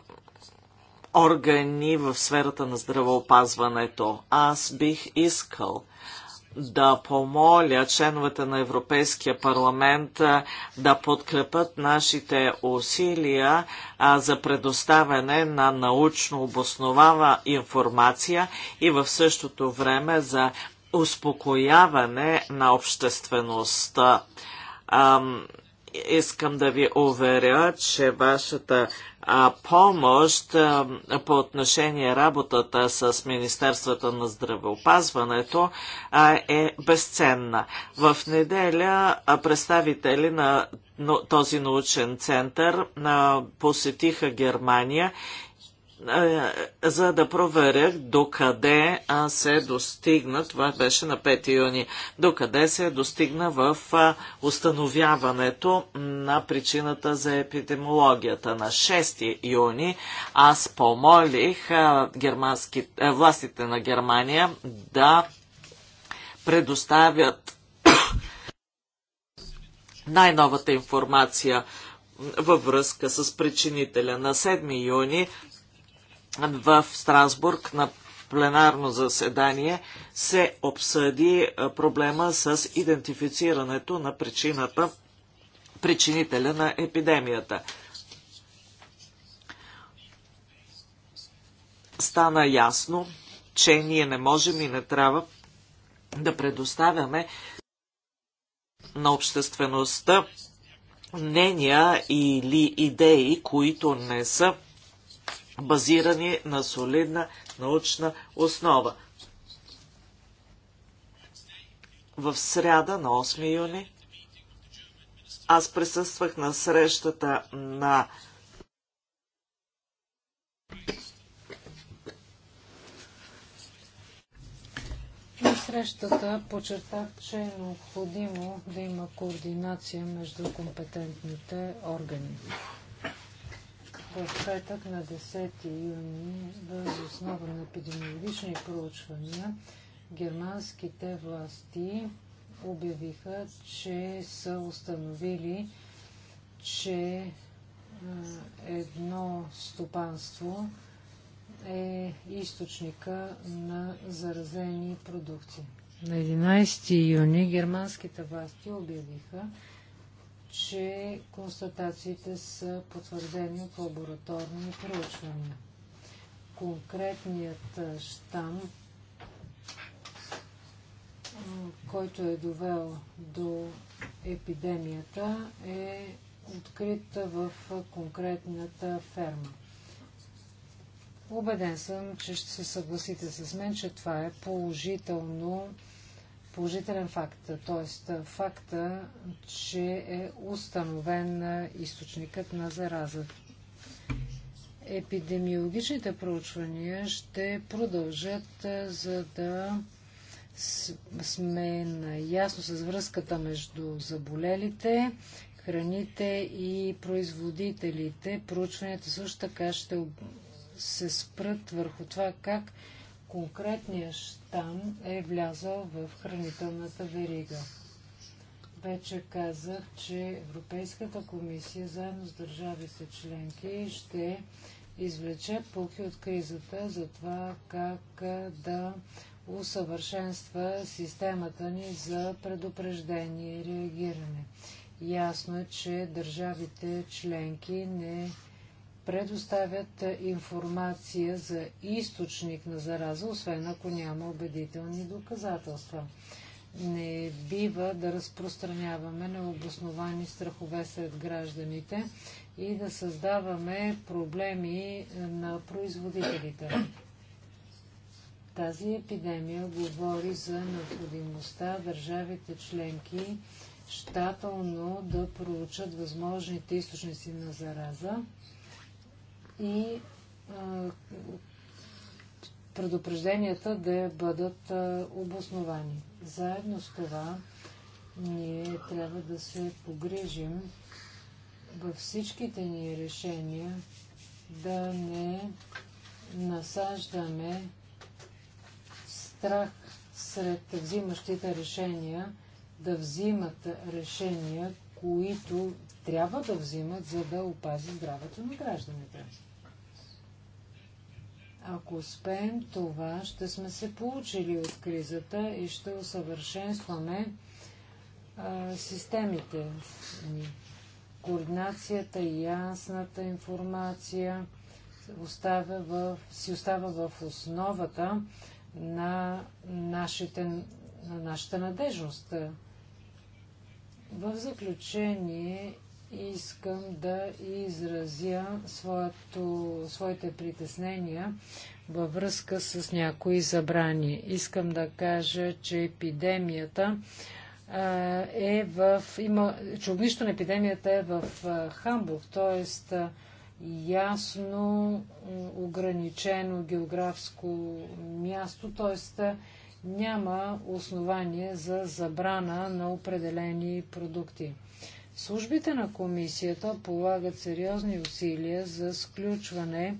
органи в сферата на здравеопазването. Аз бих искал да помоля членовете на Европейския парламент да подкрепят нашите усилия за предоставяне на научно обосновава информация и в същото време за успокояване на обществеността. Ам, искам да ви уверя, че вашата а, помощ а, по отношение работата с Министерството на здравеопазването а, е безценна. В неделя а, представители на но, този научен център а, посетиха Германия е, за да проверя докъде се достигна, това беше на 5 юни, докъде се достигна в установяването на причината за епидемиологията. На 6 юни аз помолих германски, е, властите на Германия да предоставят най-новата информация във връзка с причинителя. На 7 юни в Страсбург на пленарно заседание се обсъди е, проблема с идентифицирането на причината, причинителя на епидемията. Стана ясно, че ние не можем и не трябва да предоставяме на обществеността мнения или идеи, които не са базирани на солидна научна основа. В сряда на 8 юни аз присъствах на срещата на На срещата почертах, че е необходимо да има координация между компетентните органи в петък на 10 юни въз основа на епидемиологични проучвания германските власти обявиха, че са установили, че едно стопанство е източника на заразени продукти. На 11 юни германските власти обявиха, че констатациите са потвърдени от лабораторни проучвания. Конкретният щам, който е довел до епидемията, е открит в конкретната ферма. Обеден съм, че ще се съгласите с мен, че това е положително положителен факт, т.е. факта, че е установен източникът на зараза. Епидемиологичните проучвания ще продължат, за да сме наясно с връзката между заболелите, храните и производителите. Проучванията също така ще се спрат върху това как Конкретният щам е влязал в хранителната верига. Вече казах, че Европейската комисия заедно с държавите членки ще извлече полки от кризата за това как да усъвършенства системата ни за предупреждение и реагиране. Ясно е, че държавите членки не предоставят информация за източник на зараза, освен ако няма убедителни доказателства. Не бива да разпространяваме необосновани страхове сред гражданите и да създаваме проблеми на производителите. Тази епидемия говори за необходимостта държавите членки щателно да проучат възможните източници на зараза и предупрежденията да бъдат обосновани. Заедно с това ние трябва да се погрижим във всичките ни решения да не насаждаме страх сред взимащите решения, да взимат решения, които трябва да взимат, за да опази здравето на гражданите. Ако успеем това, ще сме се получили от кризата и ще усъвършенстваме а, системите ни. Координацията и ясната информация остава в, си остава в основата на, нашите, на нашата надежност. В заключение искам да изразя своето, своите притеснения във връзка с някои забрани. Искам да кажа, че епидемията е в... Има, че огнището на епидемията е в Хамбург, т.е. ясно ограничено географско място, т.е. няма основание за забрана на определени продукти. Службите на комисията полагат сериозни усилия за сключване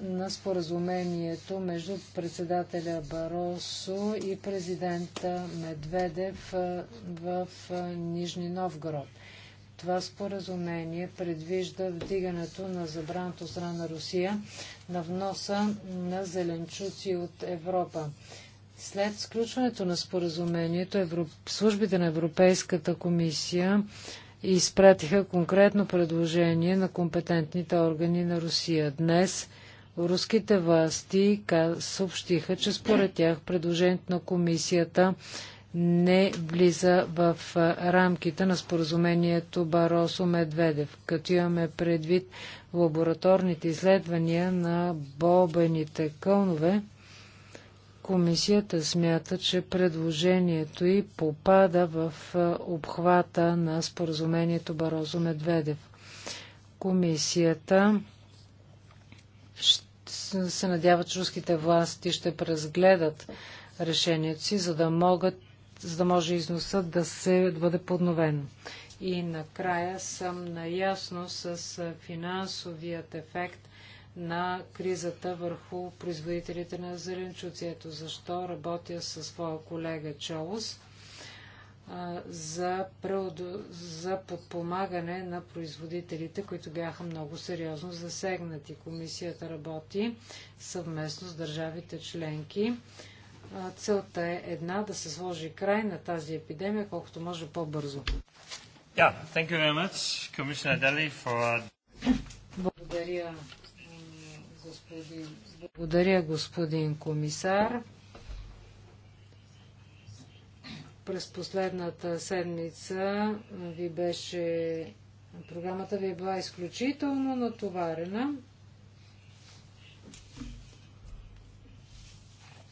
на споразумението между председателя Баросо и президента Медведев в, Нижни Новгород. Това споразумение предвижда вдигането на забраната страна на Русия на вноса на зеленчуци от Европа. След сключването на споразумението, службите на Европейската комисия изпратиха конкретно предложение на компетентните органи на Русия. Днес руските власти съобщиха, че според тях предложението на комисията не влиза в рамките на споразумението Баросо-Медведев, като имаме предвид лабораторните изследвания на бобените кълнове Комисията смята, че предложението й попада в обхвата на споразумението Барозо Медведев. Комисията се надява, че руските власти ще преразгледат решението си, за да, могат, за да може износът да се да бъде подновен. И накрая съм наясно с финансовият ефект – на кризата върху производителите на зеленчуци. Ето защо работя със своя колега Чолос за, преодо... за подпомагане на производителите, които бяха много сериозно засегнати. Комисията работи съвместно с държавите членки. целта е една да се сложи край на тази епидемия колкото може по-бързо. Yeah, for... Благодаря, господин... Благодаря, господин комисар. През последната седмица ви беше... Програмата ви е била изключително натоварена.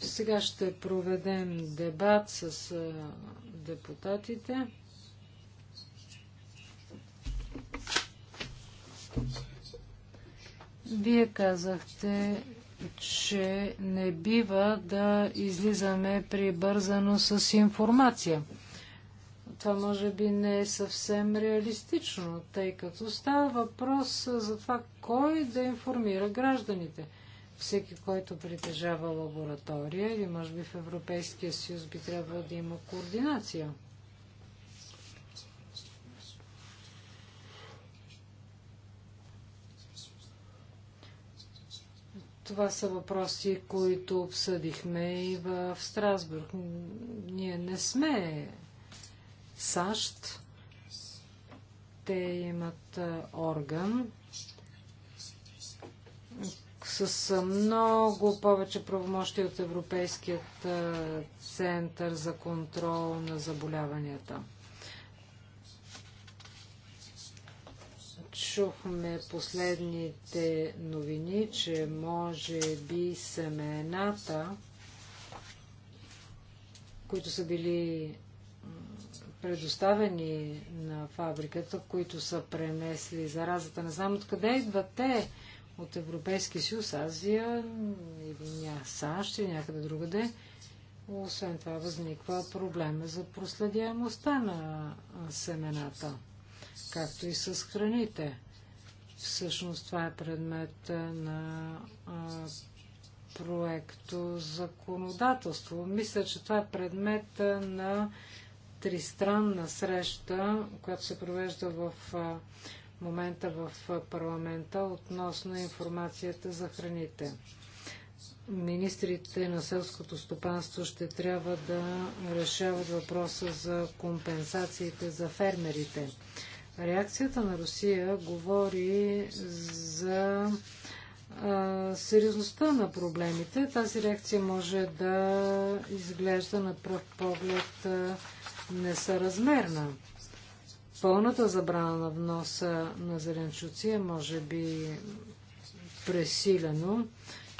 Сега ще проведем дебат с депутатите. Вие казахте, че не бива да излизаме прибързано с информация. Това може би не е съвсем реалистично, тъй като става въпрос за това кой да информира гражданите. Всеки, който притежава лаборатория или може би в Европейския съюз би трябвало да има координация. Това са въпроси, които обсъдихме и в Страсбург. Ние не сме САЩ. Те имат орган с много повече правомощи от Европейският център за контрол на заболяванията. Чухме последните новини, че може би семената, които са били предоставени на фабриката, които са пренесли заразата. Не знам откъде идват те от Европейски съюз, Азия или ня, САЩ или някъде другаде. Освен това възниква проблема за проследяемостта на семената, както и с храните. Всъщност това е предмет на проекто законодателство. Мисля, че това е предмет на тристранна среща, която се провежда в момента в парламента относно информацията за храните. Министрите на селското стопанство ще трябва да решават въпроса за компенсациите за фермерите. Реакцията на Русия говори за а, сериозността на проблемите. Тази реакция може да изглежда на пръв поглед несъразмерна. Пълната забрана на вноса на зеленчуци е може би пресилено,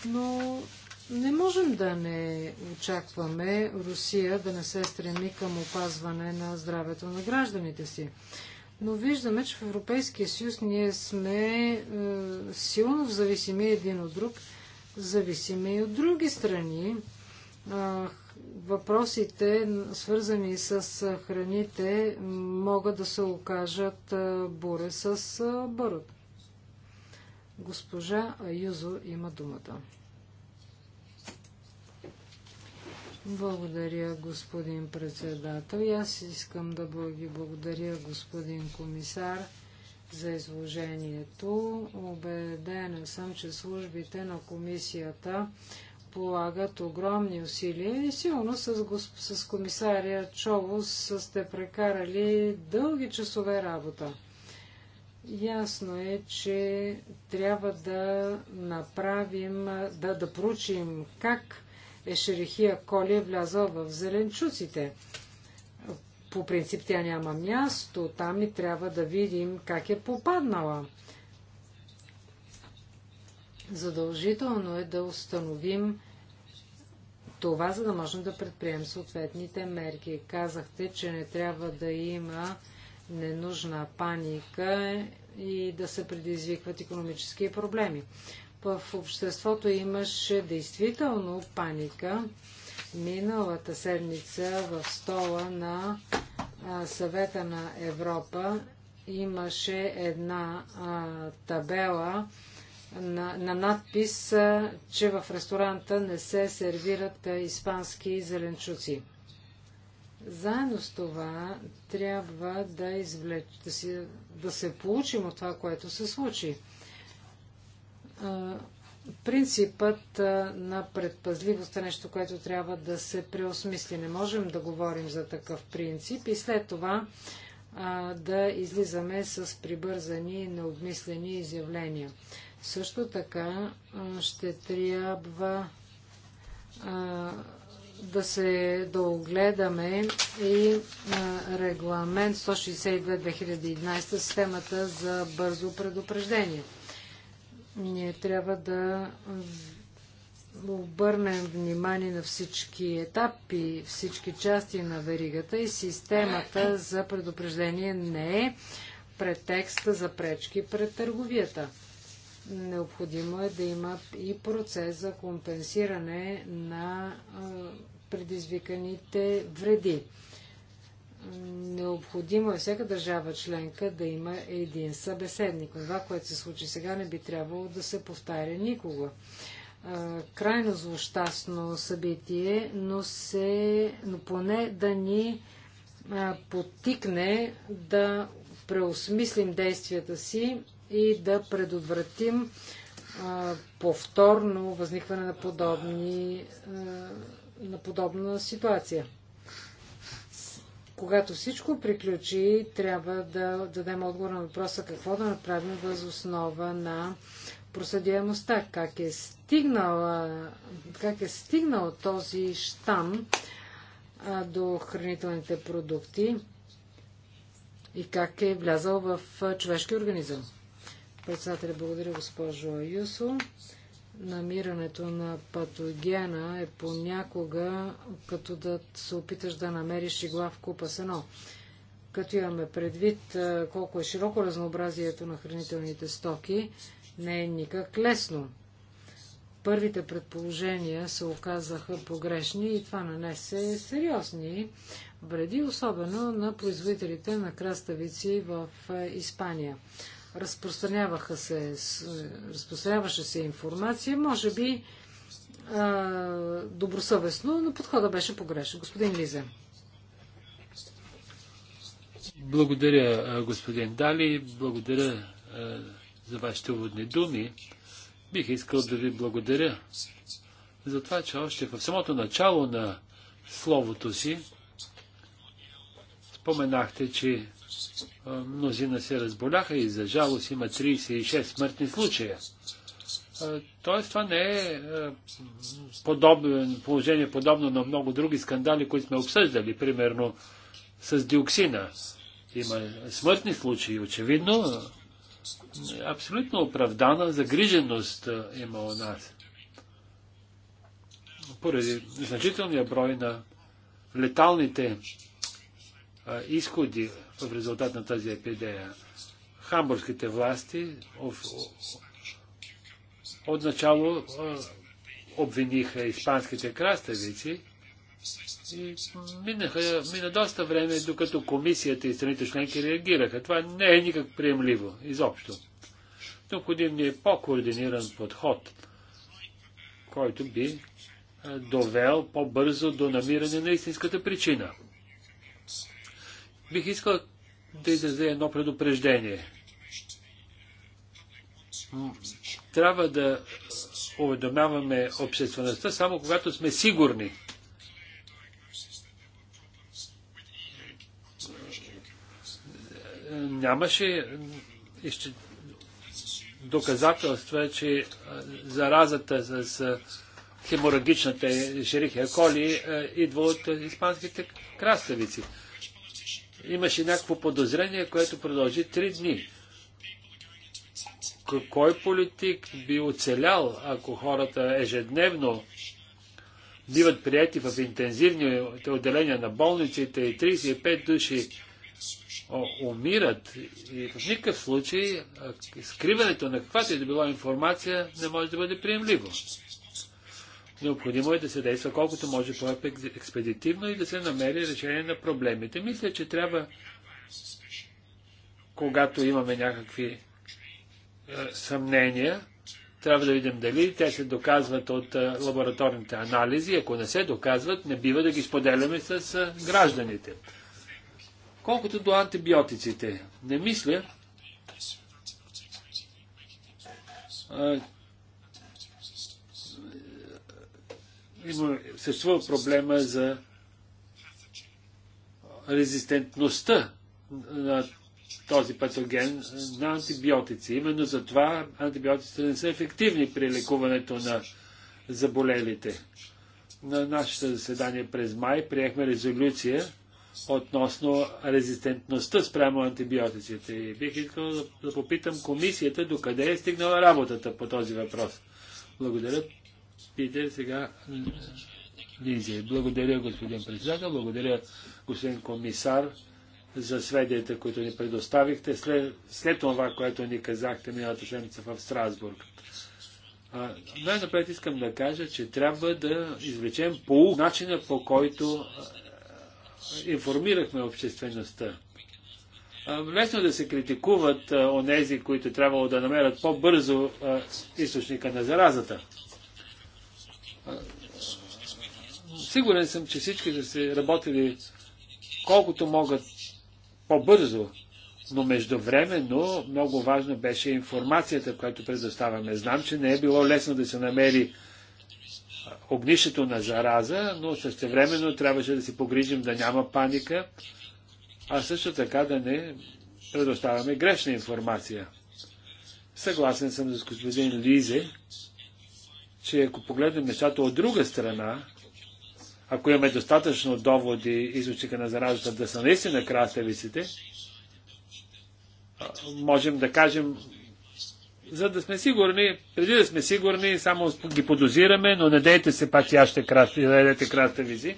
но не можем да не очакваме Русия да не се стреми към опазване на здравето на гражданите си но виждаме, че в Европейския съюз ние сме е, силно зависими един от друг, зависими и от други страни. Е, въпросите, свързани с храните, могат да се окажат е, буре с е, барут. Госпожа Юзо има думата. Благодаря, господин председател. И аз искам да ви благодаря, господин комисар, за изложението. Обедена съм, че службите на комисията полагат огромни усилия и сигурно с, госп... с комисария Чолос сте прекарали дълги часове работа. Ясно е, че трябва да направим, да, да проучим как Ешерихия коли е влязла в зеленчуците. По принцип тя няма място там и трябва да видим как е попаднала. Задължително е да установим това, за да можем да предприемем съответните мерки. Казахте, че не трябва да има ненужна паника и да се предизвикват економически проблеми. В обществото имаше действително паника. Миналата седмица в стола на съвета на Европа имаше една а, табела на, на надпис, а, че в ресторанта не се сервират а, испански зеленчуци. Заедно с това трябва да, извлеч, да, си, да се получим от това, което се случи принципът на предпазливост е нещо, което трябва да се преосмисли. Не можем да говорим за такъв принцип и след това да излизаме с прибързани, необмислени изявления. Също така ще трябва да се доогледаме и регламент 162-2011 системата за бързо предупреждение ние трябва да обърнем внимание на всички етапи, всички части на веригата и системата за предупреждение не е претекста за пречки пред търговията. Необходимо е да има и процес за компенсиране на предизвиканите вреди необходимо е всяка държава членка да има един събеседник. Това, което се случи сега, не би трябвало да се повтаря никога. крайно злощастно събитие, но, се, но поне да ни потикне да преосмислим действията си и да предотвратим повторно възникване на, подобни, на подобна ситуация когато всичко приключи, трябва да дадем отговор на въпроса какво да направим въз основа на проследяемостта, как е стигнал, как е стигнал този штам а, до хранителните продукти и как е влязал в човешки организъм. Председателя, благодаря госпожо Юсо намирането на патогена е понякога като да се опиташ да намериш игла в купа сено. Като имаме предвид колко е широко разнообразието на хранителните стоки, не е никак лесно. Първите предположения се оказаха погрешни и това нанесе сериозни вреди, особено на производителите на краставици в Испания разпространяваха се, разпространяваше се информация, може би а, добросъвестно, но подхода беше погрешен. Господин Лизе. Благодаря, господин Дали. Благодаря а, за вашите уводни думи. Бих искал да ви благодаря за това, че още в самото начало на словото си споменахте, че мнозина се разболяха и за жалост има 36 смъртни случая. Тоест това не е подобен, положение подобно на много други скандали, които сме обсъждали, примерно с диоксина. Има смъртни случаи, очевидно. Абсолютно оправдана загриженост има у нас. Поради значителния брой на леталните изходи в резултат на тази епидемия. Хамбургските власти отначало обвиниха испанските краставици и минаха, мина доста време, докато комисията и страните членки реагираха. Това не е никак приемливо, изобщо. Необходим ни е по-координиран подход, който би довел по-бързо до намиране на истинската причина – Бих искал да изразя едно предупреждение. Трябва да уведомяваме обществеността само когато сме сигурни. Нямаше ще доказателства, че заразата с хеморагичната шерихия коли идва от испанските краставици имаше някакво подозрение, което продължи три дни. Кой политик би оцелял, ако хората ежедневно биват прияти в интензивните отделения на болниците и 35 души умират и в никакъв случай скриването на каквато и да била информация не може да бъде приемливо. Необходимо е да се действа колкото може по-експедитивно и да се намери решение на проблемите. Мисля, че трябва, когато имаме някакви е, съмнения, трябва да видим дали те се доказват от е, лабораторните анализи. Ако не се доказват, не бива да ги споделяме с е, гражданите. Колкото до антибиотиците, не мисля, е, има, съществува проблема за резистентността на този патоген на антибиотици. Именно за това антибиотиците не са ефективни при лекуването на заболелите. На нашето заседание през май приехме резолюция относно резистентността спрямо антибиотиците. И бих искал да попитам комисията докъде е стигнала работата по този въпрос. Благодаря. Питер, сега Низи. Благодаря, господин председател, благодаря, господин комисар, за сведенията, които ни предоставихте след, след това, което ни казахте миналата седмица в Страсбург. Най-напред искам да кажа, че трябва да извлечем по начина по който а, информирахме обществеността. лесно да се критикуват онези, които е трябвало да намерят по-бързо източника на заразата. Сигурен съм, че всички да се работили колкото могат по-бързо, но междувременно много важно беше информацията, която предоставяме. Знам, че не е било лесно да се намери огнището на зараза, но същевременно трябваше да се погрижим да няма паника, а също така да не предоставяме грешна информация. Съгласен съм с господин Лизе, че ако погледнем нещата от друга страна, ако имаме достатъчно доводи източника на заразата да са наистина краставиците, можем да кажем, за да сме сигурни, преди да сме сигурни, само ги подозираме, но не дейте се пак, че аз ще дадете краставици.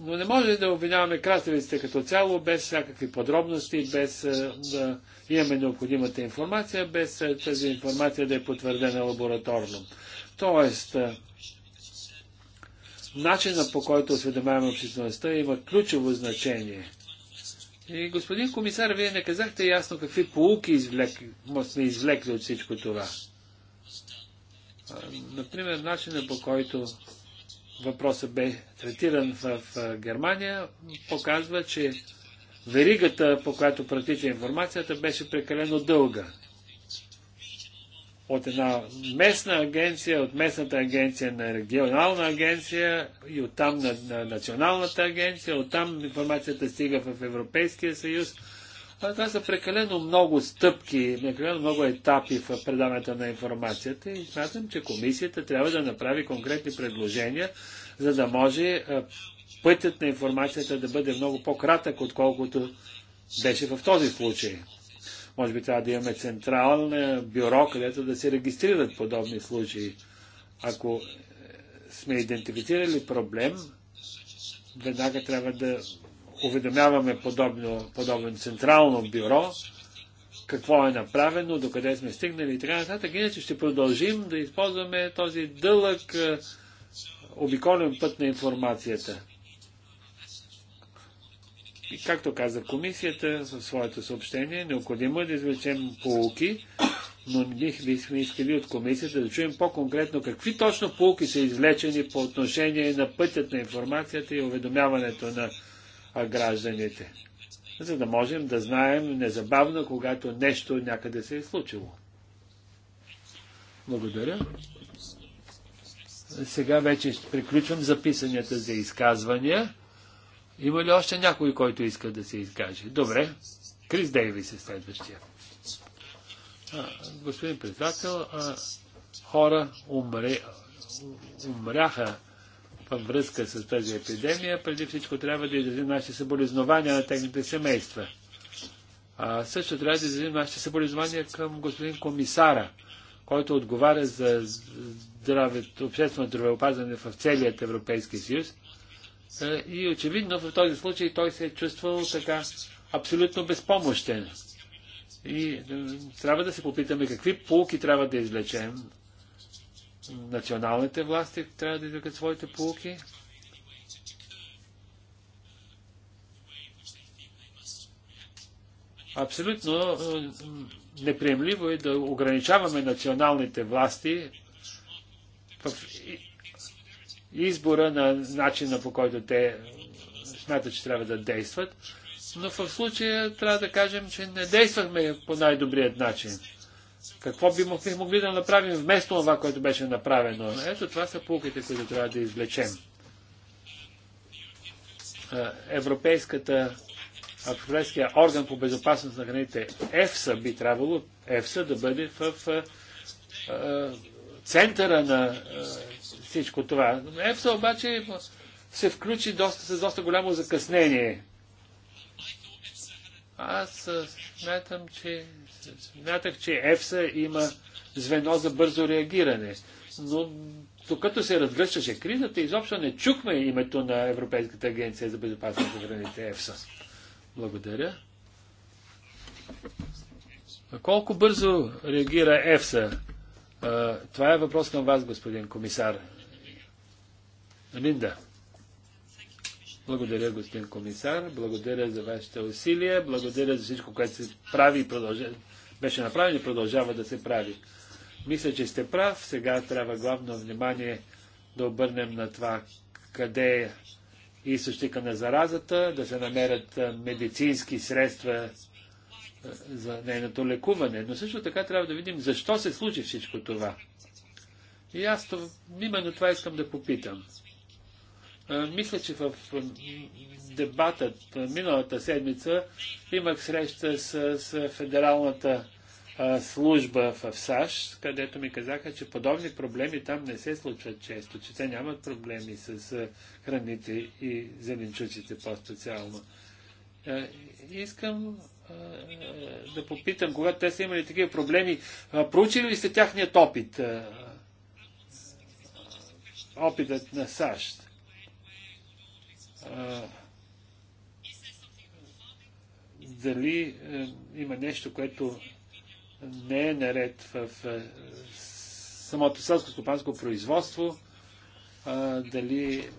Но не може да обвиняваме краставиците като цяло, без всякакви подробности, без да имаме необходимата информация, без е, тази информация да е потвърдена лабораторно. Тоест, е, начина по който осведомяваме обществеността има ключово значение. И господин комисар, вие не казахте ясно какви полуки извлек, сме извлекли от всичко това. Е, например, начинът по който въпросът бе третиран в Германия показва, че веригата, по която пратича информацията, беше прекалено дълга. От една местна агенция, от местната агенция на регионална агенция и оттам на, на националната агенция, оттам информацията стига в Европейския съюз. А това са прекалено много стъпки, прекалено много етапи в предаването на информацията и смятам, че комисията трябва да направи конкретни предложения, за да може пътят на информацията да бъде много по-кратък, отколкото беше в този случай. Може би трябва да имаме централно бюро, където да се регистрират подобни случаи. Ако сме идентифицирали проблем, веднага трябва да уведомяваме подобно, подобен централно бюро, какво е направено, докъде сме стигнали и така нататък. Иначе ще продължим да използваме този дълъг е, обиколен път на информацията. И както каза комисията в своето съобщение, необходимо е да извлечем полуки, но ние бихме искали от комисията да чуем по-конкретно какви точно полуки са извлечени по отношение на пътят на информацията и уведомяването на гражданите, за да можем да знаем незабавно, когато нещо някъде се е случило. Благодаря. Сега вече приключвам записанията за изказвания. Има ли още някой, който иска да се изкаже? Добре. Крис Дейвис е следващия. А, господин председател, а, хора умре, умряха във връзка с тази епидемия. Преди всичко трябва да изразим нашите съболезнования на техните семейства. А, също трябва да изразим нашите съболезнования към господин комисара, който отговаря за здравето, обществено здравеопазване в целият Европейски съюз. Е, и очевидно в този случай той се е чувствал така абсолютно безпомощен. И е, трябва да се попитаме какви полуки трябва да извлечем. Националните власти трябва да извлекат своите полки. Абсолютно е, неприемливо е да ограничаваме националните власти в избора на начина по който те смятат, че трябва да действат. Но в случая трябва да кажем, че не действахме по най-добрият начин. Какво би могли, могли да направим вместо това, което беше направено? Ето това са полките, които трябва да извлечем. Европейската Европейския орган по безопасност на храните ЕФСА би трябвало ЕФСА да бъде в, в, в центъра на всичко това. ЕФСА обаче се включи доста, с доста голямо закъснение. Аз смятам, че смятах, че ЕФСА има звено за бързо реагиране. Но докато се разгръщаше кризата, изобщо не чухме името на Европейската агенция за безопасност на храните ЕФСА. Благодаря. Колко бързо реагира ЕФСА? Това е въпрос към вас, господин комисар. Линда. Благодаря, господин комисар. Благодаря за вашите усилия. Благодаря за всичко, което се прави и беше направено и продължава да се прави. Мисля, че сте прав. Сега трябва главно внимание да обърнем на това къде е източника на заразата, да се намерят медицински средства за нейното лекуване. Но също така трябва да видим защо се случи всичко това. И аз именно това искам да попитам. Мисля, че в дебатът миналата седмица имах среща с, с федералната служба в САЩ, където ми казаха, че подобни проблеми там не се случват често, че те нямат проблеми с храните и зеленчуците по-специално. Искам да попитам, когато те са имали такива проблеми, проучили ли сте тяхният опит? Опитът на САЩ? дали а, е, има нещо, което не е наред в, е, самото селско-стопанско производство, а, дали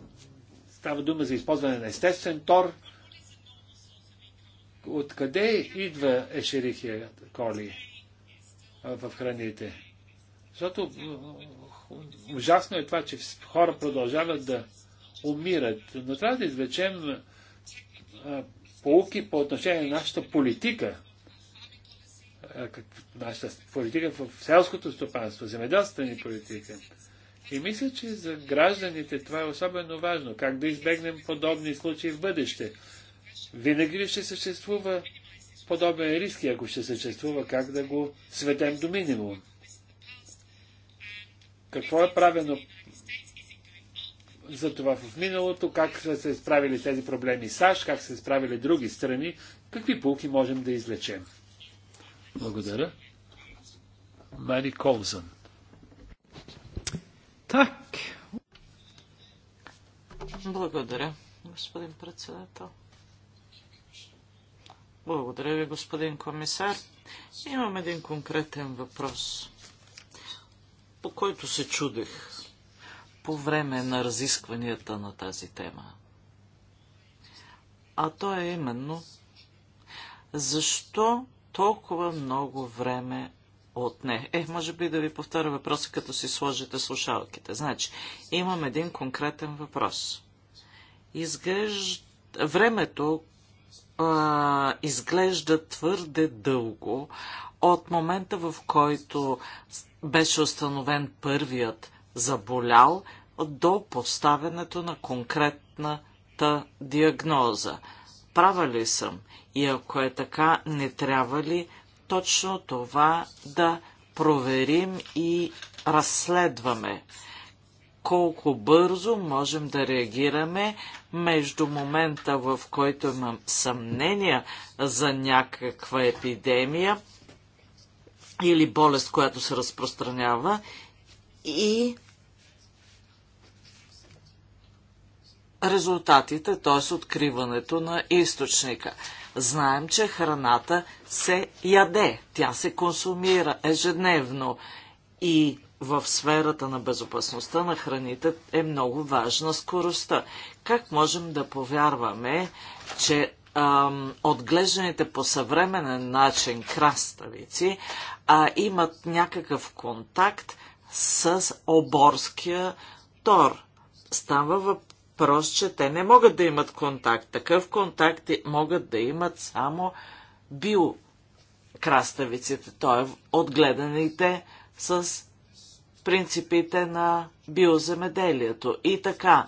става дума за използване на естествен тор, откъде идва ешерихия коли в храните? Защото ужасно е това, че хора продължават да умират. Но трябва да извлечем полуки по отношение на нашата политика, нашата политика в селското стопанство, земеделствена ни политика. И мисля, че за гражданите това е особено важно. Как да избегнем подобни случаи в бъдеще? Винаги ще съществува подобен риск ако ще съществува, как да го сведем до минимум? Какво е правено за това в миналото, как са се справили тези проблеми САЩ, как са се справили други страни, какви полки можем да излечем. Благодаря. Мари Колзън. Так. Благодаря, господин председател. Благодаря ви, господин комисар. Имам един конкретен въпрос, по който се чудех по време на разискванията на тази тема. А то е именно защо толкова много време отне. Е, може би да ви повторя въпроса, като си сложите слушалките. Значи, имам един конкретен въпрос. Изглежда... Времето а, изглежда твърде дълго от момента, в който беше установен първият заболял до поставянето на конкретната диагноза. Права ли съм? И ако е така, не трябва ли точно това да проверим и разследваме? Колко бързо можем да реагираме между момента, в който имам съмнения за някаква епидемия или болест, която се разпространява, и резултатите, т.е. откриването на източника. Знаем, че храната се яде, тя се консумира ежедневно и в сферата на безопасността на храните е много важна скоростта. Как можем да повярваме, че ам, отглежданите по съвременен начин краставици а, имат някакъв контакт с оборския тор? Става Просто, че те не могат да имат контакт. Такъв контакт могат да имат само биокраставиците, т.е. отгледаните с принципите на биоземеделието. И така,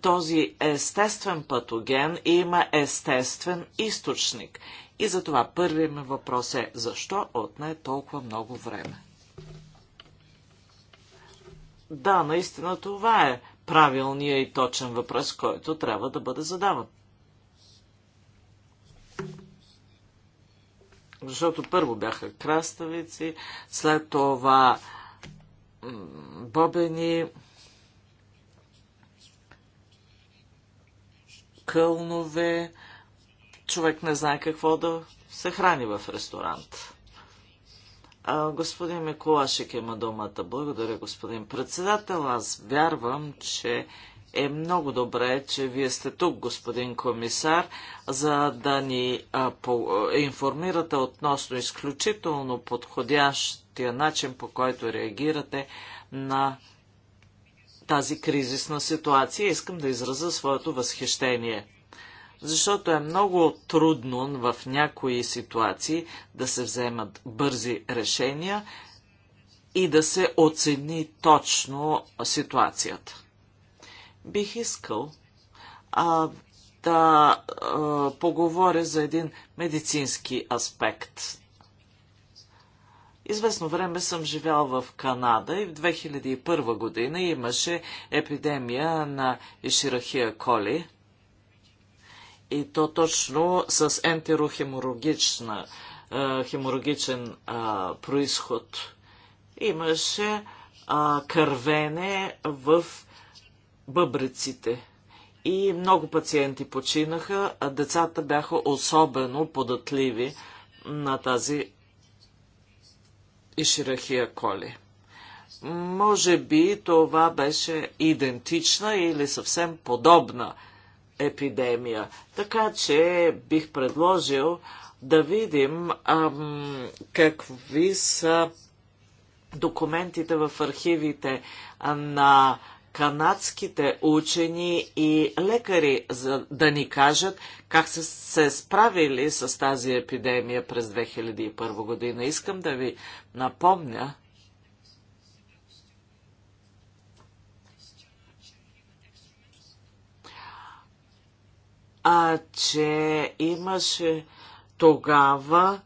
този естествен патоген има естествен източник. И затова първият ми въпрос е, защо отне е толкова много време? Да, наистина това е правилния и точен въпрос, който трябва да бъде задаван. Защото първо бяха краставици, след това бобени, кълнове. Човек не знае какво да се храни в ресторант. А, господин Миколашек има думата. Благодаря, господин председател. Аз вярвам, че е много добре, че вие сте тук, господин комисар, за да ни а, по, информирате относно изключително подходящия начин, по който реагирате на тази кризисна ситуация. Искам да изразя своето възхищение защото е много трудно в някои ситуации да се вземат бързи решения и да се оцени точно ситуацията. Бих искал а, да а, поговоря за един медицински аспект. Известно време съм живял в Канада и в 2001 година имаше епидемия на Иширахия коли – и то точно с ентерохеморагична е, хеморагичен происход. Имаше кървене в бъбриците, И много пациенти починаха, а децата бяха особено податливи на тази Иширахия коли. Може би това беше идентична или съвсем подобна епидемия. Така че бих предложил да видим ам, какви са документите в архивите на канадските учени и лекари, за да ни кажат как са се справили с тази епидемия през 2001 година. Искам да ви напомня, а, че имаше тогава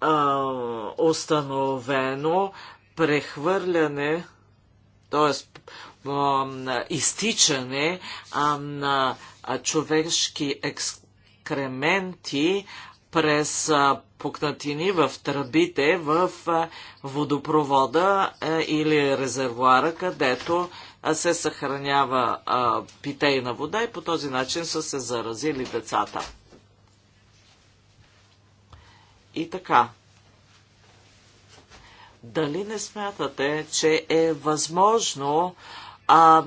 а, установено прехвърляне, т.е. изтичане а, на а, човешки екскременти през а, пукнатини в тръбите в а, водопровода а, или резервуара, където се съхранява а, питейна вода и по този начин са се заразили децата. И така. Дали не смятате, че е възможно а,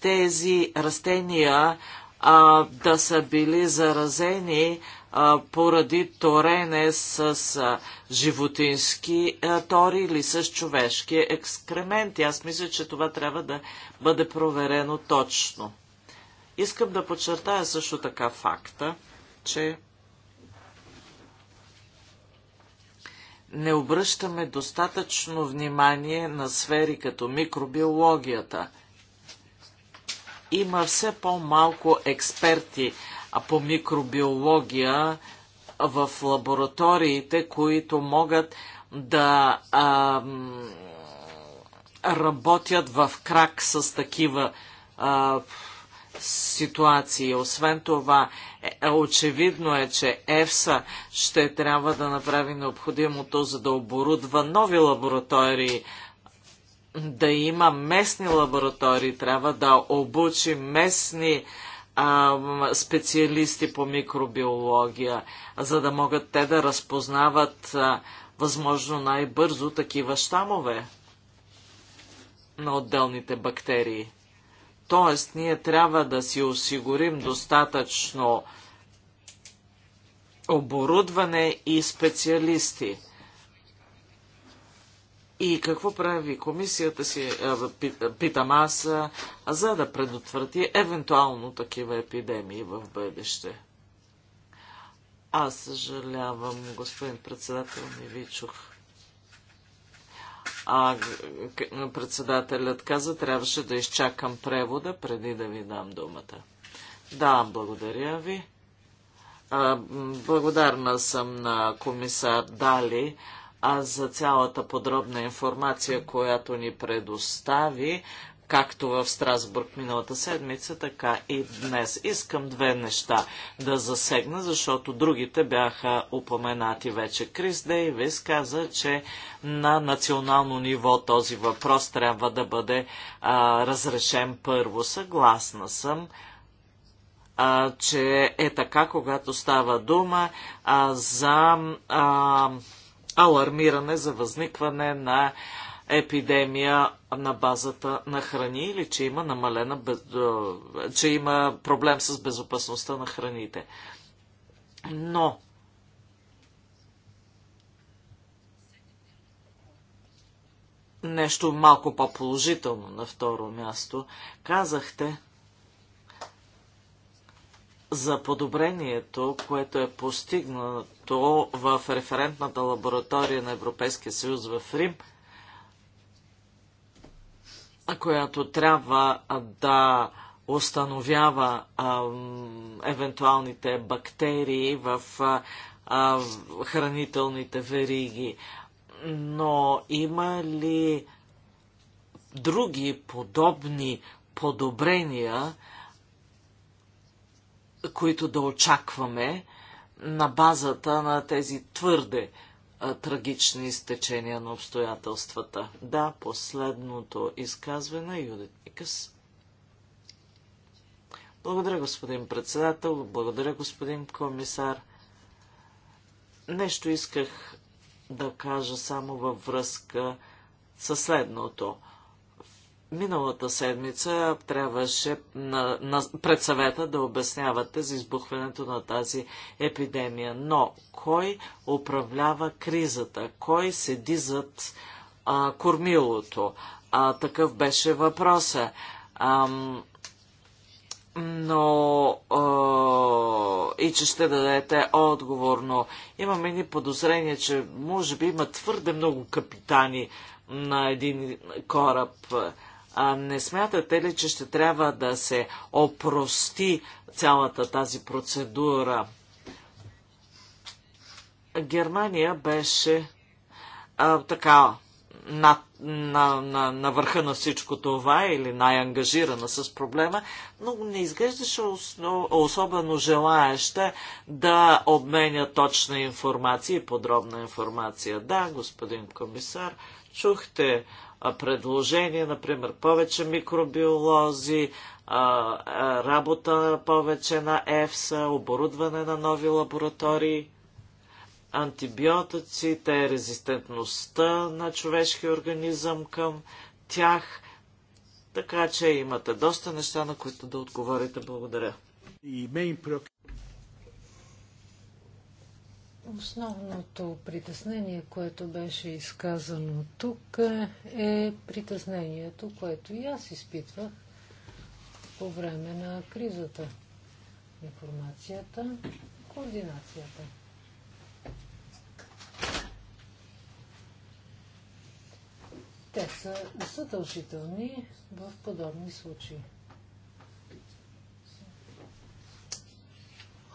тези растения а, да са били заразени а, поради торене с, с животински а, тори или с човешки екскременти. Аз мисля, че това трябва да бъде проверено точно. Искам да подчертая също така факта, че не обръщаме достатъчно внимание на сфери като микробиологията. Има все по-малко експерти по микробиология в лабораториите, които могат да а, работят в крак с такива а, ситуации. Освен това, е, е, очевидно е, че ЕФСА ще трябва да направи необходимото, за да оборудва нови лаборатории, да има местни лаборатории, трябва да обучи местни а, специалисти по микробиология, за да могат те да разпознават възможно най-бързо такива щамове на отделните бактерии. Тоест, ние трябва да си осигурим достатъчно оборудване и специалисти – и какво прави комисията си, е, питам аз, е, за да предотврати евентуално такива епидемии в бъдеще? Аз съжалявам, господин председател, не ви чух. А председателят каза, трябваше да изчакам превода преди да ви дам думата. Да, благодаря ви. Благодарна съм на комисар Дали а за цялата подробна информация, която ни предостави, както в Страсбург миналата седмица, така и днес. Искам две неща да засегна, защото другите бяха упоменати вече. Крис Дейвис каза, че на национално ниво този въпрос трябва да бъде а, разрешен първо. Съгласна съм а, че е така, когато става дума а, за а, алармиране за възникване на епидемия на базата на храни или че има намалена, че има проблем с безопасността на храните. Но нещо малко по-положително на второ място. Казахте, за подобрението, което е постигнато в референтната лаборатория на Европейския съюз в Рим, която трябва да установява а, евентуалните бактерии в а, хранителните вериги. Но има ли други подобни подобрения, които да очакваме на базата на тези твърде трагични изтечения на обстоятелствата. Да, последното изказване, Юдит Микас. Благодаря, господин председател, благодаря, господин комисар. Нещо исках да кажа само във връзка със следното – Миналата седмица трябваше на, на, пред съвета да обяснявате за избухването на тази епидемия. Но кой управлява кризата? Кой седи зад а, кормилото? А, такъв беше въпроса. Ам, но а, и че ще дадете отговорно. Имаме ни подозрение, че може би има твърде много капитани на един кораб. А не смятате ли, че ще трябва да се опрости цялата тази процедура? Германия беше а, така на, на, на, на върха на всичко това или най-ангажирана с проблема, но не изглеждаше особено желаеща да обменя точна информация и подробна информация. Да, господин комисар, чухте предложения, например, повече микробиолози, работа повече на ЕФСА, оборудване на нови лаборатории, антибиотиците, резистентността на човешкия организъм към тях. Така че имате доста неща, на които да отговорите. Благодаря. Основното притеснение, което беше изказано тук, е притеснението, което и аз изпитвах по време на кризата. Информацията, координацията. Те са задължителни в подобни случаи.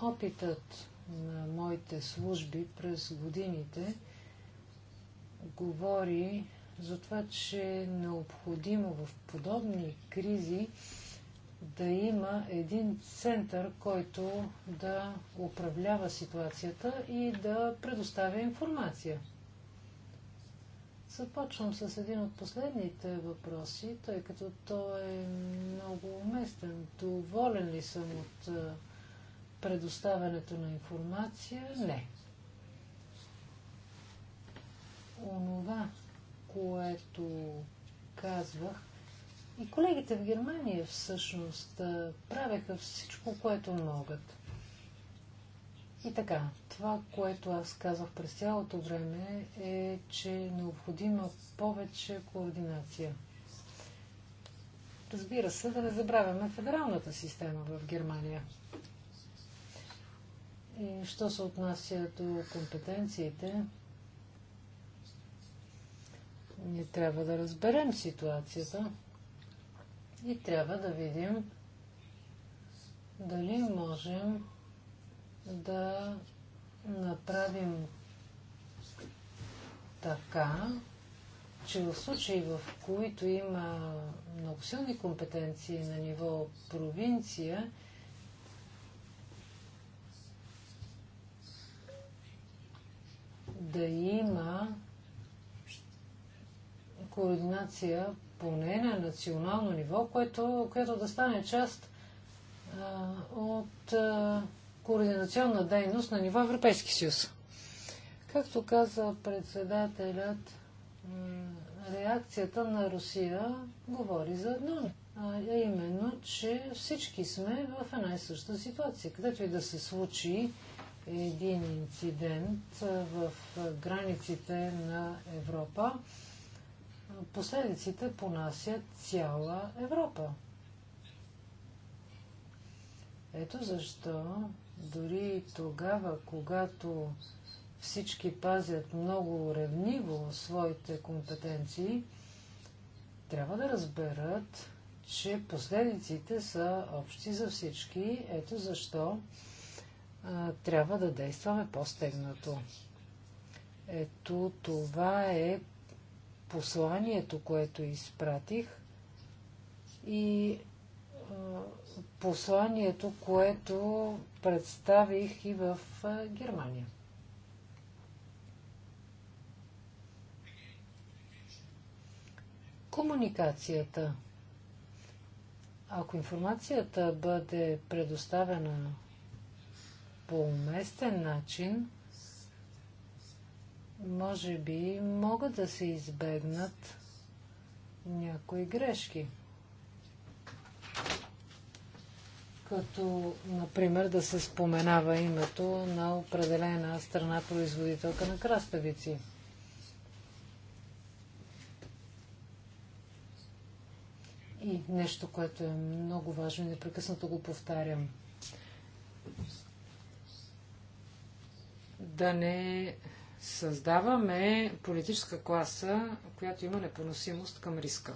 Опитът на моите служби през годините говори за това, че е необходимо в подобни кризи да има един център, който да управлява ситуацията и да предоставя информация. Започвам с един от последните въпроси, тъй като той е много уместен. Доволен ли съм от предоставянето на информация? Не. Онова, което казвах, и колегите в Германия всъщност правеха всичко, което могат. И така, това, което аз казах през цялото време е, че е необходима повече координация. Разбира се, да не забравяме федералната система в Германия. И що се отнася до компетенциите, ние трябва да разберем ситуацията и трябва да видим дали можем да направим така, че в случаи, в които има много силни компетенции на ниво провинция, да има координация поне на национално ниво, което, което да стане част а, от а, координационна дейност на ниво Европейски съюз. Както каза председателят, реакцията на Русия говори за едно. А именно, че всички сме в една и съща ситуация. Където и да се случи един инцидент в границите на Европа, последиците понасят цяла Европа. Ето защо дори тогава, когато всички пазят много ревниво своите компетенции, трябва да разберат, че последиците са общи за всички. Ето защо трябва да действаме по-стегнато. Ето това е посланието, което изпратих и посланието, което представих и в Германия. Комуникацията. Ако информацията бъде предоставена по уместен начин, може би могат да се избегнат някои грешки. Като, например, да се споменава името на определена страна производителка на краставици. И нещо, което е много важно и непрекъснато го повтарям да не създаваме политическа класа, която има непоносимост към риска.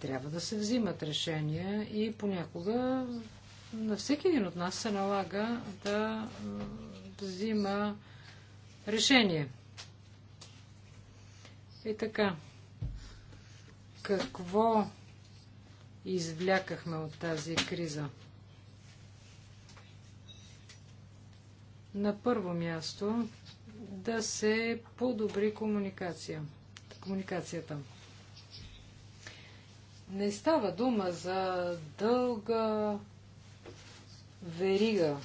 Трябва да се взимат решения и понякога на всеки един от нас се налага да взима решение. И така, какво извлякахме от тази криза? На първо място да се подобри комуникация. комуникацията. Не става дума за дълга верига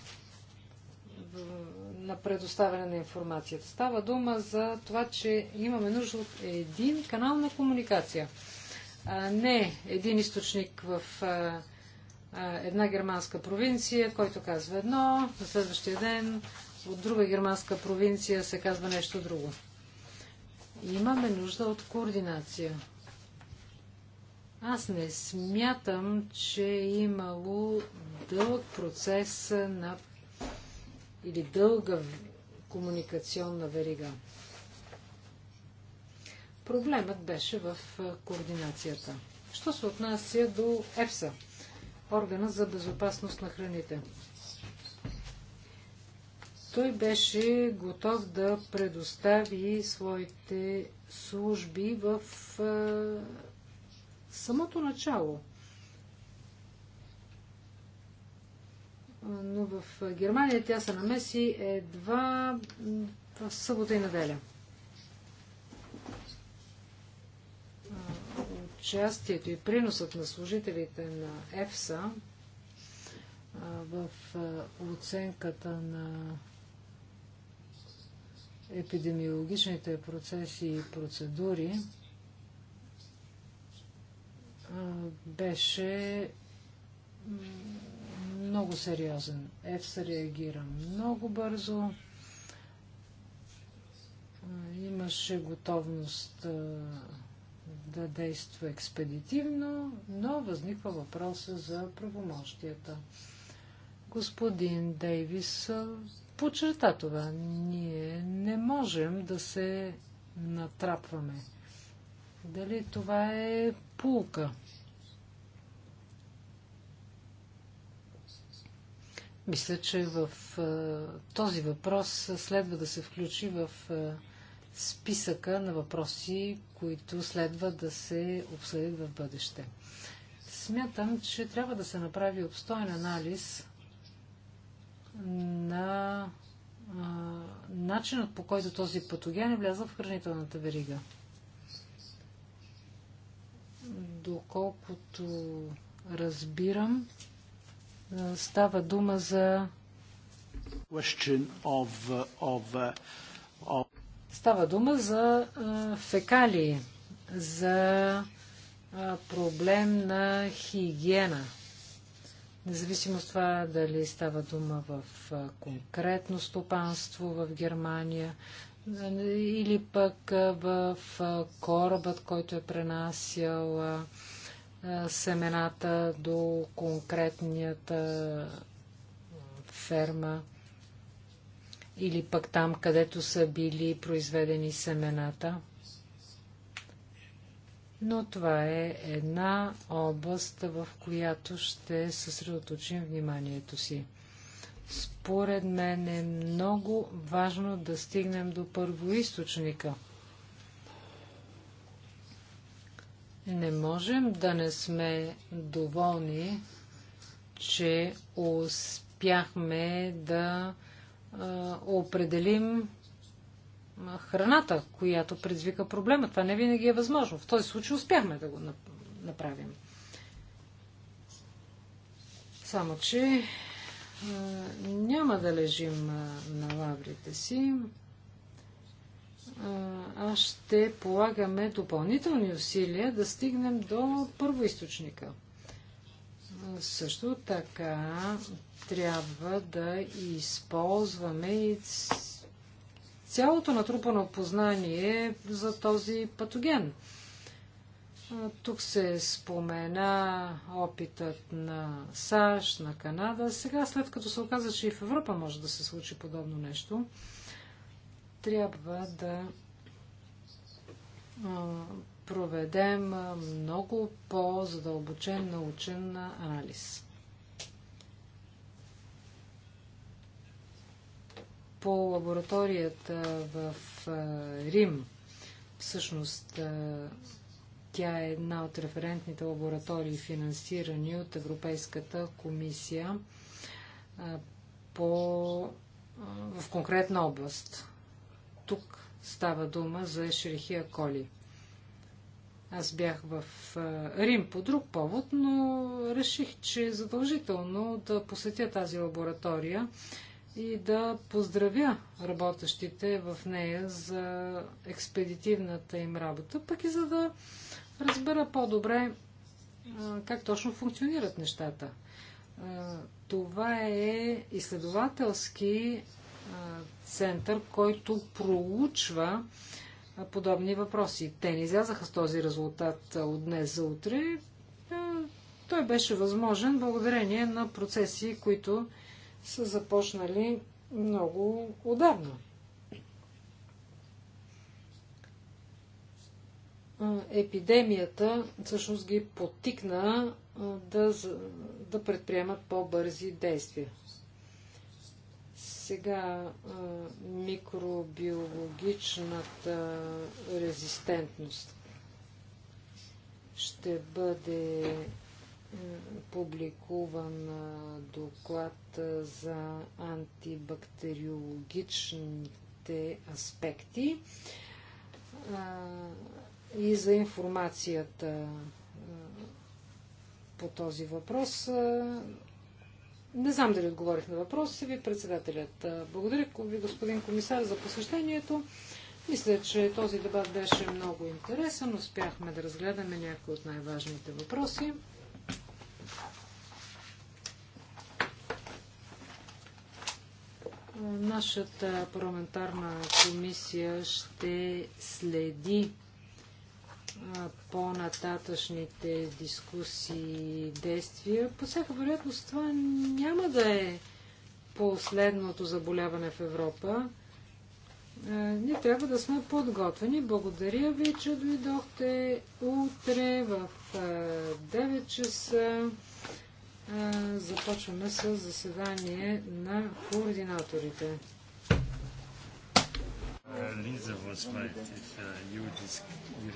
на предоставяне на информацията. Става дума за това, че имаме нужда от един канал на комуникация, а не един източник в една германска провинция, който казва едно, на следващия ден от друга германска провинция се казва нещо друго. И имаме нужда от координация. Аз не смятам, че е имало дълъг процес на или дълга комуникационна верига. Проблемът беше в координацията. Що се отнася до ЕПСА? органа за безопасност на храните. Той беше готов да предостави своите служби в самото начало. Но в Германия тя се намеси едва в събота и неделя. участието и приносът на служителите на ЕФСА в оценката на епидемиологичните процеси и процедури беше много сериозен. ЕФСА реагира много бързо. Имаше готовност да действа експедитивно, но възниква въпроса за правомощията. Господин Дейвис подчерта това. Ние не можем да се натрапваме. Дали това е пулка? Мисля, че в този въпрос следва да се включи в списъка на въпроси, които следва да се обсъдят в бъдеще. Смятам, че трябва да се направи обстоен анализ на а, начинът по който този патоген е влязъл в хранителната верига. Доколкото разбирам, става дума за question of, of Става дума за фекалии, за проблем на хигиена. Независимо от това дали става дума в конкретно стопанство в Германия или пък в корабът, който е пренасял семената до конкретнията ферма или пък там, където са били произведени семената. Но това е една област, в която ще съсредоточим вниманието си. Според мен е много важно да стигнем до първоисточника. Не можем да не сме доволни, че успяхме да определим храната, която предизвика проблема. Това не винаги е възможно. В този случай успяхме да го направим. Само, че няма да лежим на лаврите си. Аз ще полагаме допълнителни усилия да стигнем до първоисточника – също така трябва да използваме и цялото натрупано познание за този патоген. Тук се спомена опитът на САЩ, на Канада. Сега, след като се оказа, че и в Европа може да се случи подобно нещо, трябва да проведем много по-задълбочен научен анализ. По лабораторията в Рим, всъщност тя е една от референтните лаборатории, финансирани от Европейската комисия по, в конкретна област. Тук става дума за Шерихия Коли. Аз бях в Рим по друг повод, но реших, че е задължително да посетя тази лаборатория и да поздравя работещите в нея за експедитивната им работа, пък и за да разбера по-добре как точно функционират нещата. Това е изследователски център, който проучва подобни въпроси. Те не излязаха с този резултат от днес за утре. Той беше възможен благодарение на процеси, които са започнали много отдавна. Епидемията всъщност ги потикна да, да предприемат по-бързи действия. Сега микробиологичната резистентност ще бъде публикуван доклад за антибактериологичните аспекти и за информацията по този въпрос. Не знам дали отговорих на въпроса ви, председателят. Благодаря ви, господин комисар, за посещението. Мисля, че този дебат беше много интересен. Успяхме да разгледаме някои от най-важните въпроси. Нашата парламентарна комисия ще следи по-нататъчните дискусии и действия. По всяка вероятност това няма да е последното заболяване в Европа. Ние трябва да сме подготвени. Благодаря ви, че дойдохте утре в 9 часа. Започваме с заседание на координаторите. Лиза, was right.